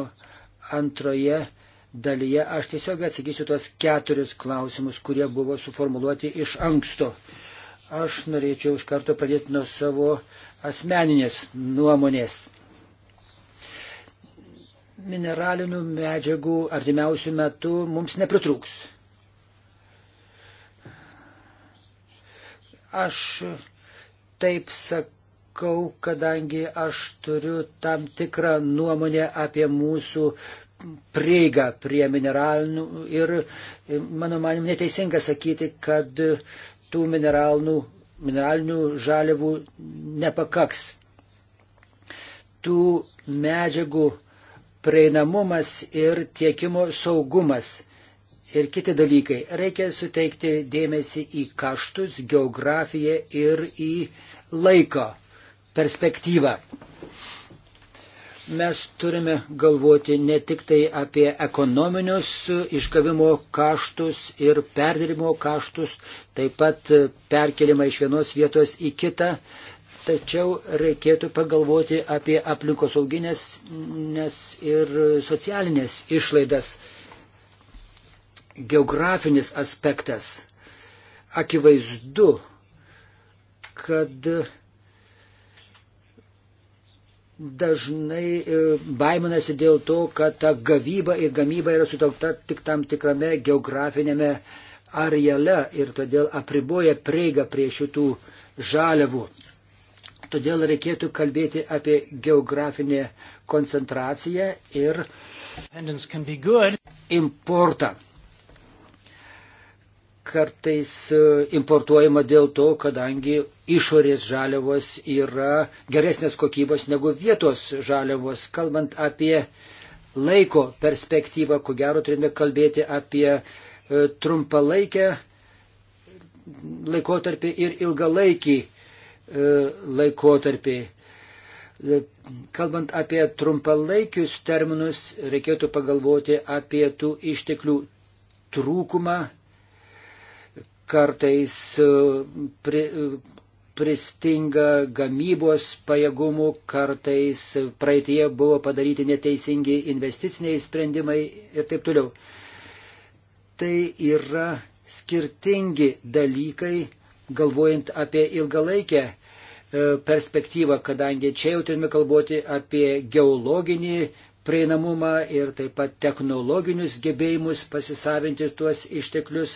antroje dalyje aš tiesiog atsakysiu tuos keturis klausimus, kurie buvo suformuoluoti iš anksto. Aš norėčiau iš karto pradėti nuo savo asmeninės nuomonės mineralinių medžiagų artimiausių metų mums nepritrūks. Aš taip sakau, kadangi aš turiu tam tikrą nuomonę apie mūsų prieigą prie mineralinių ir, e, mano manim, neteisinga sakyti, kad tų mineralinių, mineralinių žaliavų nepakaks. Tų medžiagų prieinamumas ir tiekimo saugumas ir kiti dalykai. Reikia suteikti dėmesį į kaštus, geografiją ir į laiko perspektyvą. Mes turime galvoti ne tik tai apie ekonominius išgavimo kaštus ir perdirimo kaštus, taip pat perkelimą iš vienos vietos į kitą, Tačiau reikėtų pagalvoti apie aplinkosauginės ir socialinės išlaidas. Geografinis aspektas. Akivaizdu, kad dažnai e, baiminasi dėl to, kad ta gavyba ir gamyba yra sutaukta tik tam tikrame geografinėme areale ir todėl apriboja prieigą prie šitų žaliavų. Todėl reikėtų kalbėti apie geografinę koncentraciją ir importą. Kartais e, importuojama dėl to, kadangi išorės žaliavos yra geresnės kokybos negu vietos žaliavos. Kalbant apie laiko perspektyvą, ko gero turime kalbėti apie e, trumpalaikę laikotarpį ir ilgalaikį E, laikotarpį. E, kalbant apie trumpalaikius terminus, reikėtų pagalvoti apie tų išteklių trūkumą. Kartais e, pri, pristinga gamybos pajėgumų, kartais praeitie buvo padaryti neteisingi investiciniai sprendimai ir taip toliau. Tai yra skirtingi dalykai, galvojant apie ilgalaikę E, perspektyvą, kadangi čia jau turime kalboti apie geologinį prieinamumą ir taip pat technologinius gebėjimus pasisavinti tuos išteklius,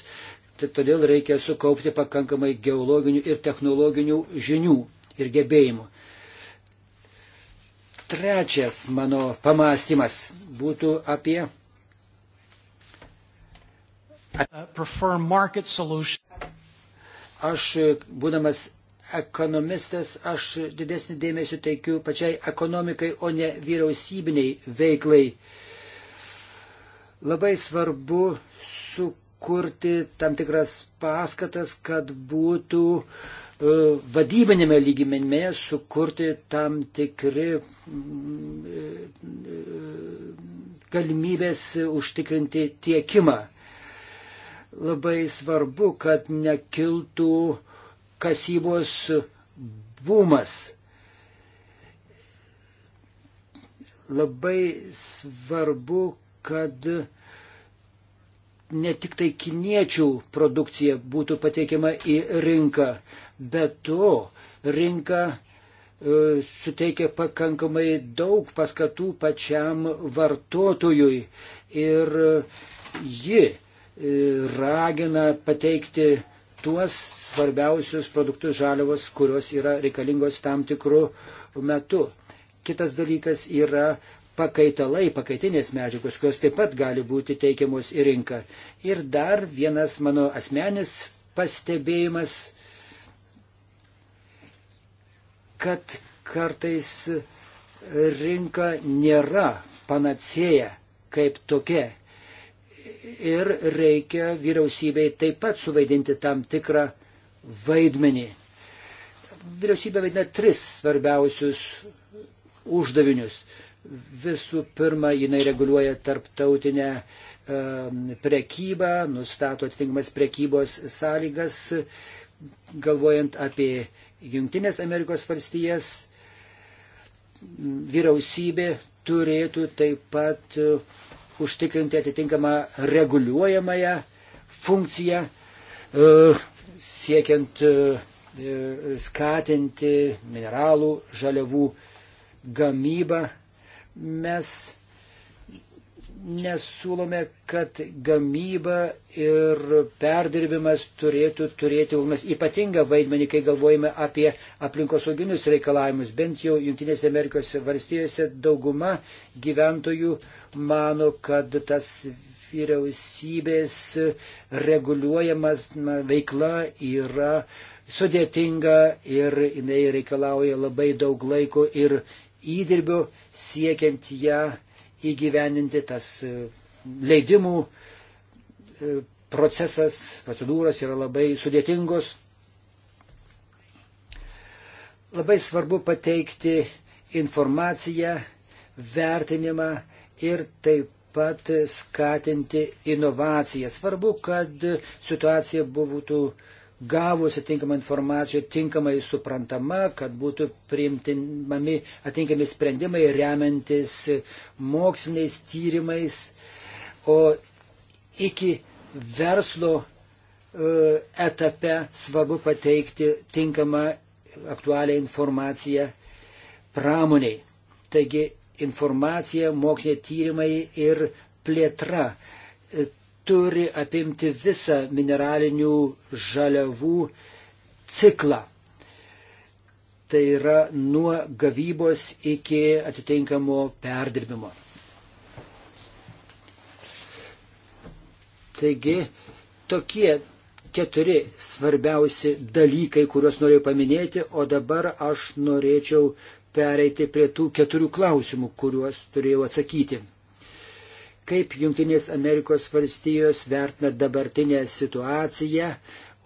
tai todėl reikia sukaupti pakankamai geologinių ir technologinių žinių ir gebėjimų. Trečias mano pamastymas būtų apie. Uh, Aš, būdamas ekonomistas, aš didesnį dėmesį teikiu pačiai ekonomikai, o ne vyriausybiniai veiklai. Labai svarbu sukurti tam tikras paskatas, kad būtų uh, e, vadybinėme lygmenėje sukurti tam tikri uh, galimybės užtikrinti tiekimą. Labai svarbu, kad nekiltų kasybos bumas. Labai svarbu, kad ne tik tai kiniečių produkcija būtų pateikiama į rinką, bet to rinka e, suteikia pakankamai daug paskatų pačiam vartotojui ir ji e, ragina pateikti tuos svarbiausius produktus žaliavos, kurios yra reikalingos tam tikru metu. Kitas dalykas yra pakaitalai, pakaitinės medžiagos, kurios taip pat gali būti teikiamos į rinką. Ir dar vienas mano asmenis pastebėjimas, kad kartais rinka nėra panacėja kaip tokia ir reikia vyriausybei taip pat suvaidinti tam tikrą vaidmenį. Vyriausybė vaidina tris svarbiausius uždavinius. Visų pirma, jinai reguliuoja tarptautinę ehm, prekybą, nustato atitinkamas prekybos sąlygas, galvojant apie Junktinės Amerikos valstijas, vyriausybė turėtų taip pat uh, užtikrinti atitinkamą reguliuojamąją funkciją, e, siekiant e, e, skatinti mineralų žaliavų gamybą. Mes nesūlome, kad gamyba ir perdirbimas turėtų turėti mes ypatingą vaidmenį, kai galvojame apie aplinkosauginius reikalavimus. Bent jau Junktinėse Amerikos valstijose dauguma gyventojų mano, kad tas vyriausybės reguliuojamas veikla yra sudėtinga ir jinai reikalauja labai daug laiko ir įdirbio siekiant ją įgyveninti. Tas e, leidimų e, procesas, procedūros yra labai sudėtingos. Labai svarbu pateikti informaciją, vertinimą, ir taip pat skatinti inovaciją. Svarbu, kad situacija būtų gavusi tinkamą informaciją, tinkamai suprantama, kad būtų priimtinami atinkami sprendimai remiantis moksliniais tyrimais, o iki verslo e, etape svarbu pateikti tinkamą aktualią informaciją pramoniai. Taigi informacija, moksliniai tyrimai ir plėtra e, turi apimti visą mineralinių žaliavų ciklą. Tai yra nuo gavybos iki atitinkamo perdirbimo. Taigi, tokie keturi svarbiausi dalykai, kuriuos norėjau paminėti, o dabar aš norėčiau pereiti prie tų keturių klausimų, kuriuos turėjau atsakyti. Kaip Junktinės Amerikos valstijos vertina dabartinę situaciją,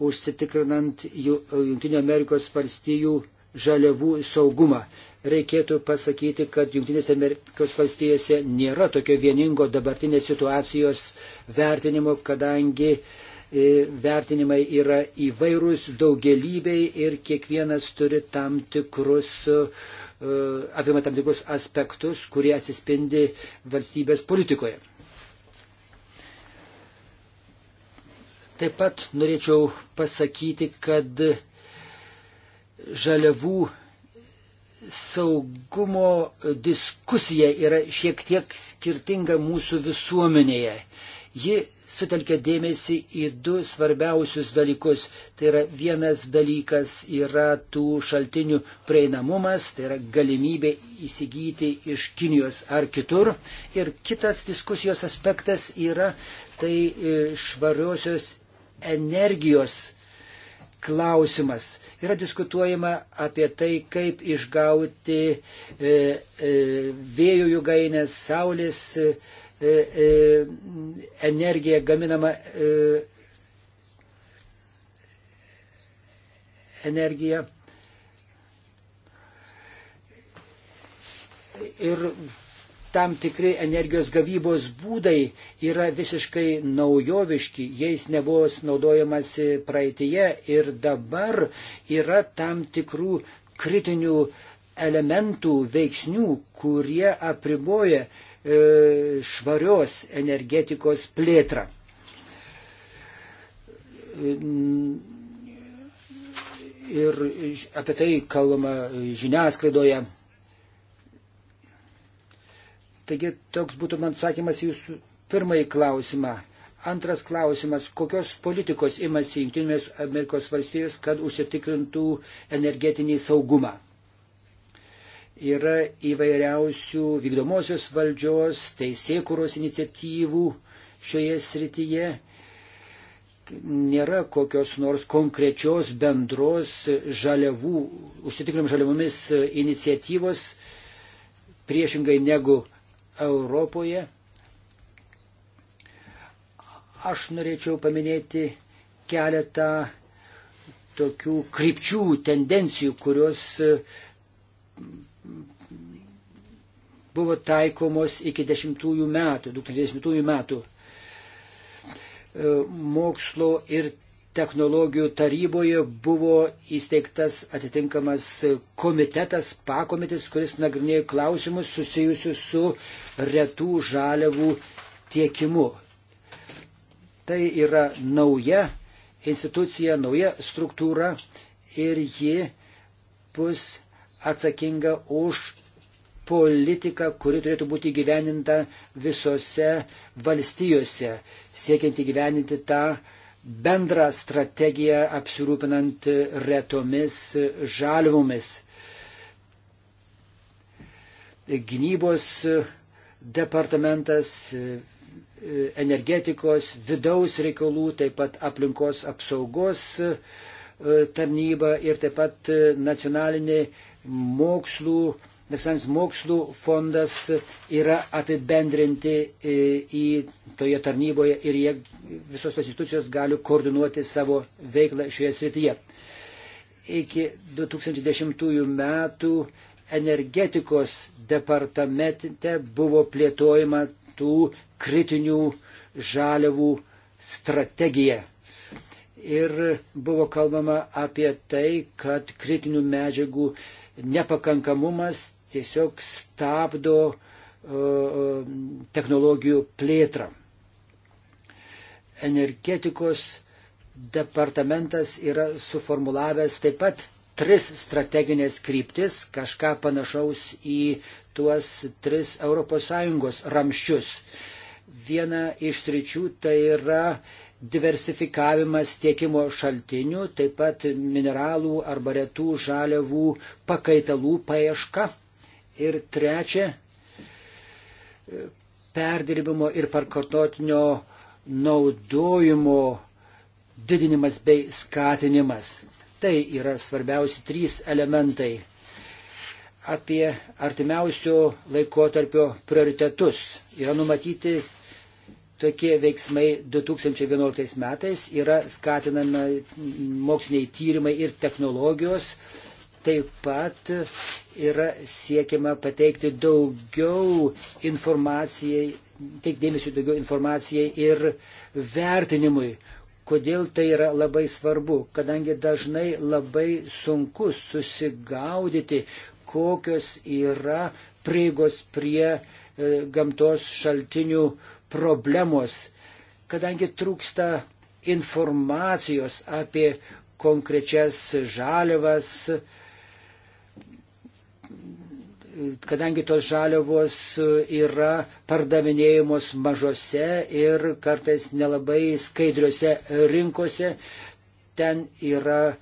užsitikrinant Junktinių Amerikos valstijų žaliavų saugumą. Reikėtų pasakyti, kad Junktinės Amerikos valstijose nėra tokio vieningo dabartinės situacijos vertinimo, kadangi e, vertinimai yra įvairūs, daugelybei ir kiekvienas turi tam tikrus uh, E, apima tam tikrus aspektus, kurie atsispindi valstybės politikoje. Taip pat norėčiau pasakyti, kad žaliavų saugumo diskusija yra šiek tiek skirtinga mūsų visuomenėje. Ji sutelkia dėmesį į du svarbiausius dalykus. Tai yra vienas dalykas yra tų šaltinių prieinamumas, tai yra galimybė įsigyti iš Kinijos ar kitur. Ir kitas diskusijos aspektas yra tai e, švariosios energijos klausimas. Yra diskutuojama apie tai, kaip išgauti e, e, vėjo jėgainės, saulės e, E, e, energija gaminama e, energija. Ir tam tikri energijos gavybos būdai yra visiškai naujoviški, jais nebuvo naudojamasi praeitie ir dabar yra tam tikrų kritinių elementų, veiksnių, kurie apriboja uh, E, švarios energetikos plėtrą. Ir apie tai kalbama žiniasklaidoje. Taigi toks būtų man atsakymas į jūsų pirmąjį klausimą. Antras klausimas, kokios politikos imasi Junktinės Amerikos valstijos, kad užsitikrintų energetinį saugumą? yra įvairiausių vykdomosios valdžios, teisėkuros iniciatyvų šioje srityje. Nėra kokios nors konkrečios bendros žaliavų, užsitikrim žaliavomis iniciatyvos, priešingai negu Europoje. Aš norėčiau paminėti keletą tokių krypčių, tendencijų, kurios buvo taikomos iki 10 metų, 2010 metų. E, mokslo ir technologijų taryboje buvo įsteigtas atitinkamas komitetas, pakomitis, kuris nagrinėjo klausimus susijusius su retų žaliavų tiekimu. Tai yra nauja institucija, nauja struktūra ir ji bus atsakinga už politika, kuri turėtų būti įgyveninta visose valstijose, siekiant įgyveninti tą bendrą strategiją apsirūpinant retomis žalvomis. Gynybos departamentas, energetikos, vidaus reikalų, taip pat aplinkos apsaugos e, tarnyba ir taip pat nacionalinė mokslų Nacionalinis mokslų fondas yra apibendrinti e, į toje tarnyboje ir jie, visos tos institucijos gali koordinuoti savo veiklą šioje srityje. Iki 2010 metų energetikos departamente buvo plėtojama tų kritinių žaliavų strategija. Ir buvo kalbama apie tai, kad kritinių medžiagų nepakankamumas tiesiog stabdo e, e, technologijų plėtrą. Energetikos departamentas yra suformulavęs taip pat tris strateginės kryptis, kažką panašaus į tuos tris ES ramščius. Viena iš sričių tai yra diversifikavimas tiekimo šaltinių, taip pat mineralų arba retų žaliavų pakaitalų paieška Ir trečia, perdirbimo ir parkartotinio naudojimo didinimas bei skatinimas. Tai yra svarbiausi trys elementai apie artimiausio laikotarpio prioritetus. Yra numatyti tokie veiksmai 2011 metais yra skatinami moksliniai tyrimai ir technologijos, Taip pat yra siekiama pateikti daugiau informacijai, teikti dėmesį daugiau informacijai ir vertinimui. Kodėl tai yra labai svarbu? Kadangi dažnai labai sunku susigaudyti, kokios yra prieigos prie e, gamtos šaltinių problemos, kadangi trūksta informacijos apie konkrečias žalėvas, kadangi tos žaliavos yra pardavinėjamos mažose ir kartais nelabai skaidriuose rinkose, ten yra e,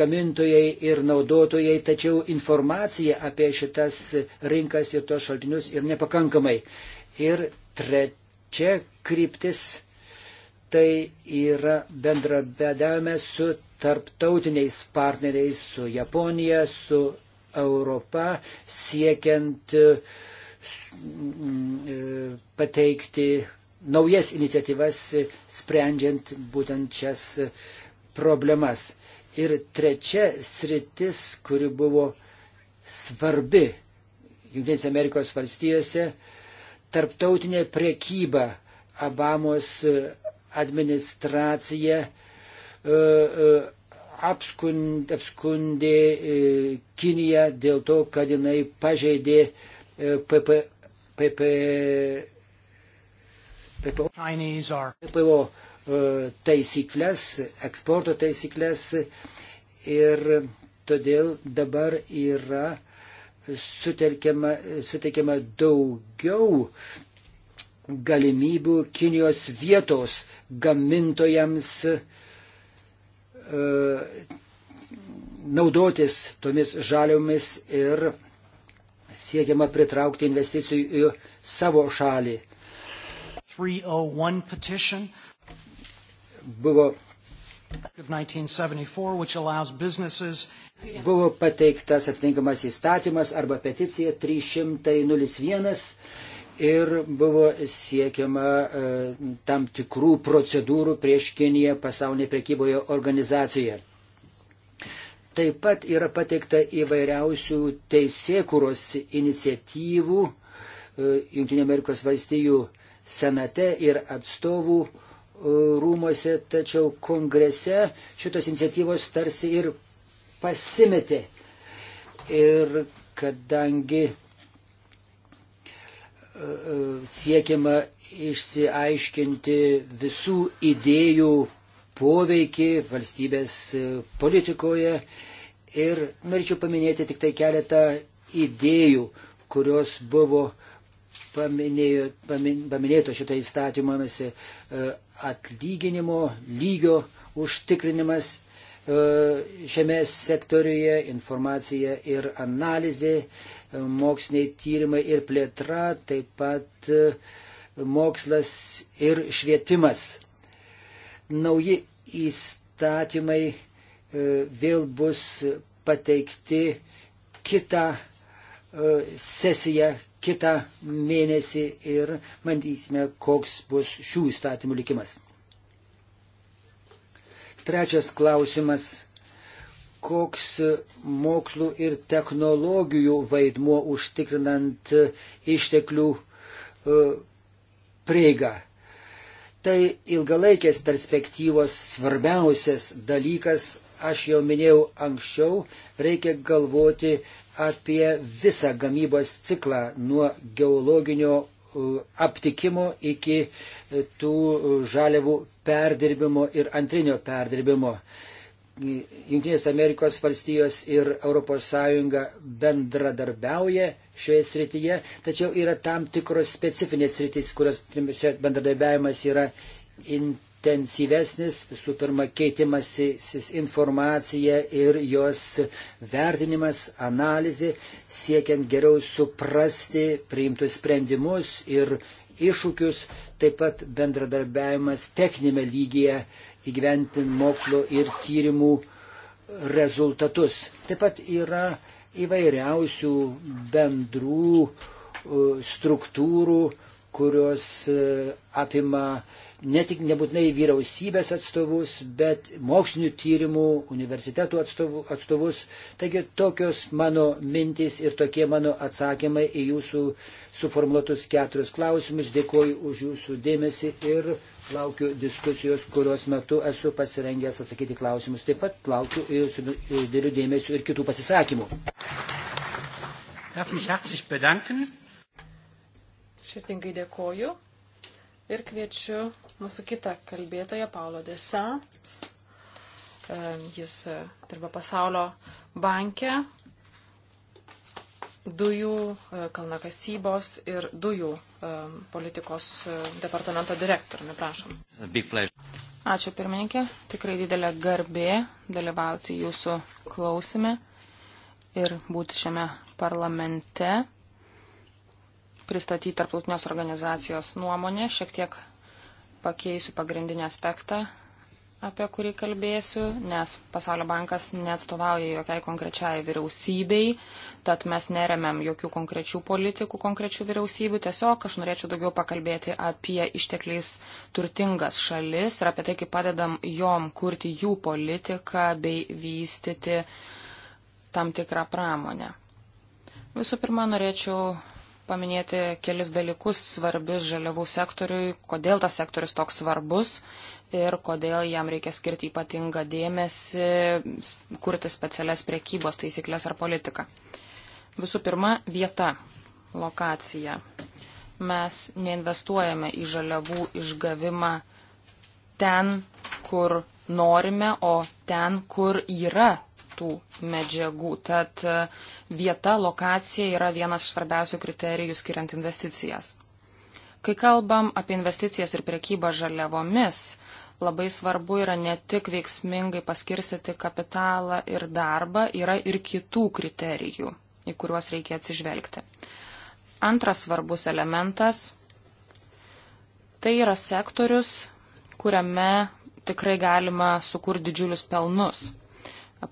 gamintojai ir naudotojai, tačiau informacija apie šitas rinkas ir tos šaltinius ir nepakankamai. Ir trečia kryptis tai yra bendrabedavime su tarptautiniais partneriais, su Japonija, su Europa siekiant e, mm, e, pateikti naujas iniciatyvas, e, sprendžiant būtent šias problemas. Ir trečia sritis, kuri buvo svarbi Junktinėse Amerikos valstijose, tarptautinė priekyba Abamos administracija apskund, apskundė e, Kiniją dėl to, kad jinai pažeidė PP, e, PP, PPO, PPO e, taisyklės, eksporto taisyklės ir todėl dabar yra sutelkiama, sutelkiama daugiau galimybių Kinijos vietos gamintojams uh, E, naudotis tomis žaliomis ir siekiama pritraukti investicijų į savo šalį. 301 petition buvo, buvo pateiktas atitinkamas įstatymas arba peticija 301 ir buvo siekiama e, tam tikrų procedūrų prieš Kiniją pasaulyje prekyboje organizacijoje. Taip pat yra pateikta įvairiausių teisėkuros iniciatyvų e, JAV senate ir atstovų e, rūmose, tačiau kongrese šitos iniciatyvos tarsi ir pasimetė. Ir kadangi siekiama išsiaiškinti visų idėjų poveikį valstybės politikoje. Ir norėčiau paminėti tik tai keletą idėjų, kurios buvo paminėjo, paminėto šitą įstatymąmis e, atlyginimo lygio užtikrinimas e, šiame sektoriuje, informacija ir analizė, moksliniai tyrimai ir plėtra, taip pat e, mokslas ir švietimas. Nauji įstatymai e, vėl bus pateikti kitą e, sesiją, kitą mėnesį ir bandysime, koks bus šių įstatymų likimas. Trečias klausimas koks mokslų ir technologijų vaidmuo užtikrinant išteklių e, prieigą. Tai ilgalaikės perspektyvos svarbiausias dalykas, aš jau minėjau anksčiau, reikia galvoti apie visą gamybos ciklą nuo geologinio e, aptikimo iki e, tų žaliavų perdirbimo ir antrinio perdirbimo. Junktinės Amerikos valstijos ir ES bendradarbiauja šioje srityje, tačiau yra tam tikros specifinės sritys, kurios bendradarbiavimas yra intensyvesnis, visų pirma, keitimasis informacija ir jos vertinimas, analizė, siekiant geriau suprasti priimtus sprendimus ir iššūkius, taip pat bendradarbiavimas techninėme lygyje įgyventinti mokslo ir tyrimų rezultatus. Taip pat yra įvairiausių bendrų e, struktūrų, kurios e, apima ne tik nebūtinai vyriausybės atstovus, bet mokslinių tyrimų, universitetų atstovų, atstovus. Taigi tokios mano mintys ir tokie mano atsakymai į jūsų suformuotus keturis klausimus. Dėkuoju už jūsų dėmesį ir laukiu diskusijos, kurios metu esu pasirengęs atsakyti klausimus. Taip pat laukiu ir dėliu dėmesio ir kitų pasisakymų. Širtingai dėkoju ir kviečiu mūsų kitą kalbėtoją, Paulo Desa. E, jis e, dirba pasaulio banke dujų, e, kalnakasybos ir dujų Um, politikos um, departamento direktoriumi. Prašom. Ačiū pirmininkė. Tikrai didelė garbė dalyvauti jūsų klausime ir būti šiame parlamente, pristatyti tarptautinės organizacijos nuomonę, šiek tiek pakeisiu pagrindinį aspektą apie kurį kalbėsiu, nes Pasaulio bankas neatstovauja jokiai konkrečiai vyriausybei, tad mes neremėm jokių konkrečių politikų, konkrečių vyriausybių. Tiesiog aš norėčiau daugiau pakalbėti apie ištekliais turtingas šalis ir apie tai, kaip padedam jom kurti jų politiką bei vystyti tam tikrą pramonę. Visų pirma, norėčiau paminėti kelis dalykus svarbius žaliavų sektoriui, kodėl tas sektorius toks svarbus ir kodėl jam reikia skirti ypatingą dėmesį, kurti specialias priekybos taisyklės ar politiką. Visų pirma, vieta, lokacija. Mes neinvestuojame į žaliavų išgavimą ten, kur norime, o ten, kur yra tų medžiagų. Tad e, vieta, lokacija yra vienas iš svarbiausių kriterijų skiriant investicijas. Kai kalbam apie investicijas ir priekybą žaliavomis, labai svarbu yra ne tik veiksmingai paskirstyti kapitalą ir darbą, yra ir kitų kriterijų, į kuriuos reikia atsižvelgti. Antras svarbus elementas - tai yra sektorius, kuriame tikrai galima sukurti didžiulius pelnus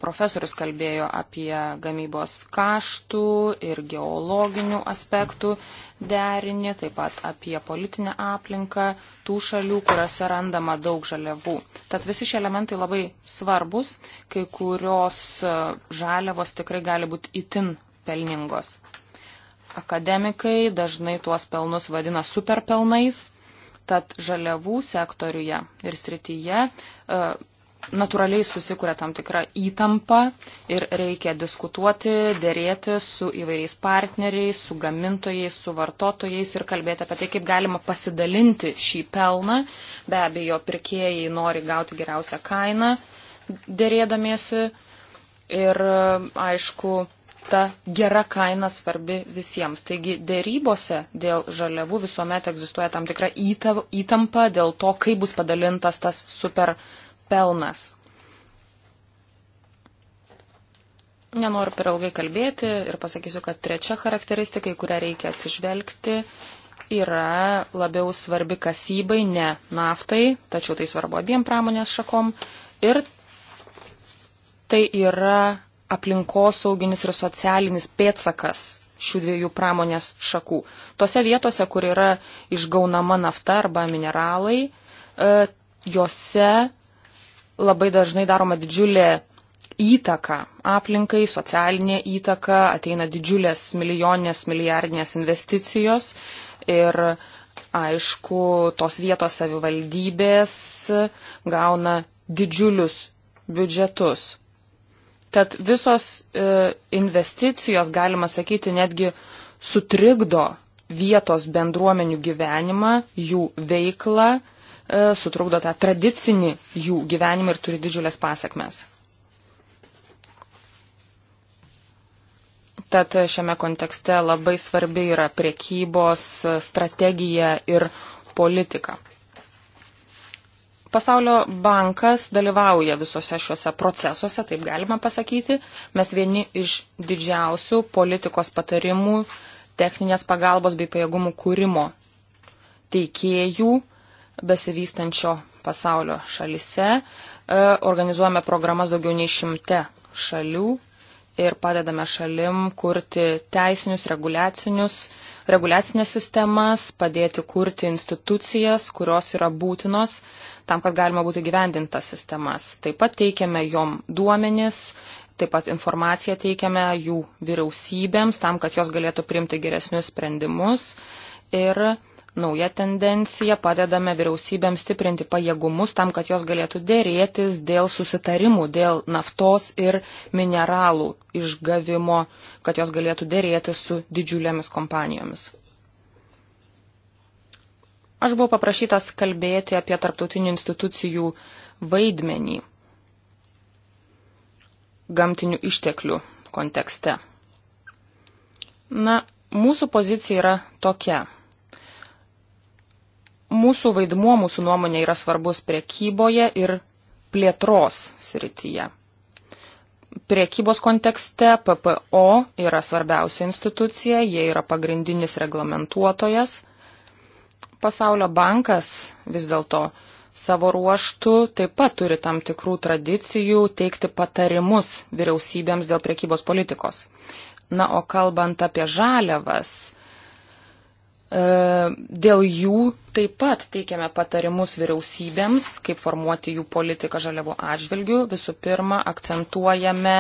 profesorius kalbėjo apie gamybos kaštų ir geologinių aspektų derinį, taip pat apie politinę aplinką tų šalių, kuriuose randama daug žaliavų. Tad visi šie elementai labai svarbus, kai kurios e, žaliavos tikrai gali būti itin pelningos. Akademikai dažnai tuos pelnus vadina superpelnais, tad žaliavų sektoriuje ir srityje e, natūraliai susikuria tam tikra įtampa ir reikia diskutuoti, dėrėti su įvairiais partneriais, su gamintojais, su vartotojais ir kalbėti apie tai, kaip galima pasidalinti šį pelną. Be abejo, pirkėjai nori gauti geriausią kainą dėrėdamiesi ir aišku, ta gera kaina svarbi visiems. Taigi dėrybose dėl žaliavų visuomet egzistuoja tam tikra įtampa dėl to, kaip bus padalintas tas super pelnas. Nenoriu per ilgai kalbėti ir pasakysiu, kad trečia charakteristika, į kurią reikia atsižvelgti, yra labiau svarbi kasybai, ne naftai, tačiau tai svarbu abiem pramonės šakom. Ir tai yra aplinkosauginis ir socialinis pėtsakas šių dviejų pramonės šakų. Tose vietose, kur yra išgaunama nafta arba mineralai, e, jose labai dažnai daroma didžiulė įtaka aplinkai, socialinė įtaka, ateina didžiulės milijoninės, milijardinės investicijos ir aišku, tos vietos savivaldybės gauna didžiulius biudžetus. Tad visos e, investicijos, galima sakyti, netgi sutrikdo vietos bendruomenių gyvenimą, jų veiklą E, sutrukdo tą tradicinį jų gyvenimą ir turi didžiulės pasiekmes. Tad šiame kontekste labai svarbi yra priekybos strategija ir politika. Pasaulio bankas dalyvauja visose šiuose procesuose, taip galima pasakyti. Mes vieni iš didžiausių politikos patarimų, techninės pagalbos bei pajėgumų kūrimo teikėjų besivystančio pasaulio šalise. E, organizuojame programas daugiau nei šimte šalių ir padedame šalim kurti teisinius, reguliacinius, reguliacinės sistemas, padėti kurti institucijas, kurios yra būtinos tam, kad galima būtų gyvendintas sistemas. Taip pat teikiame jom duomenis, taip pat informaciją teikiame jų vyriausybėms tam, kad jos galėtų priimti geresnius sprendimus. Ir nauja tendencija, padedame vyriausybėms stiprinti pajėgumus tam, kad jos galėtų dėrėtis dėl susitarimų, dėl naftos ir mineralų išgavimo, kad jos galėtų dėrėtis su didžiulėmis kompanijomis. Aš buvau paprašytas kalbėti apie tarptautinių institucijų vaidmenį gamtinių išteklių kontekste. Na, mūsų pozicija yra tokia Mūsų vaidmuo, mūsų nuomonė yra svarbus priekyboje ir plėtros srityje. Priekybos kontekste PPO yra svarbiausia institucija, jie yra pagrindinis reglamentuotojas. Pasaulio bankas vis dėlto savo ruoštų taip pat turi tam tikrų tradicijų teikti patarimus vyriausybėms dėl priekybos politikos. Na, o kalbant apie žaliavas, E, dėl jų taip pat teikiame patarimus vyriausybėms, kaip formuoti jų politiką žaliavų atžvilgių. Visų pirma, akcentuojame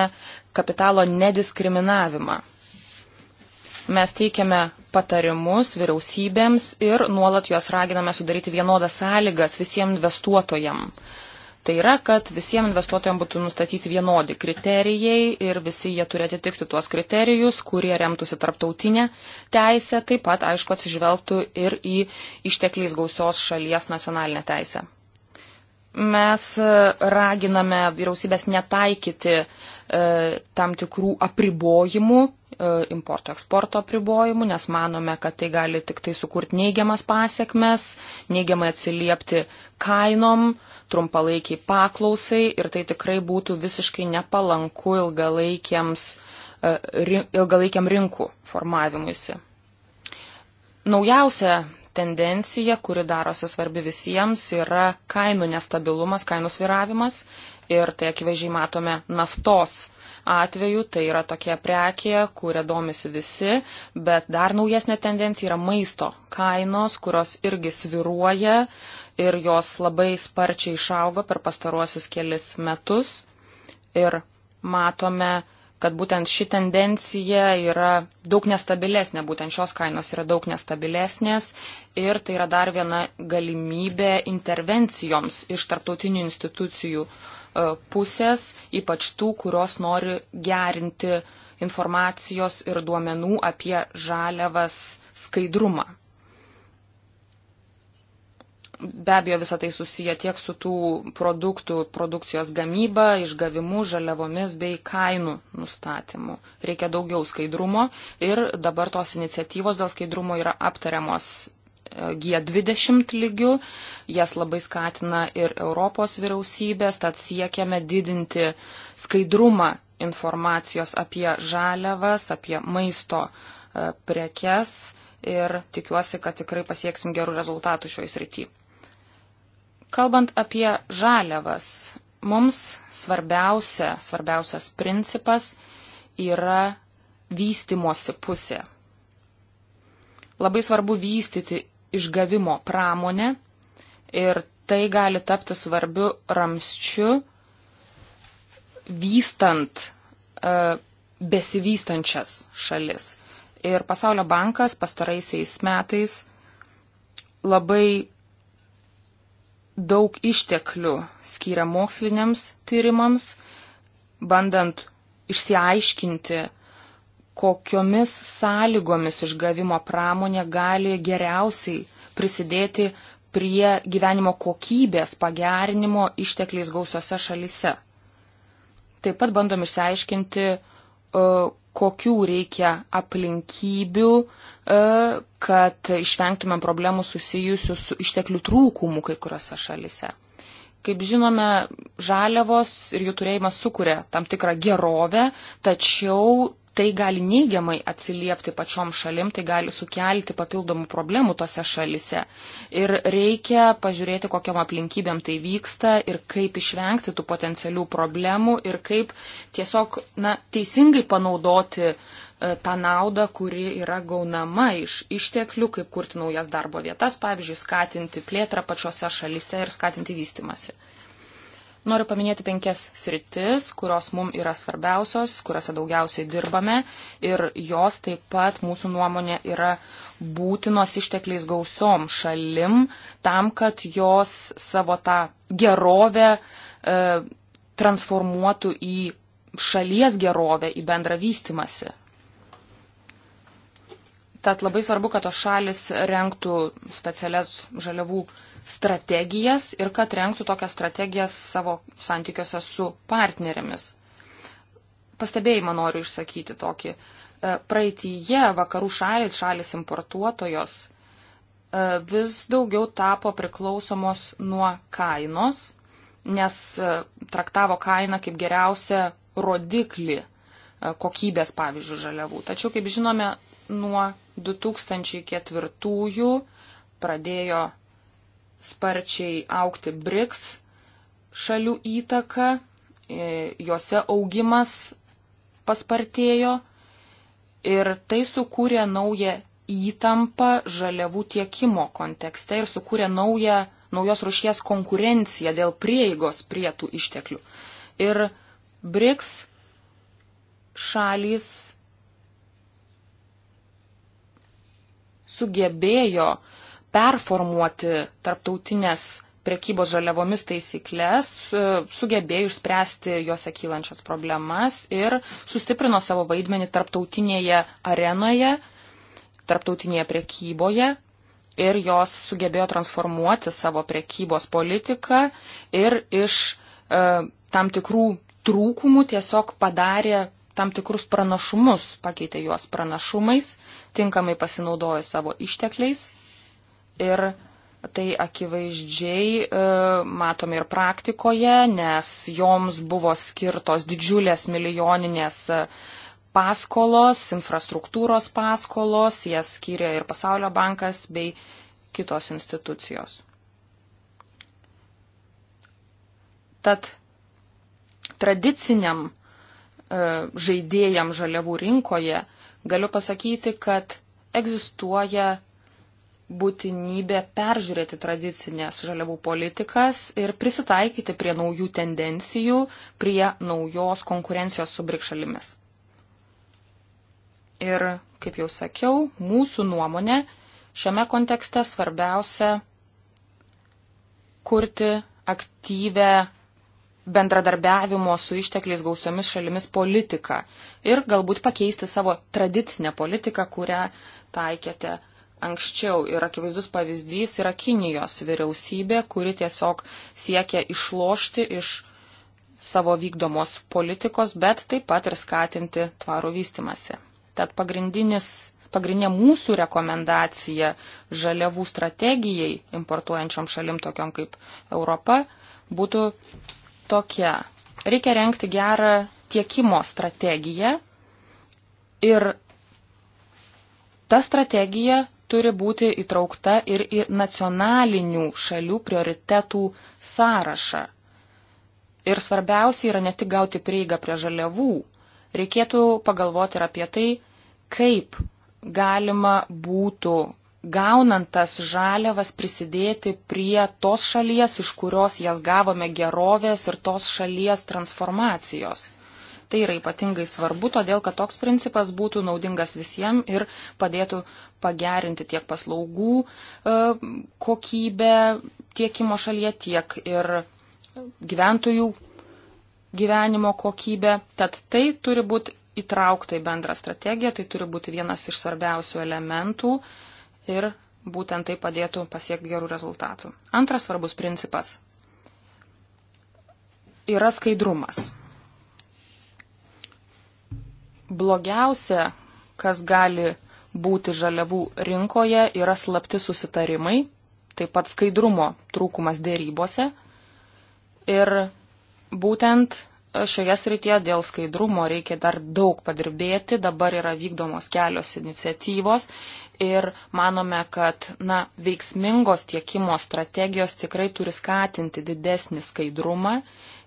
kapitalo nediskriminavimą. Mes teikiame patarimus vyriausybėms ir nuolat juos raginame sudaryti vienodas sąlygas visiems investuotojams Tai yra, kad visiems investuotojams būtų nustatyti vienodi kriterijai ir visi jie turi atitikti tuos kriterijus, kurie remtųsi tarptautinė teisė, taip pat, aišku, atsižvelgtų ir į ištekliais gausios šalies nacionalinę teisę. Mes e, raginame vyriausybės netaikyti e, tam tikrų apribojimų, e, importo eksporto apribojimų, nes manome, kad tai gali tik tai sukurti neigiamas pasiekmes, neigiamai atsiliepti kainom, e, trumpalaikiai paklausai ir tai tikrai būtų visiškai nepalanku e, ilgalaikiam rinkų formavimuisi. Naujausia tendencija, kuri darosi svarbi visiems, yra kainų nestabilumas, kainų sviravimas ir tai akivaizdžiai matome naftos atveju, tai yra tokia prekė, kuria domisi visi, bet dar naujesnė tendencija yra maisto kainos, kurios irgi sviruoja, uh, ir jos labai sparčiai išaugo per pastaruosius kelis metus. Ir matome, kad būtent ši tendencija yra daug nestabilesnė, būtent šios kainos yra daug nestabilesnės ir tai yra dar viena galimybė intervencijoms iš tarptautinių institucijų e, pusės, ypač tų, kurios nori gerinti informacijos ir duomenų apie žaliavas skaidrumą. Be abejo, visą tai susiję tiek su tų produktų produkcijos gamyba, išgavimu, žaliavomis bei kainų nustatymu. Reikia daugiau skaidrumo ir dabar tos iniciatyvos dėl skaidrumo yra aptariamos e, G20 lygių, jas labai skatina ir Europos vyriausybės, tad siekiame didinti skaidrumą informacijos apie žaliavas, apie maisto e, prekes ir tikiuosi, kad tikrai pasieksim gerų rezultatų šioje srityje. Kalbant apie žaliavas, mums svarbiausia, svarbiausias principas yra vystimosi pusė. Labai svarbu vystyti išgavimo pramonę ir tai gali tapti svarbiu ramščiu vystant e, besivystančias šalis. Ir Pasaulio bankas pastaraisiais metais labai daug išteklių skiria moksliniams tyrimams, bandant išsiaiškinti, kokiomis sąlygomis išgavimo pramonė gali geriausiai prisidėti prie gyvenimo kokybės pagerinimo ištekliais gausiose šalise. Taip pat bandom išsiaiškinti, e, kokių reikia aplinkybių, e, kad išvengtumėm problemų susijusių su išteklių trūkumu kai kuriuose šalise. Kaip žinome, žaliavos ir jų turėjimas sukuria tam tikrą gerovę, tačiau tai gali neigiamai atsiliepti pačiom šalim, tai gali sukelti papildomų problemų tose šalise. Ir reikia pažiūrėti, kokiam aplinkybėm tai vyksta ir kaip išvengti tų potencialių problemų ir kaip tiesiog na, teisingai panaudoti e, tą naudą, kuri yra gaunama iš išteklių, kaip kurti naujas darbo vietas, pavyzdžiui, skatinti plėtrą pačiose šalise ir skatinti vystimasi. Noriu paminėti penkias sritis, kurios mums yra svarbiausios, kuriuose daugiausiai dirbame ir jos taip pat mūsų nuomonė yra būtinos ištekliais gausom šalim tam, kad jos savo tą gerovę e, transformuotų į šalies gerovę, į bendrą vystimąsi. Tad labai svarbu, kad tos šalis renktų specialias žaliavų strategijas ir kad renktų tokias strategijas savo santykiuose su partnerėmis. Pastebėjimą noriu išsakyti tokį. E, Praeitįje vakarų šalis, šalis importuotojos e, vis daugiau tapo priklausomos nuo kainos, nes e, traktavo kainą kaip geriausią rodiklį kokybės, pavyzdžiui, žaliavų. Tačiau, kaip žinome, nuo 2004 pradėjo sparčiai aukti BRICS šalių įtaka, e, juose augimas paspartėjo ir tai sukūrė naują įtampą žaliavų tiekimo kontekste ir sukūrė naują, naujos rušies konkurenciją dėl prieigos prie tų išteklių. Ir BRICS šalys sugebėjo performuoti tarptautinės prekybos žaliavomis taisyklės, sugebėjo išspręsti juose kylančias problemas ir sustiprino savo vaidmenį tarptautinėje arenoje, tarptautinėje prekyboje. Ir jos sugebėjo transformuoti savo prekybos politiką ir iš e, tam tikrų trūkumų tiesiog padarė tam tikrus pranašumus, pakeitė juos pranašumais, tinkamai pasinaudojo savo ištekliais Ir tai akivaizdžiai e, matome ir praktikoje, nes joms buvo skirtos didžiulės milijoninės e, paskolos, infrastruktūros paskolos, jas skyrė ir Pasaulio bankas bei kitos institucijos. Tad tradiciniam e, žaidėjam žaliavų rinkoje galiu pasakyti, kad egzistuoja būtinybė peržiūrėti tradicinės žaliavų politikas ir prisitaikyti prie naujų tendencijų, prie naujos konkurencijos su brikšalimis. Ir, kaip jau sakiau, mūsų nuomonė šiame kontekste svarbiausia kurti aktyvę bendradarbiavimo su ištekliais gausiomis šalimis politiką ir galbūt pakeisti savo tradicinę politiką, kurią taikėte anksčiau. Ir akivaizdus pavyzdys yra Kinijos vyriausybė, kuri tiesiog siekia išlošti iš savo vykdomos politikos, bet taip pat ir skatinti tvarų vystimasi. Tad pagrindinė mūsų rekomendacija žaliavų strategijai importuojančiom šalim tokiom kaip Europa būtų tokia. Reikia renkti gerą tiekimo strategiją ir ta strategija turi būti įtraukta ir į nacionalinių šalių prioritetų sąrašą. Ir svarbiausia yra ne tik gauti prieigą prie žaliavų, reikėtų pagalvoti ir apie tai, kaip galima būtų gaunant tas žaliavas prisidėti prie tos šalies, iš kurios jas gavome gerovės ir tos šalies transformacijos. Tai yra ypatingai svarbu, todėl kad toks principas būtų naudingas visiems ir padėtų pagerinti tiek paslaugų e, kokybę tiekimo šalyje, tiek ir gyventojų gyvenimo kokybę. Tad tai turi būti įtraukta į bendrą strategiją, tai turi būti vienas iš svarbiausių elementų ir būtent tai padėtų pasiekti gerų rezultatų. Antras svarbus principas yra skaidrumas. Blogiausia, kas gali būti žaliavų rinkoje yra slapti susitarimai, taip pat skaidrumo trūkumas dėrybose. Ir būtent šioje srityje dėl skaidrumo reikia dar daug padirbėti, dabar yra vykdomos kelios iniciatyvos ir manome, kad na, veiksmingos tiekimo strategijos tikrai turi skatinti didesnį skaidrumą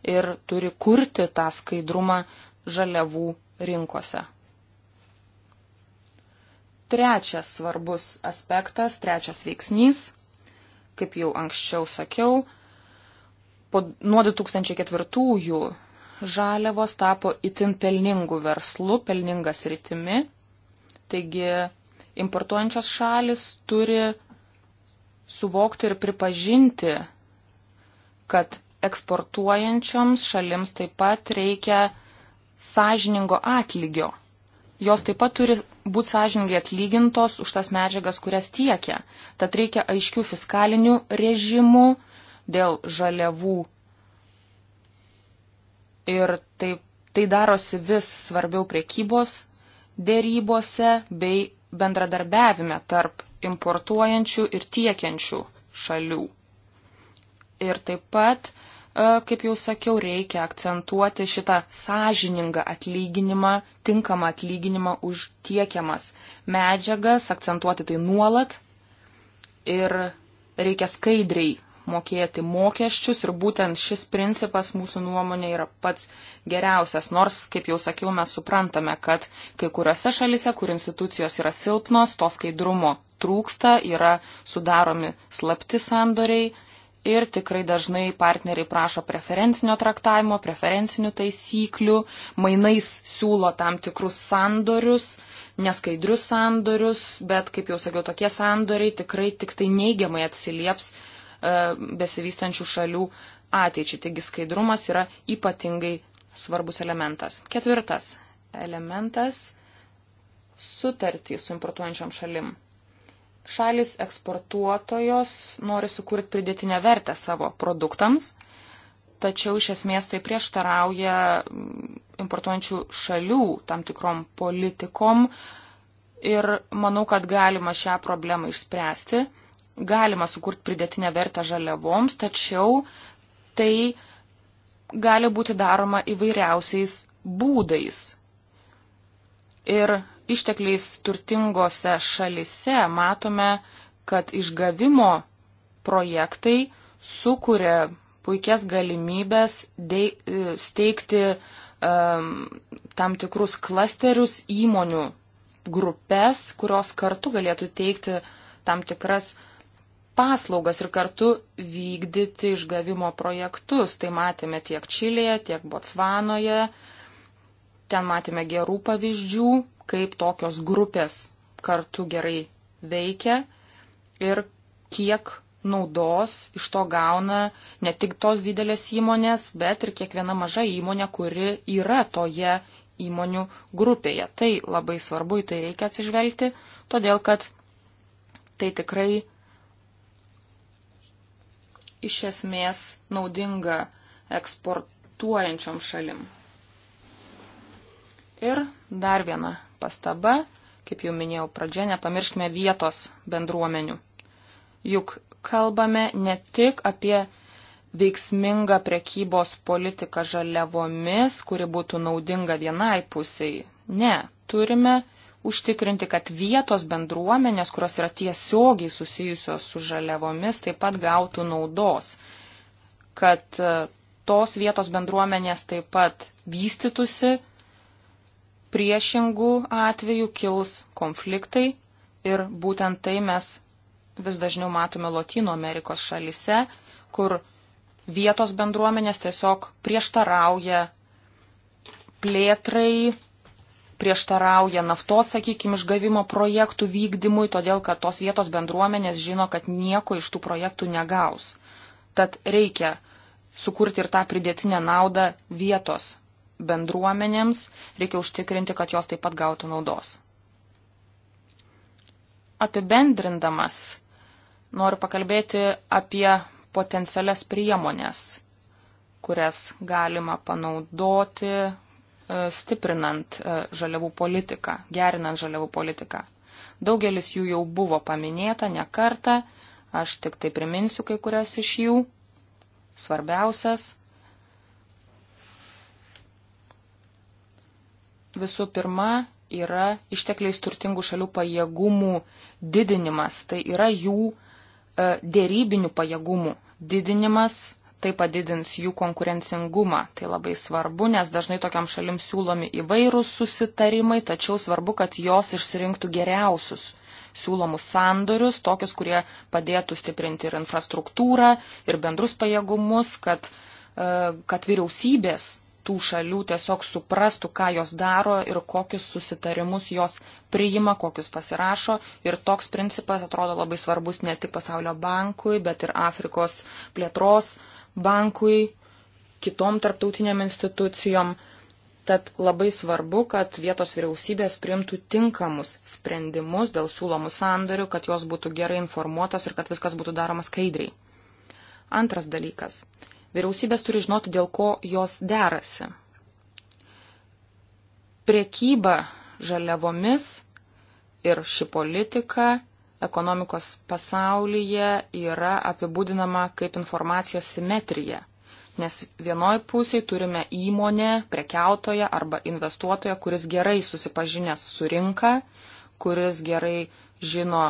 ir turi kurti tą skaidrumą žaliavų rinkose. Trečias svarbus aspektas, trečias veiksnys, kaip jau anksčiau sakiau, po, nuo 2004-ųjų žaliavos tapo itin pelningų verslų, pelningas rytimi, taigi importuojančios šalis turi suvokti ir pripažinti, kad eksportuojančioms šalims taip pat reikia sąžiningo atlygio jos taip pat turi būti sąžininkai atlygintos už tas medžiagas, kurias tiekia. Tad reikia aiškių fiskalinių režimų dėl žaliavų. Ir taip, tai darosi vis svarbiau priekybos dėrybose bei bendradarbiavime tarp importuojančių ir tiekiančių šalių. Ir taip pat E, kaip jau sakiau, reikia akcentuoti šitą sąžiningą atlyginimą, tinkamą atlyginimą už tiekiamas medžiagas, akcentuoti tai nuolat ir reikia skaidriai mokėti mokesčius ir būtent šis principas mūsų nuomonė yra pats geriausias, nors, kaip jau sakiau, mes suprantame, kad kai kuriuose šalise, kur institucijos yra silpnos, to skaidrumo trūksta, yra sudaromi slapti sandoriai, ir tikrai dažnai partneriai prašo preferencinio traktavimo, preferencinių taisyklių, mainais siūlo tam tikrus sandorius, neskaidrius sandorius, bet, kaip jau sakiau, tokie sandoriai tikrai tik tai neigiamai atsilieps e, besivystančių šalių ateičiai. Taigi skaidrumas yra ypatingai svarbus elementas. Ketvirtas elementas - sutartys su importuojančiam šalim šalis eksportuotojos nori sukurti pridėtinę vertę savo produktams, tačiau iš esmės tai prieštarauja mm, importuojančių šalių tam tikrom politikom ir manau, kad galima šią problemą išspręsti, galima sukurti pridėtinę vertę žaliavoms, tačiau tai gali būti daroma įvairiausiais būdais. Ir ištekliais turtingose šalise matome, kad išgavimo projektai sukuria puikias galimybės de, e, steigti um, tam tikrus klasterius įmonių grupės, kurios kartu galėtų teikti tam tikras paslaugas ir kartu vykdyti išgavimo projektus. Tai matėme tiek Čilėje, tiek Botsvanoje, ten matėme gerų pavyzdžių kaip tokios grupės kartu gerai veikia ir kiek naudos iš to gauna ne tik tos didelės įmonės, bet ir kiekviena maža įmonė, kuri yra toje įmonių grupėje. Tai labai svarbu, į tai reikia atsižvelgti, todėl kad tai tikrai iš esmės naudinga eksportuojančiom šalim. Ir dar viena pastaba, kaip jau minėjau pradžia, nepamirškime vietos bendruomenių. Juk kalbame ne tik apie veiksmingą prekybos politiką žaliavomis, kuri būtų naudinga vienai pusiai. Ne, turime užtikrinti, kad vietos bendruomenės, kurios yra tiesiogiai susijusios su žaliavomis, taip pat gautų naudos, kad e, tos vietos bendruomenės taip pat vystytųsi priešingų atvejų kils konfliktai ir būtent tai mes vis dažniau matome Latino Amerikos šalise, kur vietos bendruomenės tiesiog prieštarauja plėtrai, prieštarauja naftos, sakykime, išgavimo projektų vykdymui, todėl kad tos vietos bendruomenės žino, kad nieko iš tų projektų negaus. Tad reikia sukurti ir tą pridėtinę naudą vietos bendruomenėms, reikia užtikrinti, kad jos taip pat gautų naudos. Apibendrindamas, noriu pakalbėti apie potencialias priemonės, kurias galima panaudoti e, stiprinant e, žaliavų politiką, gerinant žaliavų politiką. Daugelis jų jau buvo paminėta ne kartą, aš tik tai priminsiu kai kurias iš jų. Svarbiausias visų pirma yra ištekliais turtingų šalių pajėgumų didinimas, tai yra jų e, dėrybinių pajėgumų didinimas, tai padidins jų konkurencingumą. Tai labai svarbu, nes dažnai tokiam šalim siūlomi įvairūs susitarimai, tačiau svarbu, kad jos išsirinktų geriausius siūlomus sandorius, tokius, kurie padėtų stiprinti ir infrastruktūrą, ir bendrus pajėgumus, kad, e, kad vyriausybės tų šalių tiesiog suprastų, ką jos daro ir kokius susitarimus jos priima, kokius pasirašo. Ir toks principas atrodo labai svarbus ne tik Pasaulio bankui, bet ir Afrikos plėtros bankui, kitom tarptautiniam institucijom. Tad labai svarbu, kad vietos vyriausybės primtų tinkamus sprendimus dėl siūlomų sandorių, kad jos būtų gerai informuotos ir kad viskas būtų daroma skaidriai. Antras dalykas. Vyriausybės turi žinoti, dėl ko jos derasi. Priekyba žaliavomis ir ši politika ekonomikos pasaulyje yra apibūdinama kaip informacijos simetrija. Nes vienoj pusėje turime įmonę, prekiautoją arba investuotoją, kuris gerai susipažinęs su rinka, kuris gerai žino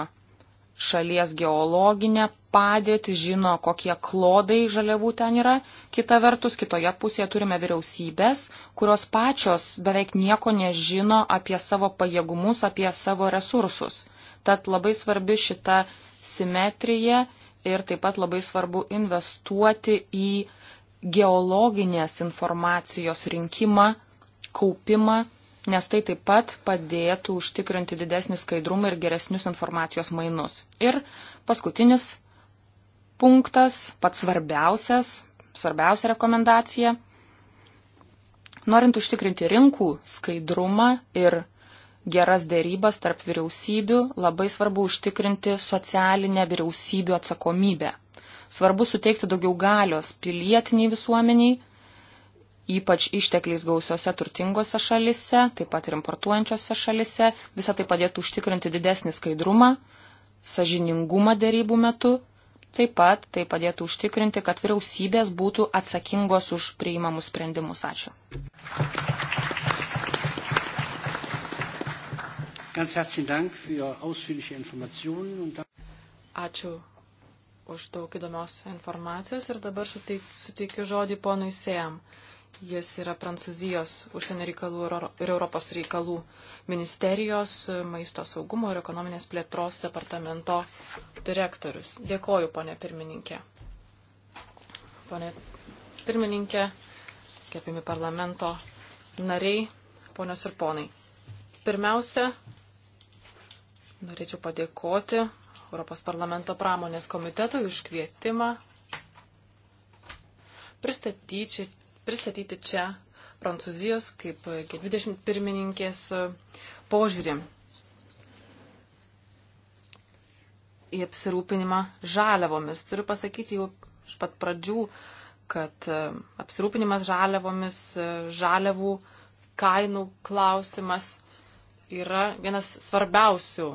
šalies geologinę padėtį, žino, kokie klodai žaliavų ten yra. Kita vertus, kitoje pusėje turime vyriausybės, kurios pačios beveik nieko nežino apie savo pajėgumus, apie savo resursus. Tad labai svarbi šita simetrija ir taip pat labai svarbu investuoti į geologinės informacijos rinkimą, kaupimą nes tai taip pat padėtų užtikrinti didesnį skaidrumą ir geresnius informacijos mainus. Ir paskutinis punktas, pats svarbiausias, svarbiausia rekomendacija. Norint užtikrinti rinkų skaidrumą ir geras dėrybas tarp vyriausybių, labai svarbu užtikrinti socialinę vyriausybių atsakomybę. Svarbu suteikti daugiau galios pilietiniai visuomeniai ypač ištekliais gausiose turtingose šalise, taip pat ir importuojančiose šalise. Visą tai padėtų užtikrinti didesnį skaidrumą, sažiningumą dėrybų metu. Taip pat tai padėtų užtikrinti, kad vyriausybės būtų atsakingos už priimamus sprendimus. Ačiū. Ačiū už daug įdomios informacijos ir dabar suteikiu žodį ponui Sejam. Jis yra Prancūzijos užsienio reikalų ir Europos reikalų ministerijos e, maisto saugumo ir ekonominės plėtros departamento direktorius. Dėkoju, ponė pirmininkė. Pone pirmininkė, kepimi parlamento nariai, ponios ir ponai. Pirmiausia, norėčiau padėkoti Europos parlamento pramonės komitetui už kvietimą pristatyti pristatyti čia Prancūzijos kaip G20 pirmininkės požiūrį į apsirūpinimą žaliavomis. Turiu pasakyti jau iš pat pradžių, kad e, apsirūpinimas žaliavomis, e, žaliavų kainų klausimas yra vienas svarbiausių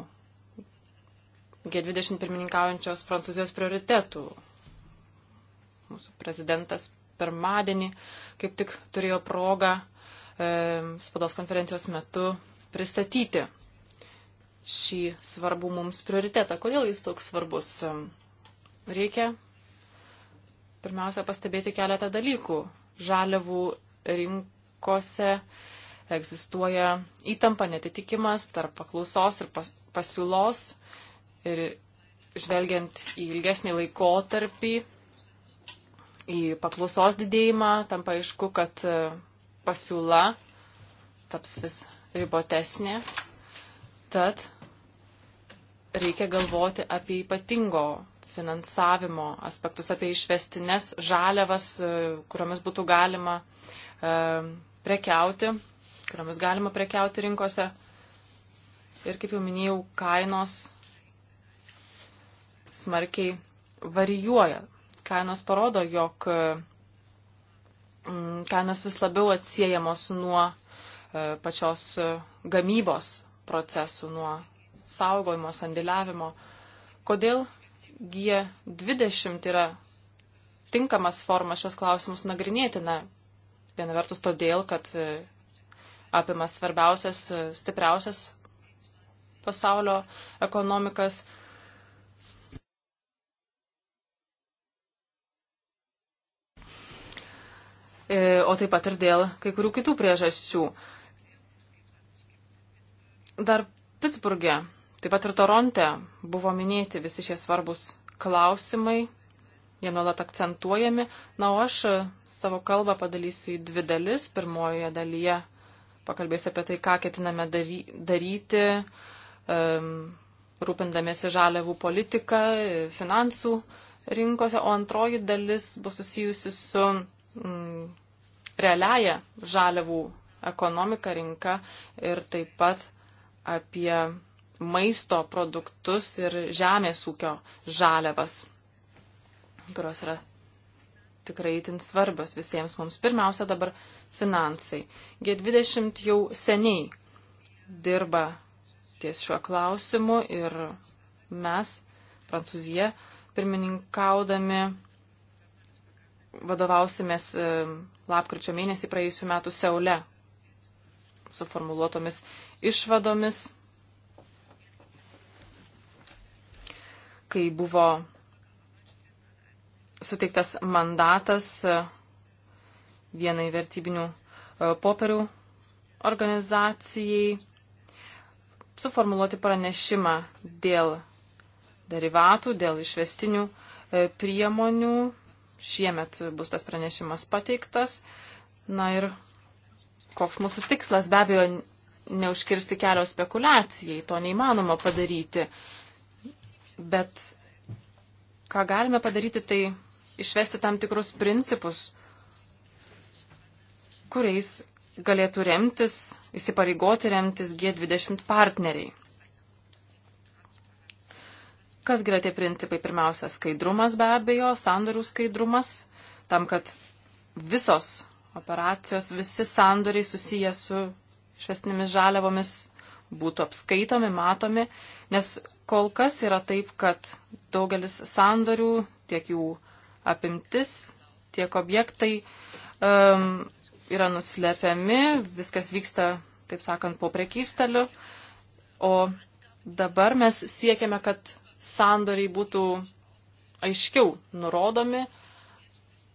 G20 pirmininkaujančios Prancūzijos prioritetų. Mūsų prezidentas pirmadienį kaip tik turėjo progą e, spados konferencijos metu pristatyti šį svarbų mums prioritetą. Kodėl jis toks svarbus? Reikia pirmiausia pastebėti keletą dalykų. Žaliavų rinkose egzistuoja įtampa, netitikimas tarp paklausos ir pasiūlos. Ir žvelgiant į ilgesnį laikotarpį, į paklausos didėjimą, tampa aišku, kad e, pasiūla taps vis ribotesnė. Tad reikia galvoti apie ypatingo finansavimo aspektus, apie išvestinės žaliavas, e, kuriomis būtų galima e, prekiauti, kuriomis galima prekiauti rinkose. Ir kaip jau minėjau, kainos smarkiai varijuoja kainos parodo, jog mm, kainos vis labiau atsiejamos nuo e, pačios e, gamybos procesų, nuo saugojimo, sandėliavimo. Kodėl G20 yra tinkamas formas šios klausimus nagrinėti? Na, viena vertus todėl, kad e, apima svarbiausias, stipriausias pasaulio ekonomikas, E, o taip pat ir dėl kai kurių kitų priežasčių. Dar Pittsburgė, taip pat ir Toronte buvo minėti visi šie svarbus klausimai, jie nuolat akcentuojami. Na, o aš savo kalbą padalysiu į dvi dalis. Pirmojoje dalyje pakalbėsiu apie tai, ką ketiname dary, daryti, um, rūpindamėsi žaliavų politiką, finansų rinkose, o antroji dalis bus susijusi su mm, realiają žaliavų ekonomiką, rinką ir taip pat apie maisto produktus ir žemės ūkio žaliavas, kurios yra tikrai itin svarbios visiems mums. Pirmiausia dabar finansai. G20 jau seniai dirba ties šiuo klausimu ir mes, Prancūzija, pirmininkaudami vadovausimės e, lapkričio mėnesį praėjusiu metu Seule suformuluotomis išvadomis, kai buvo suteiktas mandatas e, vienai vertybinių e, popierių organizacijai suformuluoti pranešimą dėl derivatų, dėl išvestinių priemonių šiemet bus tas pranešimas pateiktas. Na ir koks mūsų tikslas, be abejo, neužkirsti kelio spekulacijai, to neįmanoma padaryti. Bet ką galime padaryti, tai išvesti tam tikrus principus, kuriais galėtų remtis, įsipareigoti remtis G20 partneriai. Kas yra tie principai? Pirmiausia, skaidrumas be abejo, sandorių skaidrumas, tam, kad visos operacijos, visi sandoriai susiję su švestinėmis žaliavomis būtų apskaitomi, matomi, nes kol kas yra taip, kad daugelis sandorių, tiek jų apimtis, tiek objektai um, yra nuslepiami, viskas vyksta, taip sakant, po prekystaliu, o dabar mes siekiame, kad sandoriai būtų aiškiau nurodomi,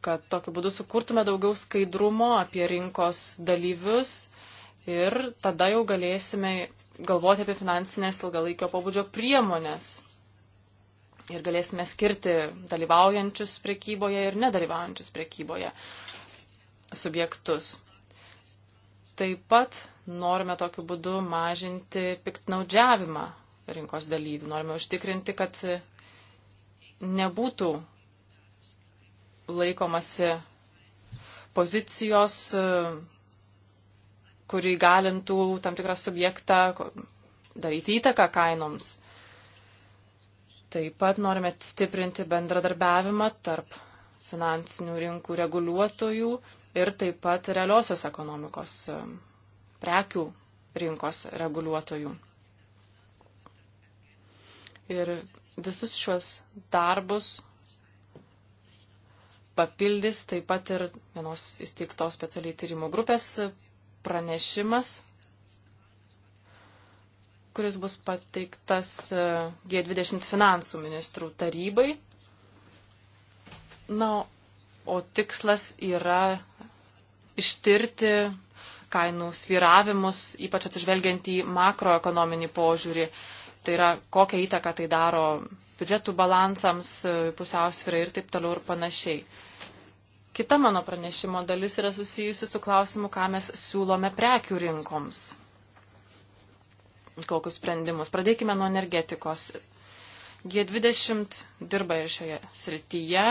kad tokiu būdu sukurtume daugiau skaidrumo apie rinkos dalyvius ir tada jau galėsime galvoti apie finansinės ilgalaikio pabudžio priemonės. Ir galėsime skirti dalyvaujančius priekyboje ir nedalyvaujančius priekyboje subjektus. Taip pat norime tokiu būdu mažinti piktnaudžiavimą rinkos dalyvių. Norime užtikrinti, kad nebūtų laikomasi pozicijos, kuri galintų tam tikrą subjektą daryti įtaką kainoms. Taip pat norime stiprinti bendradarbiavimą tarp finansinių rinkų reguliuotojų ir taip pat realiosios ekonomikos e, prekių rinkos reguliuotojų. Ir visus šiuos darbus papildys taip pat ir vienos įsteigtos specialiai tyrimo grupės pranešimas, kuris bus pateiktas e, G20 finansų ministrų tarybai. Na, o tikslas yra ištirti kainų sviravimus, ypač atsižvelgiant į makroekonominį požiūrį tai yra kokią įtaką tai daro biudžetų balansams, pusiausvyrai ir taip toliau ir panašiai. Kita mano pranešimo dalis yra susijusi su klausimu, ką mes siūlome prekių rinkoms. Kokius sprendimus. Pradėkime nuo energetikos. G20 dirba ir šioje srityje,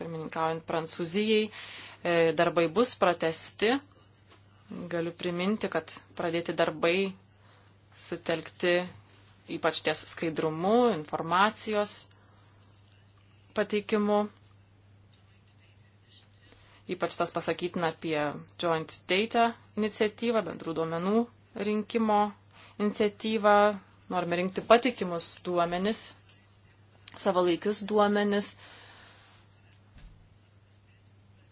pirmininkaujant Prancūzijai. E, darbai bus pratesti. Galiu priminti, kad pradėti darbai sutelkti ypač ties skaidrumu, informacijos pateikimu. Ypač tas pasakytina apie Joint Data iniciatyvą, bendrų duomenų rinkimo iniciatyvą. Norime rinkti patikimus duomenis, savalaikius duomenis,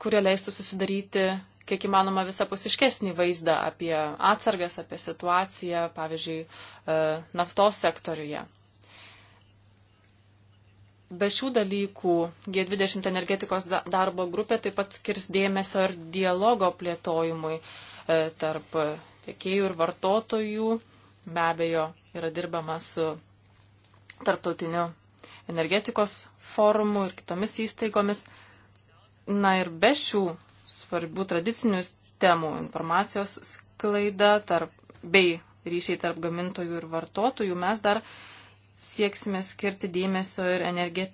kurie leistų susidaryti kiek įmanoma visapusiškesnį vaizdą apie atsargas, apie situaciją, pavyzdžiui, e, naftos sektoriuje. Be šių dalykų G20 energetikos darbo grupė taip pat skirs dėmesio ir dialogo plėtojimui e, tarp tiekėjų ir vartotojų. Be abejo, yra dirbama su tarptautiniu energetikos forumu ir kitomis įstaigomis. Na ir be šių svarbių tradicinių temų - informacijos sklaida tarp, bei ryšiai tarp gamintojų ir vartotojų, mes dar sieksime skirti dėmesio ir energi...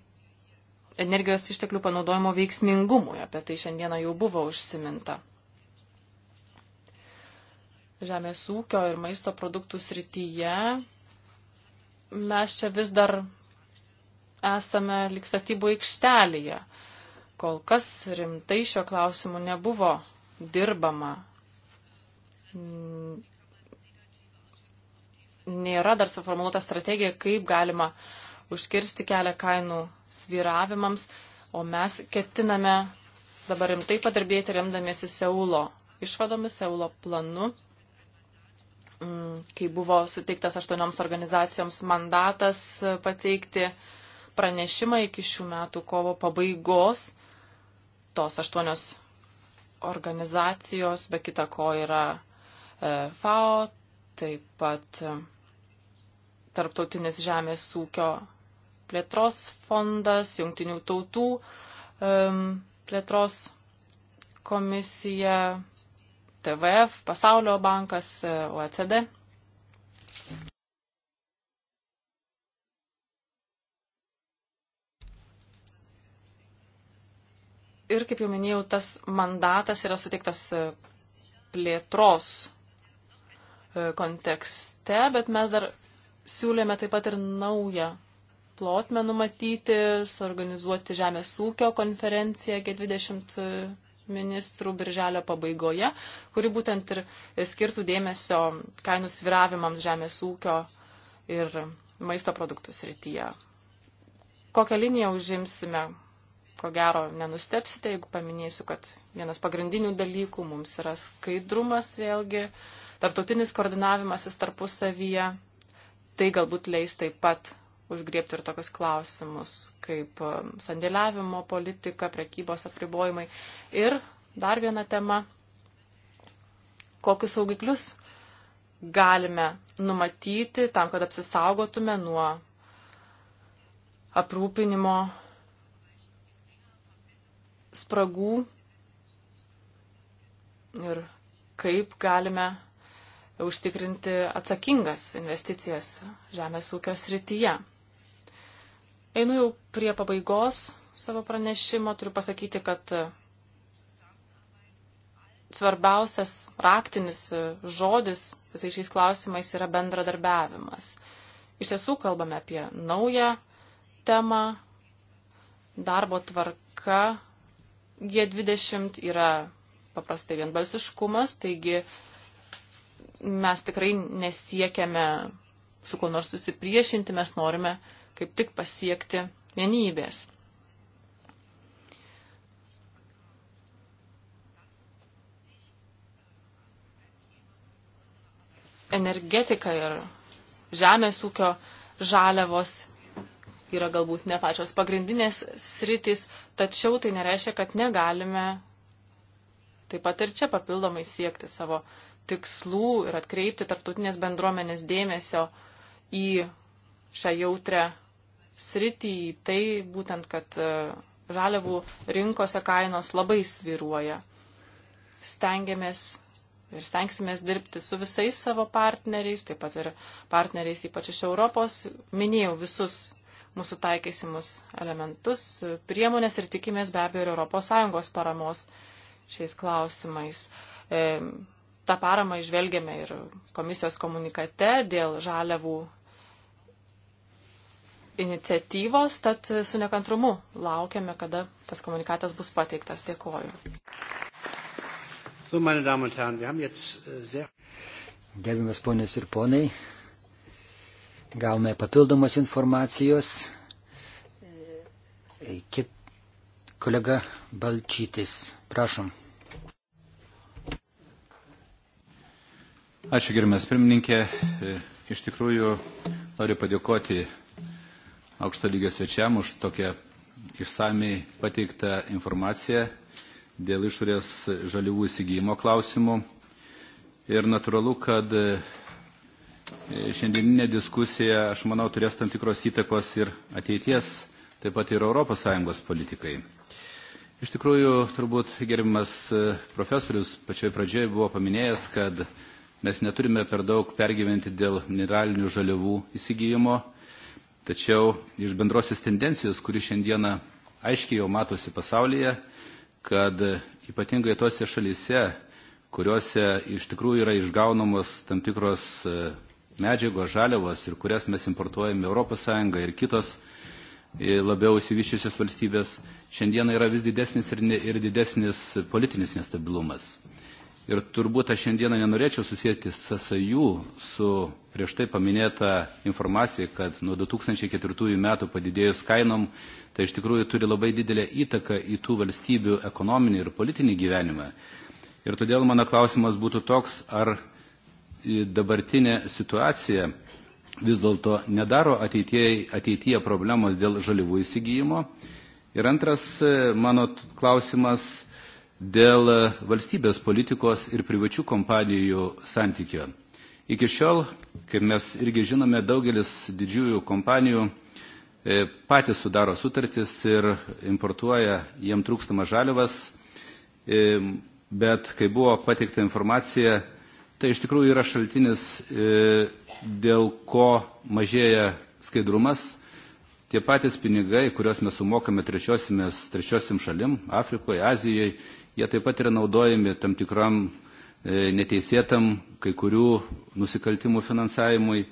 energijos išteklių panaudojimo veiksmingumui. Apie tai šiandieną jau buvo užsiminta. Žemės ūkio ir maisto produktų srityje mes čia vis dar esame likstatybų aikštelėje kol kas rimtai šio klausimu nebuvo dirbama. Nėra dar suformuoluota strategija, kaip galima užkirsti kelią kainų sviravimams, o mes ketiname dabar rimtai padirbėti remdamiesi Seulo išvadomis, Seulo planu, mm, kai buvo suteiktas aštuonioms organizacijoms mandatas pateikti pranešimą iki šių metų kovo pabaigos tos aštuonios organizacijos, be kita ko yra e, FAO, taip pat e, Tarptautinis žemės ūkio plėtros fondas, Jungtinių tautų e, plėtros komisija, TVF, Pasaulio bankas, OECD Ir, kaip jau minėjau, tas mandatas yra suteiktas e, plėtros e, kontekste, bet mes dar siūlėme taip pat ir naują plotmę numatyti, suorganizuoti žemės ūkio konferenciją G20 e, ministrų birželio pabaigoje, kuri būtent ir skirtų dėmesio kainų sviravimams žemės ūkio ir maisto produktų srityje. Kokią liniją užimsime, ko gero nenustepsite, jeigu paminėsiu, kad vienas pagrindinių dalykų mums yra skaidrumas vėlgi, tartautinis koordinavimasis tarpusavyje. Tai galbūt leis taip pat užgriepti ir tokius klausimus kaip um, sandėliavimo politika, prekybos apribojimai. Ir dar viena tema, kokius saugiklius galime numatyti tam, kad apsisaugotume nuo aprūpinimo spragų ir kaip galime užtikrinti atsakingas investicijas žemės ūkio srityje. Einu jau prie pabaigos savo pranešimo, turiu pasakyti, kad svarbiausias raktinis žodis visais šiais klausimais yra bendradarbiavimas. Iš tiesų kalbame apie naują temą, darbo tvarka G20 yra paprastai vienbalsiškumas, taigi mes tikrai nesiekiame su kuo nors susipriešinti, mes norime kaip tik pasiekti vienybės. Energetika ir žemės ūkio žaliavos yra galbūt ne pačios pagrindinės sritis, tačiau tai nereiškia, kad negalime taip pat ir čia papildomai siekti savo tikslų ir atkreipti tarptautinės bendruomenės dėmesio į šią jautrę sritį, į tai būtent, kad e, žaliavų rinkose kainos labai sviruoja. Stengiamės ir stengsimės dirbti su visais savo partneriais, taip pat ir partneriais ypač iš Europos. Minėjau visus mūsų taikysimus elementus, priemonės ir tikimės be abejo ir ES paramos šiais klausimais. E, tą paramą išvelgėme ir komisijos komunikate dėl žaliavų iniciatyvos, tad su nekantrumu laukiame, kada tas komunikatas bus pateiktas. Dėkuoju. So, meine Damen und Herren, wir haben jetzt äh, sehr. Gerbiamas ponės ir ponai, Gavome papildomos informacijos. E, kit, kolega Balčytis, prašom. Ačiū gerimas pirmininkė. E, iš tikrųjų noriu padėkoti aukšto lygio svečiam už tokią išsamei pateiktą informaciją dėl išorės žaliavų įsigijimo klausimų. Ir natūralu, kad E, šiandieninė diskusija, aš manau, turės tam tikros įtakos ir ateities, taip pat ir ES politikai. Iš tikrųjų, turbūt gerbimas e, profesorius pačioj pradžioje buvo paminėjęs, kad mes neturime per daug pergyventi dėl mineralinių žaliavų įsigijimo, tačiau iš bendrosios tendencijos, kuri šiandieną aiškiai jau matosi pasaulyje, kad ypatingai tose šalyse, kuriuose iš tikrųjų yra išgaunamos tam tikros e, medžiagos, žaliavos ir kurias mes importuojame ES ir kitos e, labiau įsivyščiusios valstybės, šiandieną yra vis didesnis ir, ne, ir didesnis politinis nestabilumas. Ir turbūt aš šiandieną nenorėčiau susijęti sąsajų su prieš tai paminėta informacija, kad nuo 2004 metų padidėjus kainom, tai iš tikrųjų turi labai didelę įtaką į tų valstybių ekonominį ir politinį gyvenimą. Ir todėl mano klausimas būtų toks, ar dabartinė situacija vis dėlto nedaro ateitie, ateityje problemos dėl žalivų įsigijimo. Ir antras e, mano klausimas dėl valstybės politikos ir privačių kompanijų santykio. Iki šiol, kaip mes irgi žinome, daugelis didžiųjų kompanijų e, patys sudaro sutartis ir importuoja jiem trūkstamas žalivas, e, bet kai buvo pateikta informacija, tai iš tikrųjų yra šaltinis, e, dėl ko mažėja skaidrumas. Tie patys pinigai, kuriuos mes sumokame trečiosim šalim, Afrikoje, Azijoje, jie taip pat yra naudojami tam tikram e, neteisėtam kai kurių nusikaltimų finansavimui.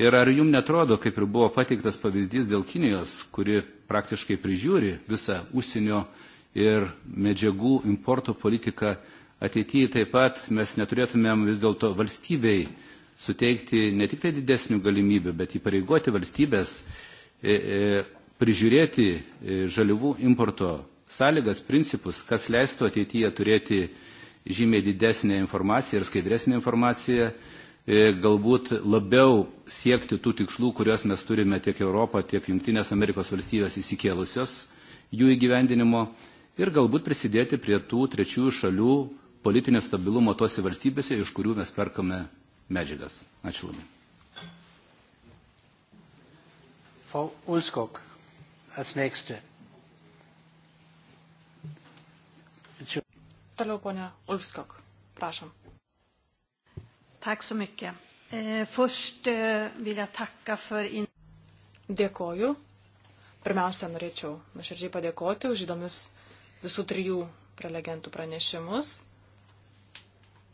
Ir ar jums netrodo, kaip ir buvo pateiktas pavyzdys dėl Kinijos, kuri praktiškai prižiūri visą užsienio ir medžiagų importo politiką ateityje taip pat mes neturėtumėm vis dėlto valstybei suteikti ne tik tai didesnių galimybių, bet įpareigoti valstybės e, e, prižiūrėti e, žaliavų importo sąlygas, principus, kas leistų ateityje turėti žymiai didesnę informaciją ir skaidresnę informaciją, galbūt labiau siekti tų tikslų, kuriuos mes turime tiek Europą, tiek Junktinės Amerikos valstybės įsikėlusios jų įgyvendinimo ir galbūt prisidėti prie tų trečiųjų šalių politinio stabilumo tose valstybėse, iš kurių mes perkame medžiagas. Ačiū labai. Frau Ulskog als nächste. Toliau ponia Ulfskog, prašom. Tack så mycket. Eh, först eh, vill jag tacka för in... Dėkoju. Pirmiausia, norėčiau nuoširdžiai padėkoti už įdomius visų trijų prelegentų pranešimus.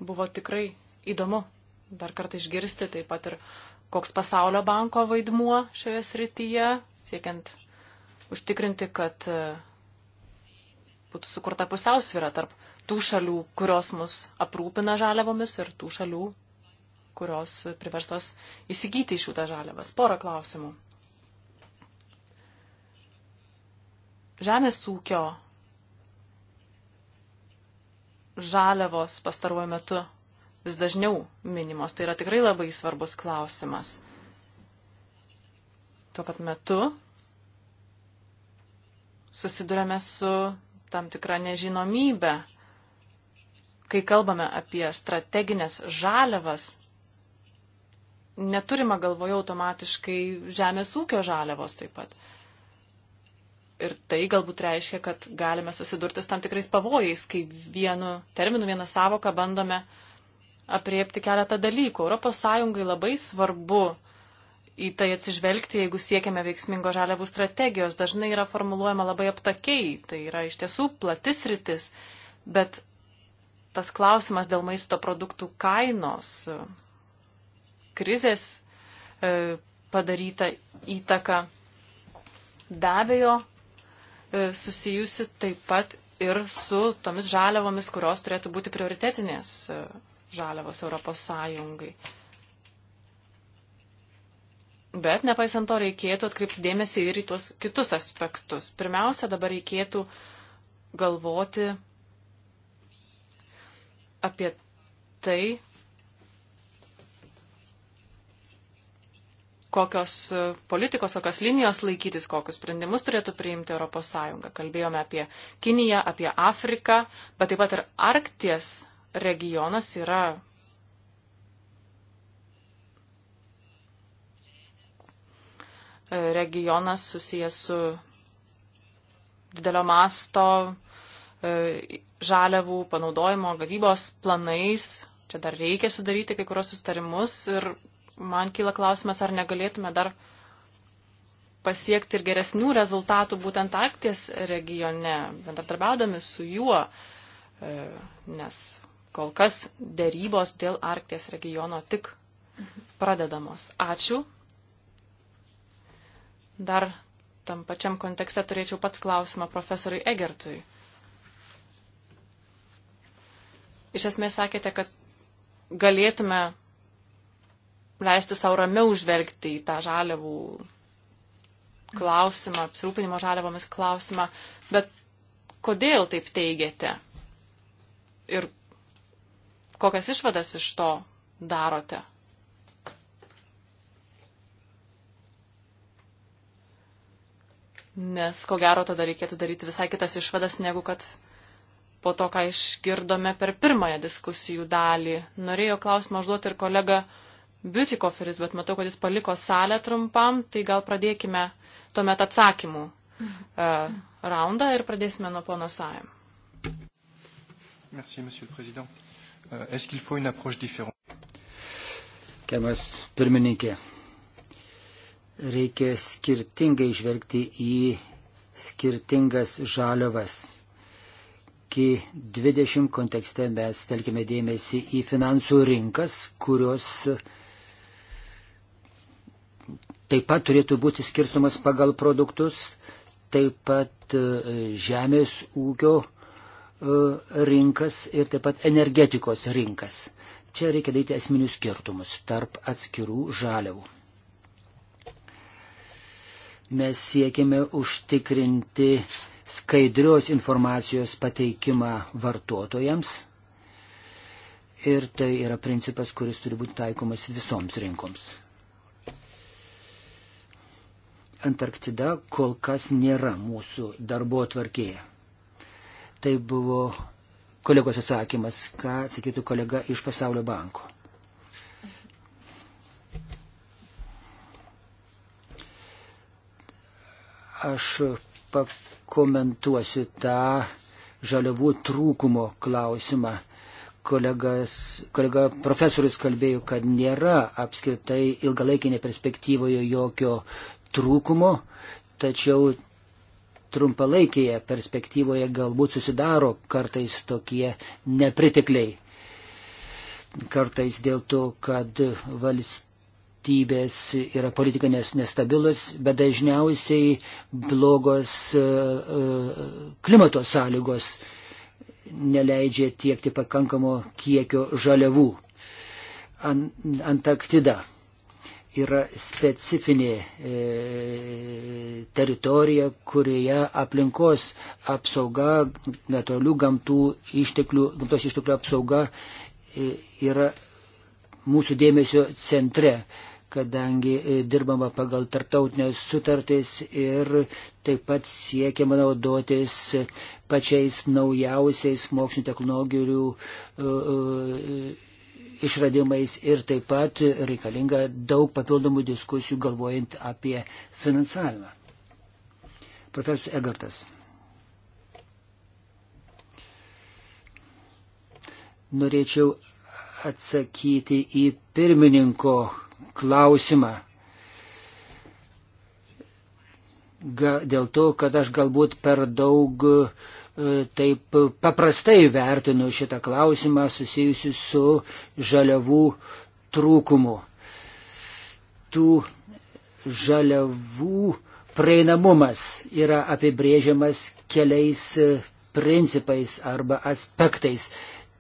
Buvo tikrai įdomu dar kartą išgirsti taip pat ir koks pasaulio banko vaidmuo šioje srityje, siekiant užtikrinti, kad e, būtų sukurta pusiausvyrą tarp tų šalių, kurios mus aprūpina žaliavomis ir tų šalių, kurios priverstos įsigyti iš jų tą žaliavas. Porą klausimų. Žemės ūkio žaliavos pastaruoju metu vis dažniau minimos. Tai yra tikrai labai svarbus klausimas. Tuo pat metu susidurėme su tam tikra nežinomybė. Kai kalbame apie strateginės žaliavas, neturima galvoje automatiškai žemės ūkio žaliavos taip pat ir tai galbūt reiškia, kad galime susidurti su tam tikrais pavojais, kai vienu terminu, vieną savoką bandome apriepti keletą dalykų. ES labai svarbu į tai atsižvelgti, jeigu siekiame veiksmingo žaliavų strategijos. Dažnai yra formuluojama labai aptakiai, tai yra iš tiesų platis rytis, bet tas klausimas dėl maisto produktų kainos, krizės e, padaryta įtaka be abejo E, susijusi taip pat ir su tomis žaliavomis, kurios turėtų būti prioritetinės e, žaliavos Europos Sąjungai. Bet nepaisant to reikėtų atkreipti dėmesį ir į tuos kitus aspektus. Pirmiausia, dabar reikėtų galvoti apie tai, kokios e, politikos, kokios linijos laikytis, kokius sprendimus turėtų priimti ES. Kalbėjome apie Kiniją, apie Afriką, bet taip pat ir Arkties regionas yra. regionas susijęs su didelio masto e, žaliavų panaudojimo gavybos planais. Čia dar reikia sudaryti kai kurios sustarimus ir man kyla klausimas, ar negalėtume dar pasiekti ir geresnių rezultatų būtent Arkties regione, bendradarbiaudami su juo, e, nes kol kas dėrybos dėl Arkties regiono tik pradedamos. Ačiū. Dar tam pačiam kontekste turėčiau pats klausimą profesoriui Egertui. Iš esmės sakėte, kad galėtume leisti savo ramiau žvelgti į tą žaliavų klausimą, apsirūpinimo žaliavomis klausimą. Bet kodėl taip teigiate? Ir kokias išvadas iš to darote? Nes ko gero tada reikėtų daryti visai kitas išvadas, negu kad po to, ką išgirdome per pirmąją diskusijų dalį. Norėjau klausimą užduoti ir kolega Biutikoferis, bet matau, kad jis paliko salę trumpam, tai gal pradėkime tuomet atsakymų uh, raundą ir pradėsime nuo pono Sajam. Merci, monsieur le président. Euh, est-ce qu'il faut une approche différente? Kemas pirmininkė, reikia skirtingai žvelgti į skirtingas žaliovas. G20 kontekste mes telkime dėmesį į finansų rinkas, kurios uh, taip pat turėtų būti skirstumas pagal produktus, taip pat e, žemės ūkio e, rinkas ir taip pat energetikos rinkas. Čia reikia daryti esminius skirtumus tarp atskirų žaliavų. Mes siekime užtikrinti skaidrios informacijos pateikimą vartotojams. Ir tai yra principas, kuris turi būti taikomas visoms rinkoms. Antarktida kol kas nėra mūsų darbo tvarkėje. Tai buvo kolegos atsakymas, ką atsakytų kolega iš Pasaulio banko. Aš pakomentuosiu tą žaliavų trūkumo klausimą. Kolegas, kolega profesorius kalbėjo, kad nėra apskritai ilgalaikinė perspektyvoje jokio trūkumo, tačiau trumpalaikėje perspektyvoje galbūt susidaro kartais tokie nepritikliai. Kartais dėl to, kad valstybės yra politikinės nestabilus, bet dažniausiai blogos e, e, klimato sąlygos neleidžia tiekti pakankamo kiekio žaliavų. Antarktida yra specifinė e, teritorija, kurioje aplinkos apsauga, natūralių gamtų išteklių, gamtos išteklių apsauga e, yra mūsų dėmesio centre, kadangi e, dirbama pagal tarptautinės sutartys ir taip pat siekiama naudotis pačiais naujausiais mokslinio technologijų išradimais ir taip pat reikalinga daug papildomų diskusijų galvojant apie finansavimą. Profesorius Egartas. Norėčiau atsakyti į pirmininko klausimą. Ga, dėl to, kad aš galbūt per daug uh, E, taip paprastai vertinu šitą klausimą susijusiu su žaliavų trūkumu. Tų žaliavų prieinamumas yra apibrėžiamas keliais e, principais arba aspektais.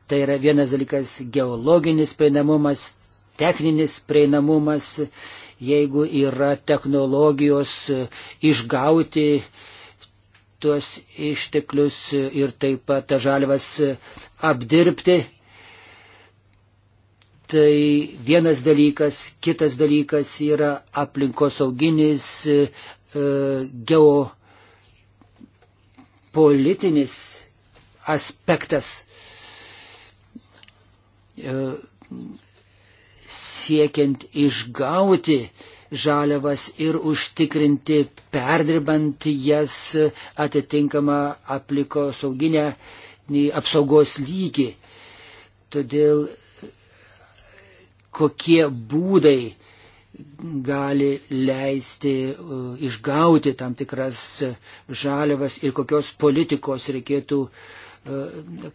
Tai yra vienas dalykas geologinis prieinamumas, techninis prieinamumas, jeigu yra technologijos e, išgauti tuos išteklius ir taip pat tą žalvas apdirbti. Tai vienas dalykas, kitas dalykas yra aplinkosauginis, e, geopolitinis aspektas e, siekiant išgauti uh, žaliavas ir užtikrinti perdirbant jas atitinkamą apliko sauginę apsaugos lygį. Todėl kokie būdai gali leisti uh, išgauti tam tikras žaliavas ir kokios politikos reikėtų, uh,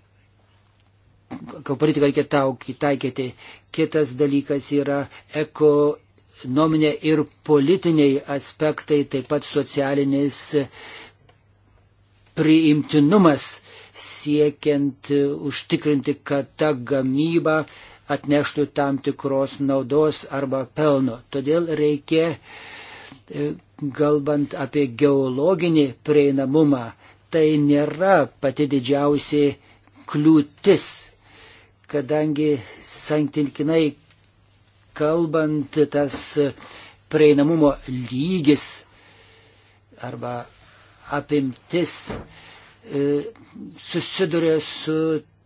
kokią politiką reikėtų taikyti. Kitas dalykas yra eko ekonominė ir politiniai aspektai, taip pat socialinis priimtinumas siekiant užtikrinti, kad ta gamyba atneštų tam tikros naudos arba pelno. Todėl reikia, e, galbant apie geologinį prieinamumą, tai nėra pati didžiausia kliūtis, kadangi santinkinai kalbant, tas prieinamumo lygis arba apimtis e, susiduria su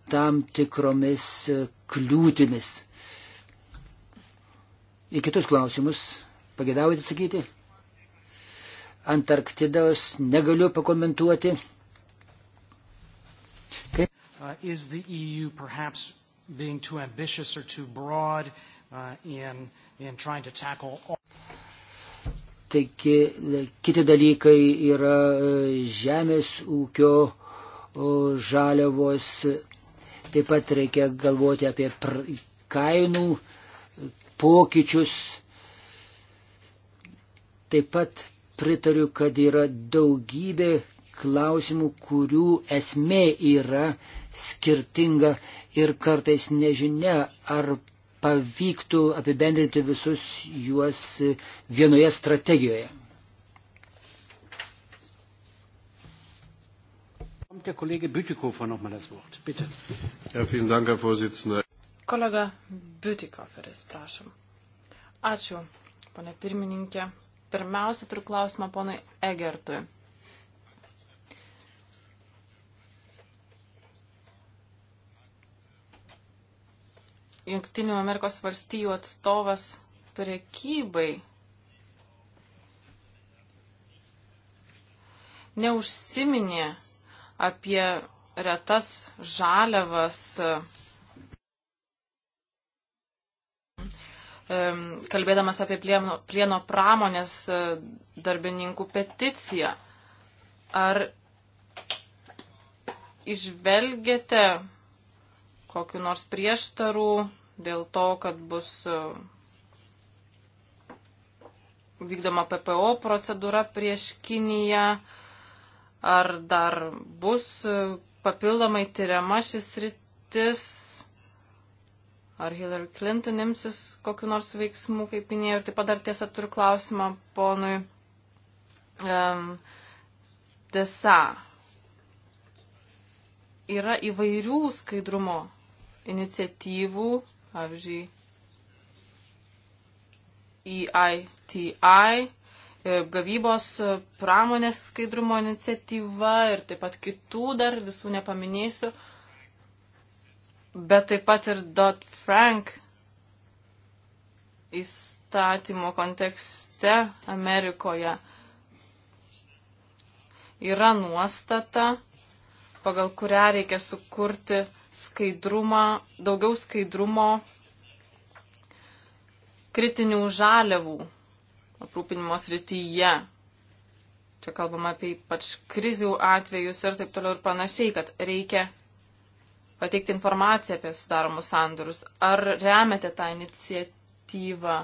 tam tikromis e, kliūtimis. Į kitus klausimus pagėdaujate atsakyti? Antarktidos negaliu pakomentuoti. Kaip? Uh, Uh, in, in trying to tackle all. Taigi, kiti dalykai yra uh, žemės ūkio žaliavos, taip pat reikia galvoti apie pr, kainų pokyčius. Taip pat pritariu, kad yra daugybė klausimų, kurių esmė yra skirtinga ir kartais nežinia, ar pavyktų apibendrinti visus juos vienoje strategijoje. Der Kollege Bütikofer nochmal das Wort. Bitte. Ja, vielen Dank, Herr Vorsitzender. Kolega Bütikoferis, prašom. Ačiū, pane pirmininkė. Pirmiausia, turiu klausimą ponui Egertui. Junktinių Amerikos valstijų atstovas prekybai neužsiminė apie retas žaliavas, kalbėdamas apie plieno, plieno pramonės e, darbininkų peticiją. Ar išvelgėte kokiu nors prieštarų dėl to, kad bus e, vykdoma PPO procedūra prieš Kiniją, ar dar bus e, papildomai tyriama šis rytis, ar Hillary Clinton imsis kokiu nors veiksmu, kaip minėjau. Ir taip pat dar tiesa turiu klausimą ponui um, Desa. Yra įvairių skaidrumo iniciatyvų, pavyzdžiui, EITI, e, gavybos e, pramonės skaidrumo iniciatyva ir taip pat kitų dar visų nepaminėsiu, bet taip pat ir Dot Frank įstatymo kontekste Amerikoje yra nuostata, pagal kurią reikia sukurti skaidrumą, daugiau skaidrumo kritinių žaliavų aprūpinimo srityje. Čia kalbama apie ypač krizių atvejus ir taip toliau ir panašiai, kad reikia pateikti informaciją apie sudaromus sandorius. Ar remiate tą iniciatyvą?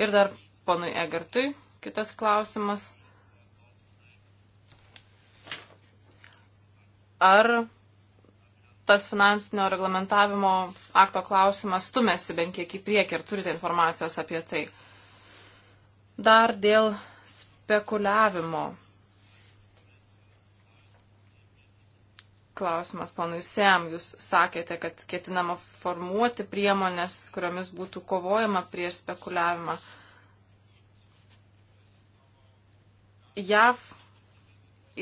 Ir dar ponui Egertui kitas klausimas. Ar tas finansinio reglamentavimo akto klausimas stumėsi bent kiek į priekį ir turite informacijos apie tai. Dar dėl spekuliavimo. Klausimas, ponui Sem, jūs sakėte, kad ketinama formuoti priemonės, kuriomis būtų kovojama prieš spekuliavimą. JAV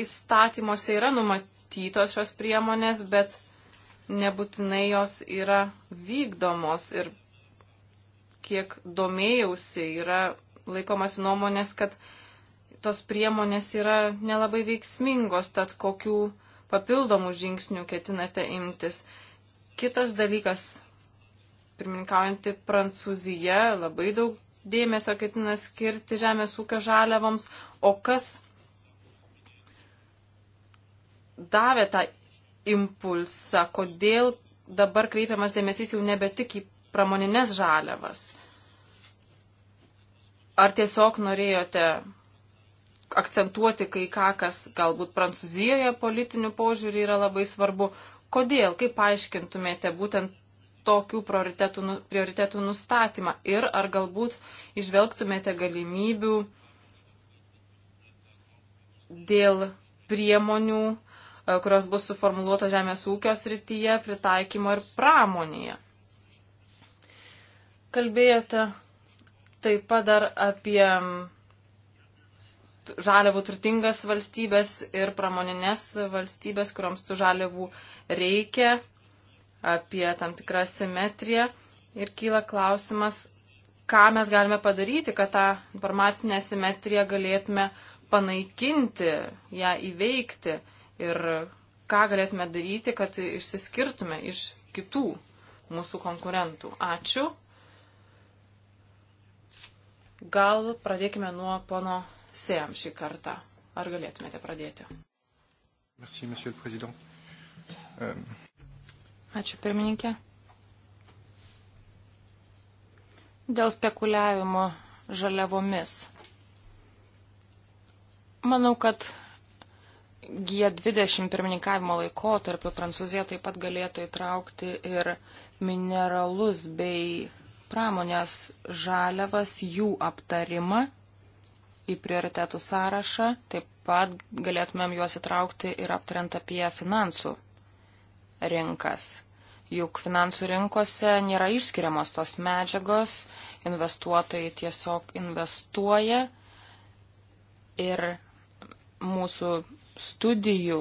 įstatymuose yra numatytos šios priemonės, bet nebūtinai jos yra vykdomos ir kiek domėjausi, yra laikomas nuomonės, kad tos priemonės yra nelabai veiksmingos, tad kokių papildomų žingsnių ketinate imtis. Kitas dalykas, pirmininkaujanti Prancūzija labai daug dėmesio ketina skirti žemės ūkio žaliavoms, o kas davė tą impulsą, kodėl dabar kreipiamas dėmesys jau nebe tik į pramoninės žaliavas. Ar tiesiog norėjote akcentuoti kai ką, kas galbūt Prancūzijoje politinių požiūrį yra labai svarbu? Kodėl, kaip paaiškintumėte būtent tokių prioritetų, nu- prioritetų nustatymą ir ar galbūt išvelgtumėte galimybių dėl priemonių, E, kurios bus suformuluotos žemės ūkio srityje, pritaikymo ir pramonėje. Kalbėjote taip pat dar apie žaliavų turtingas valstybės ir pramoninės valstybės, kuriuoms tų žaliavų reikia, apie tam tikrą simetriją. Ir kyla klausimas, ką mes galime padaryti, kad tą informacinę simetriją galėtume panaikinti, ją įveikti ir ką galėtume daryti, kad išsiskirtume iš kitų mūsų konkurentų. Ačiū. Gal pradėkime nuo pono Sejam šį kartą. Ar galėtumėte pradėti? Merci, monsieur le président. Um. Ačiū pirmininkė. Dėl spekuliavimo žaliavomis. Manau, kad G20 pirmininkavimo laikotarpiu Prancūzija taip pat galėtų įtraukti ir mineralus bei pramonės žaliavas, jų aptarimą į prioritetų sąrašą, taip pat galėtumėm juos įtraukti ir aptariant apie finansų rinkas. Juk finansų rinkose nėra išskiriamos tos medžiagos, investuotojai tiesiog investuoja ir mūsų studijų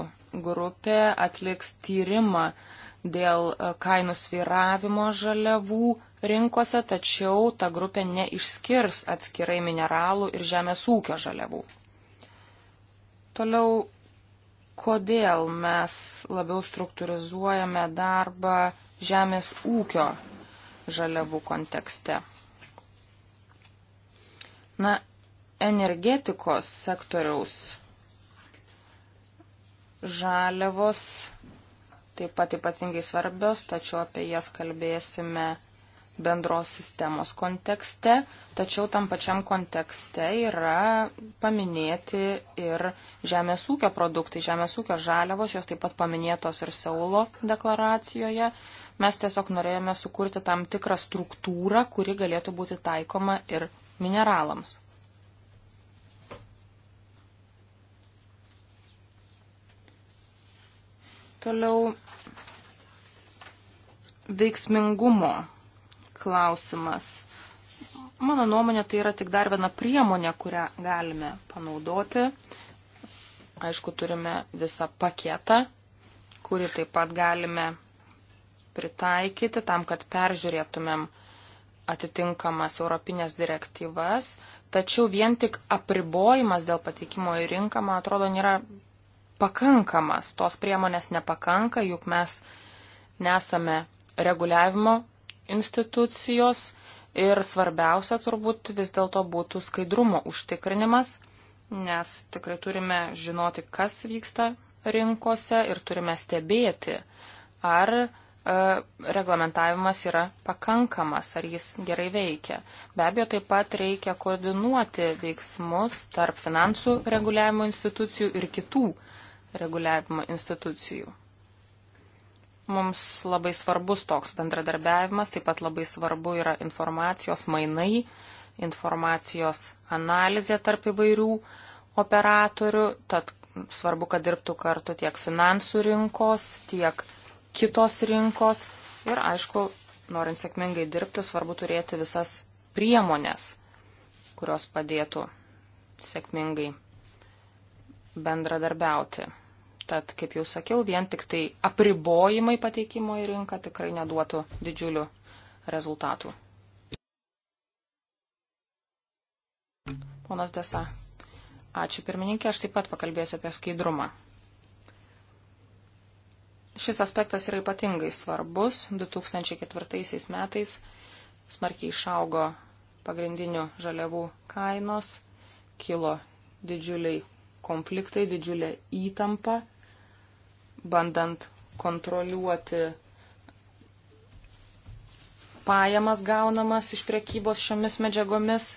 grupė atliks tyrimą dėl e, kainų sviravimo žaliavų rinkose, tačiau ta grupė neišskirs atskirai mineralų ir žemės ūkio žaliavų. Toliau, kodėl mes labiau struktūrizuojame darbą žemės ūkio žaliavų kontekste? Na, energetikos sektoriaus žaliavos taip pat ypatingai svarbios, tačiau apie jas kalbėsime bendros sistemos kontekste, tačiau tam pačiam kontekste yra paminėti ir žemės ūkio produktai, žemės ūkio žaliavos, jos taip pat paminėtos ir Seulo deklaracijoje. Mes tiesiog norėjome sukurti tam tikrą struktūrą, kuri galėtų būti taikoma ir mineralams. Toliau veiksmingumo klausimas. Mano nuomonė, tai yra tik dar viena priemonė, kurią galime panaudoti. Aišku, turime visą paketą, kurį taip pat galime pritaikyti tam, kad peržiūrėtumėm atitinkamas europinės direktyvas, tačiau vien tik apribojimas dėl pateikimo į rinką, man atrodo, nėra pakankamas. Tos priemonės nepakanka, juk mes nesame reguliavimo institucijos ir svarbiausia turbūt vis dėlto būtų skaidrumo užtikrinimas, nes tikrai turime žinoti, kas vyksta rinkose ir turime stebėti, ar e, reglamentavimas yra pakankamas, ar jis gerai veikia. Be abejo, taip pat reikia koordinuoti veiksmus tarp finansų reguliavimo institucijų ir kitų reguliavimo institucijų. Mums labai svarbus toks bendradarbiavimas, taip pat labai svarbu yra informacijos mainai, informacijos analizė tarp įvairių operatorių, tad svarbu, kad dirbtų kartu tiek finansų rinkos, tiek kitos rinkos ir, aišku, norint sėkmingai dirbti, svarbu turėti visas priemonės, kurios padėtų sėkmingai bendradarbiauti. Tad, kaip jau sakiau, vien tik tai apribojimai pateikimo į rinką tikrai neduotų didžiulių rezultatų. Ponas Desa, ačiū pirmininkė, aš taip pat pakalbėsiu apie skaidrumą. Šis aspektas yra ypatingai svarbus. 2004 metais smarkiai išaugo pagrindinių žaliavų kainos, kilo didžiuliai konfliktai, didžiulė įtampa bandant kontroliuoti pajamas gaunamas iš priekybos šiomis medžiagomis.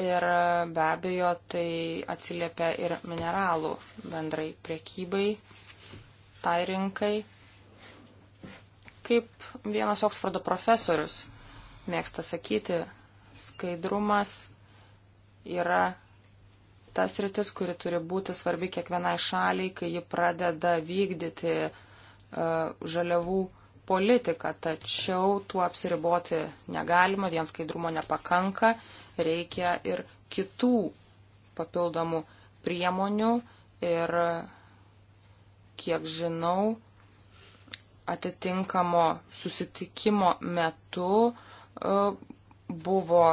Ir e, be abejo, tai atsiliepia ir mineralų bendrai priekybai, tai rinkai. Kaip vienas Oksfordo profesorius mėgsta sakyti, skaidrumas yra tas rytis, kuri turi būti svarbi kiekvienai šaliai, kai ji pradeda vykdyti e, žaliavų politiką. Tačiau tuo apsiriboti negalima, vien skaidrumo nepakanka, reikia ir kitų papildomų priemonių ir, kiek žinau, atitinkamo susitikimo metu e, buvo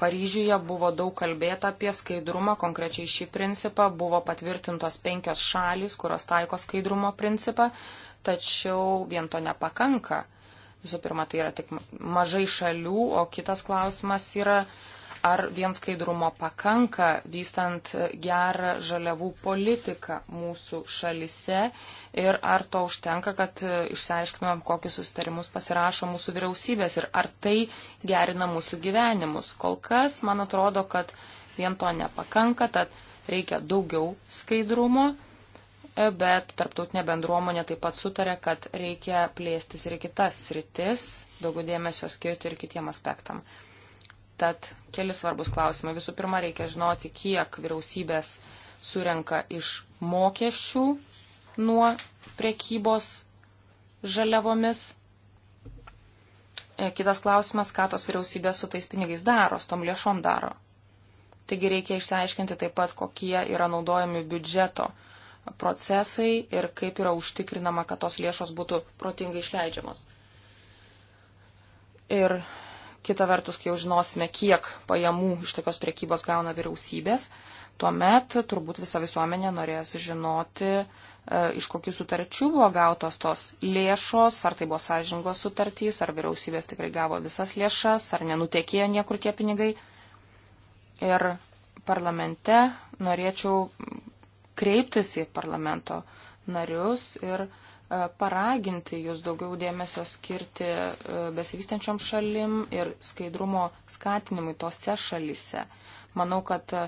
Paryžiuje buvo daug kalbėta apie skaidrumą, konkrečiai šį principą buvo patvirtintos penkios šalis, kurios taiko skaidrumo principą, tačiau vien to nepakanka. Visų pirma, tai yra tik mažai šalių, o kitas klausimas yra ar vien skaidrumo pakanka vystant gerą žaliavų politiką mūsų šalise ir ar to užtenka, kad išsiaiškinom, kokius sustarimus pasirašo mūsų vyriausybės ir ar tai gerina mūsų gyvenimus. Kol kas, man atrodo, kad vien to nepakanka, tad reikia daugiau skaidrumo. Bet tarptautinė bendruomonė taip pat sutarė, kad reikia plėstis ir kitas sritis, daugiau dėmesio skirti ir kitiem aspektam. Tad keli svarbus klausimai. Visų pirma, reikia žinoti, kiek vyriausybės surenka iš mokesčių nuo prekybos žaliavomis. E, kitas klausimas, ką tos vyriausybės su tais pinigais daro, su tom lėšom daro. Taigi reikia išsiaiškinti taip pat, kokie yra naudojami biudžeto procesai ir kaip yra užtikrinama, kad tos lėšos būtų protingai išleidžiamos. Ir Kita vertus, kai jau žinosime, kiek pajamų iš tokios priekybos gauna vyriausybės, tuomet turbūt visa visuomenė norės žinoti, e, iš kokių sutarčių buvo gautos tos lėšos, ar tai buvo sąžingos sutartys, ar vyriausybės tikrai gavo visas lėšas, ar nenutekėjo niekur tie pinigai. Ir parlamente norėčiau kreiptis į parlamento narius ir uh, E, paraginti jūs daugiau dėmesio skirti e, besivystančiom šalim ir skaidrumo skatinimui tose šalise. Manau, kad e,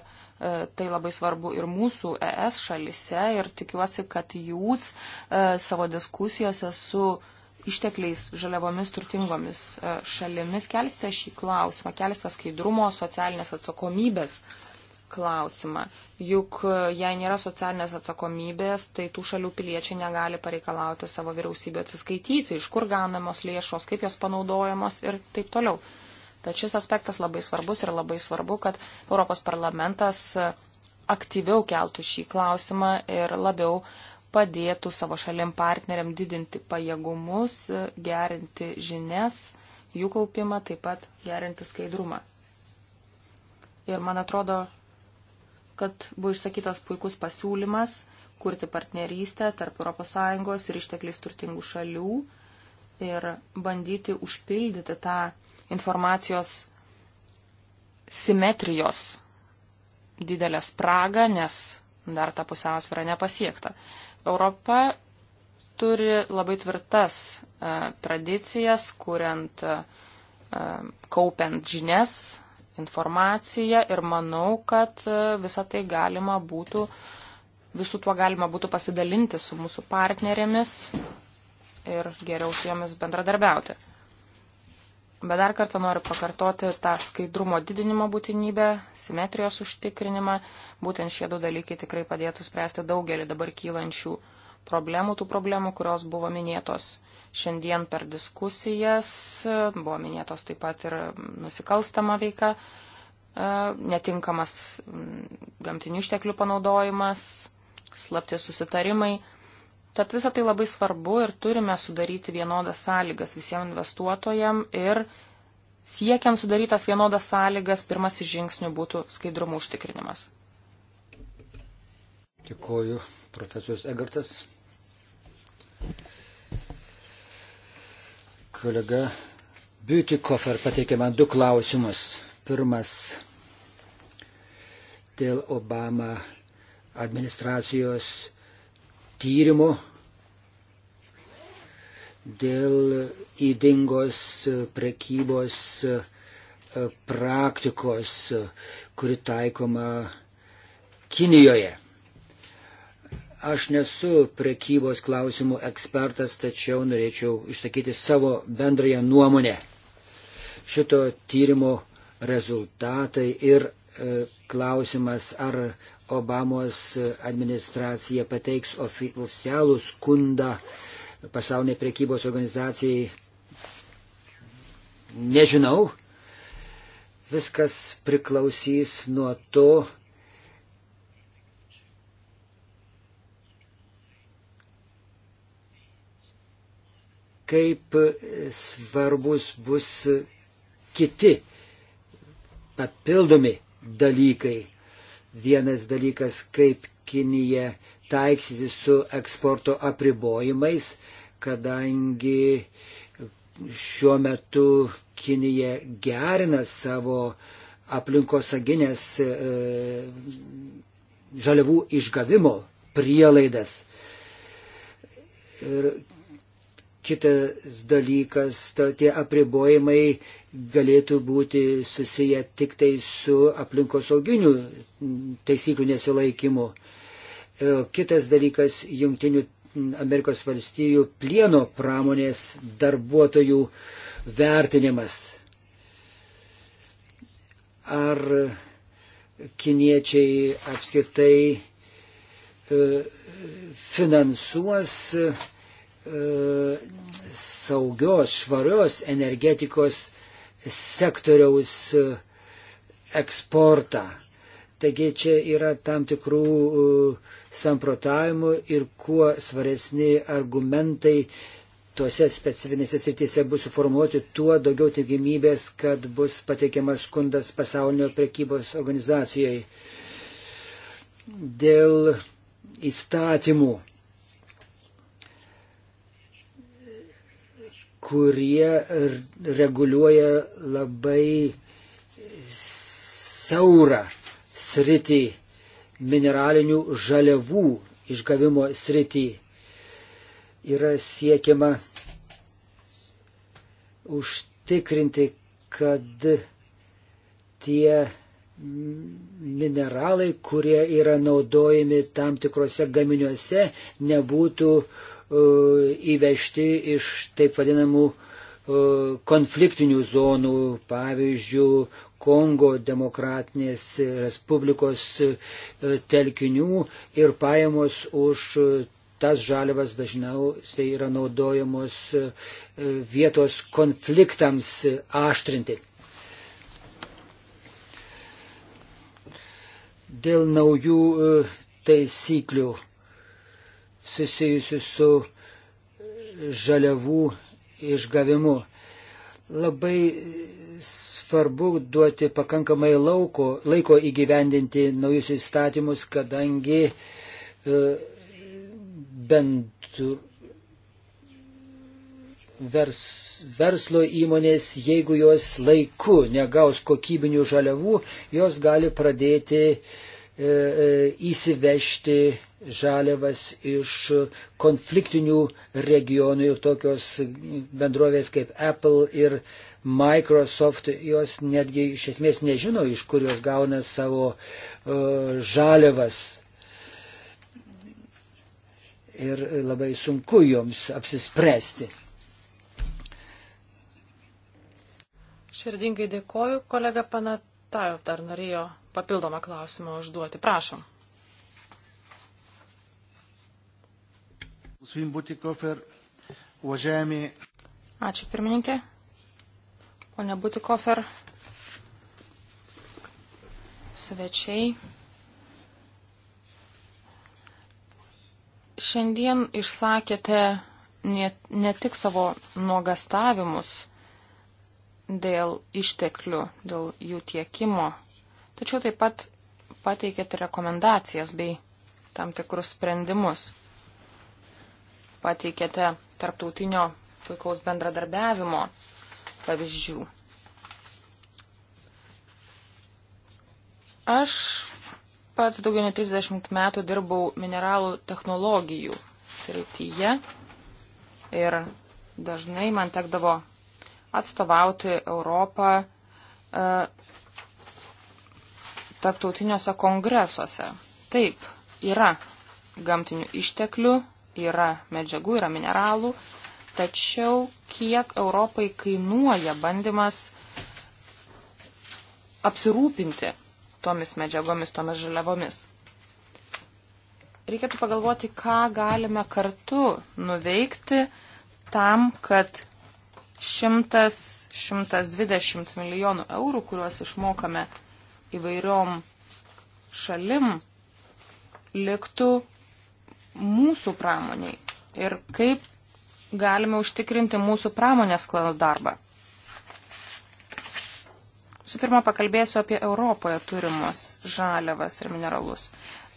tai labai svarbu ir mūsų ES šalise ir tikiuosi, kad jūs savo diskusijose su ištekliais žaliavomis turtingomis šalimis kelsite šį klausimą, kelsite skaidrumo, socialinės atsakomybės klausimą. Juk e, jei nėra socialinės atsakomybės, tai tų šalių piliečiai negali pareikalauti savo vyriausybę atsiskaityti, iš kur gaunamos lėšos, kaip jos panaudojamos ir taip toliau. Tad šis aspektas labai svarbus ir labai svarbu, kad Europos parlamentas e, aktyviau keltų šį klausimą ir labiau padėtų savo šalim partneriam didinti pajėgumus, e, gerinti žinias, jų kaupimą, taip pat gerinti skaidrumą. Ir man atrodo, kad buvo išsakytas puikus pasiūlymas kurti partnerystę tarp ES ir ištekliais turtingų šalių ir bandyti užpildyti tą informacijos simetrijos didelę spragą, nes dar ta pusiausvėra nepasiekta. Europa turi labai tvirtas e, tradicijas, kuriant, e, e kaupiant žinias, informaciją ir manau, kad e, visą tai galima būtų, visų tuo galima būtų pasidalinti su mūsų partnerėmis ir geriau su jomis bendradarbiauti. Bet dar kartą noriu pakartoti tą skaidrumo didinimo būtinybę, simetrijos užtikrinimą. Būtent šie du dalykai tikrai padėtų spręsti daugelį dabar kylančių problemų, tų problemų, kurios buvo minėtos šiandien per diskusijas, buvo minėtos taip pat ir nusikalstama veika, e, netinkamas mm, gamtinių išteklių panaudojimas, slapti susitarimai. Tad visą tai labai svarbu ir turime sudaryti vienodas sąlygas visiems investuotojams ir siekiant sudarytas vienodas sąlygas, pirmasis žingsnių būtų skaidrumo užtikrinimas. Dėkuoju, profesorius Egartas. Kolega Biutikofer pateikė man du klausimus. Pirmas dėl Obama administracijos tyrimo dėl įdingos prekybos e, praktikos, kuri taikoma Kinijoje. Aš nesu prekybos klausimų ekspertas, tačiau norėčiau išsakyti savo bendrąją nuomonę. Šito tyrimo rezultatai ir e, klausimas, ar Obamos administracija pateiks ofi oficialų skundą pasaulyje prekybos organizacijai, nežinau. Viskas priklausys nuo to, kaip svarbus bus kiti papildomi dalykai. Vienas dalykas, kaip Kinija taiksysi su eksporto apribojimais, kadangi šiuo metu Kinija gerina savo aplinkosaginės e, žaliavų išgavimo prielaidas. Ir Kitas dalykas, ta, tie apribojimai galėtų būti susiję tik tai su aplinkosauginiu taisyklių nesilaikymu. E, kitas dalykas, jungtinių Amerikos valstijų plieno pramonės darbuotojų vertinimas. Ar kiniečiai apskritai e, finansuos saugios, švarios energetikos sektoriaus e, eksportą. Taigi čia yra tam tikrų e, samprotavimų ir kuo svaresni argumentai tuose specifinėse srityse bus suformuoti, tuo daugiau tikimybės, kad bus pateikiamas skundas pasaulinio prekybos organizacijai. Dėl įstatymų kurie reguliuoja labai siaurą sritį mineralinių žaliavų išgavimo sritį. Yra siekiama užtikrinti, kad tie mineralai, kurie yra naudojami tam tikrose gaminiuose, nebūtų uh, E, įvežti iš taip vadinamų e, konfliktinių zonų, pavyzdžiui, Kongo demokratinės respublikos e, telkinių ir pajamos už tas žalivas dažniausiai yra naudojamos vietos konfliktams aštrinti. Dėl naujų taisyklių susijusių su žaliavų išgavimu. Labai svarbu duoti pakankamai lauko, laiko įgyvendinti naujus įstatymus, kadangi e, bent vers, verslo įmonės, jeigu jos laiku negaus kokybinių žaliavų, jos gali pradėti e, e, įsivežti žaliavas iš konfliktinių regionų ir tokios bendrovės kaip Apple ir Microsoft, jos netgi iš esmės nežino, iš kur jos gauna savo uh, žaliavas. Ir labai sunku joms apsispręsti. Širdingai dėkoju, kolega Panatajov dar norėjo papildomą klausimą užduoti. Prašom. Svim Butikofer, uvažiami. Ačiū pirmininkė. Pone Butikofer, svečiai. Šiandien išsakėte ne, ne tik savo nuogastavimus dėl išteklių, dėl jų tiekimo, tačiau taip pat pateikėte rekomendacijas bei tam tikrus sprendimus pateikėte tarptautinio puikaus bendradarbiavimo pavyzdžių. Aš pats daugiau nei 30 metų dirbau mineralų technologijų srityje ir dažnai man tekdavo atstovauti Europą e, tarptautiniuose kongresuose. Taip, yra gamtinių išteklių yra medžiagų, yra mineralų, tačiau kiek Europai kainuoja bandymas apsirūpinti tomis medžiagomis, tomis žaliavomis. Reikėtų pagalvoti, ką galime kartu nuveikti tam, kad 100-120 milijonų eurų, kuriuos išmokame įvairiom šalim, liktų mūsų pramoniai ir kaip galime užtikrinti mūsų pramonės klanų darbą. Su pirma, pakalbėsiu apie Europoje turimus žaliavas ir mineralus.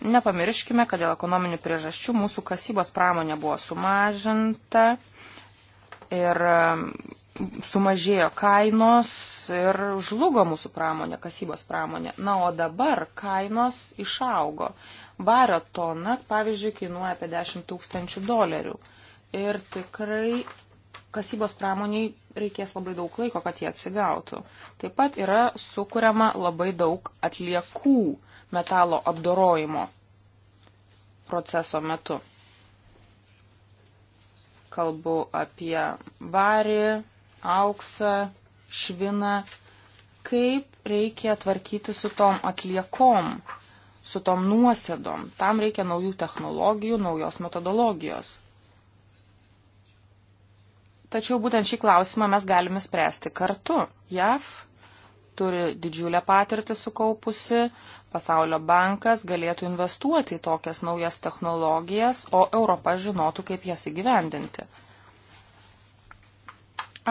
Nepamirškime, kad dėl ekonominių priežasčių mūsų kasybos pramonė buvo sumažinta ir um, sumažėjo kainos ir žlugo mūsų pramonė, kasybos pramonė. Na, o dabar kainos išaugo. Vario tona, pavyzdžiui, kainuoja apie 10 tūkstančių dolerių. Ir tikrai kasybos pramoniai reikės labai daug laiko, kad jie atsigautų. Taip pat yra sukuriama labai daug atliekų metalo apdorojimo proceso metu. Kalbu apie varį, auksą, šviną, kaip reikia tvarkyti su tom atliekom, su tom nuosėdom. Tam reikia naujų technologijų, naujos metodologijos. Tačiau būtent šį klausimą mes galime spręsti kartu. JAV turi didžiulę patirtį sukaupusi, pasaulio bankas galėtų investuoti į tokias naujas technologijas, o Europa žinotų, kaip jas įgyvendinti.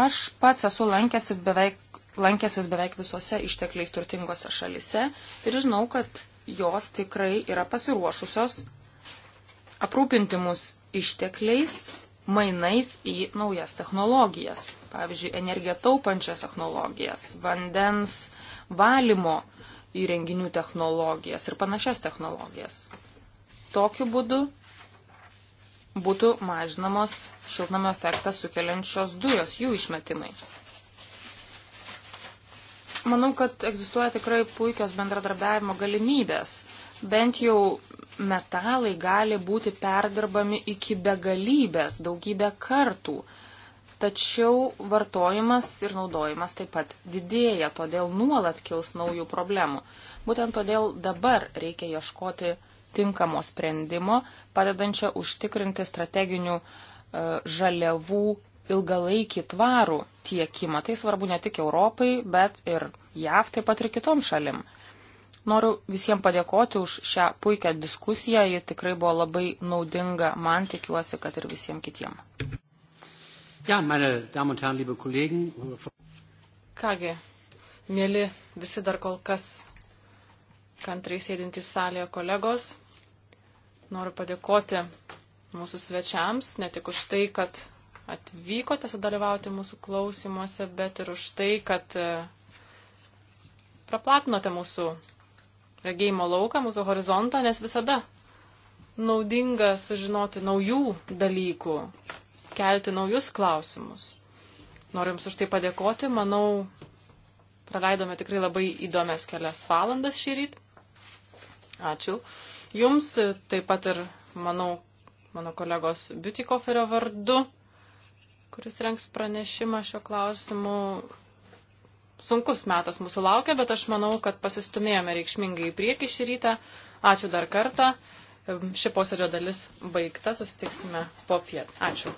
Aš pats esu lankęsi beveik, lankęsis beveik visose ištekliais turtingose šalise ir žinau, kad jos tikrai yra pasiruošusios aprūpinti mus ištekliais, mainais į naujas technologijas, pavyzdžiui, energiją taupančias technologijas, vandens valymo įrenginių technologijas ir panašias technologijas. Tokiu būdu būtų mažinamos šiltnamio efektą sukeliančios dujos, jų išmetimai. Manau, kad egzistuoja tikrai puikios bendradarbiavimo galimybės. Bent jau metalai gali būti perdirbami iki begalybės, daugybę kartų. Tačiau vartojimas ir naudojimas taip pat didėja, todėl nuolat kils naujų problemų. Būtent todėl dabar reikia ieškoti tinkamo sprendimo, padedančio užtikrinti strateginių e, žaliavų ilgalaikį tvarų tiekimą. Tai svarbu ne tik Europai, bet ir JAV, taip pat ir kitom šalim. Noriu visiems padėkoti už šią puikią diskusiją, ji tikrai buvo labai naudinga, man tikiuosi, kad ir visiems kitiem. Ja, meine Damen und Herren, liebe Kollegen. Kągi, mėly visi dar kol kas kantriai sėdintys salėje kolegos, noriu padėkoti mūsų svečiams, ne tik už tai, kad atvykote sudalyvauti mūsų klausimuose, bet ir už tai, kad e, praplatinote mūsų regėjimo lauką, mūsų horizontą, nes visada naudinga sužinoti naujų dalykų, kelti naujus klausimus. Noriu Jums už tai padėkoti. Manau, praleidome tikrai labai įdomias kelias valandas šį rytą. Ačiū. Jums taip pat ir, manau, mano kolegos Biutikoferio vardu kuris renks pranešimą šio klausimu. Sunkus metas mūsų laukia, bet aš manau, kad pasistumėjome reikšmingai į priekį šį rytą. Ačiū dar kartą. Ši posėdžio dalis baigta, susitiksime po piet. Ačiū.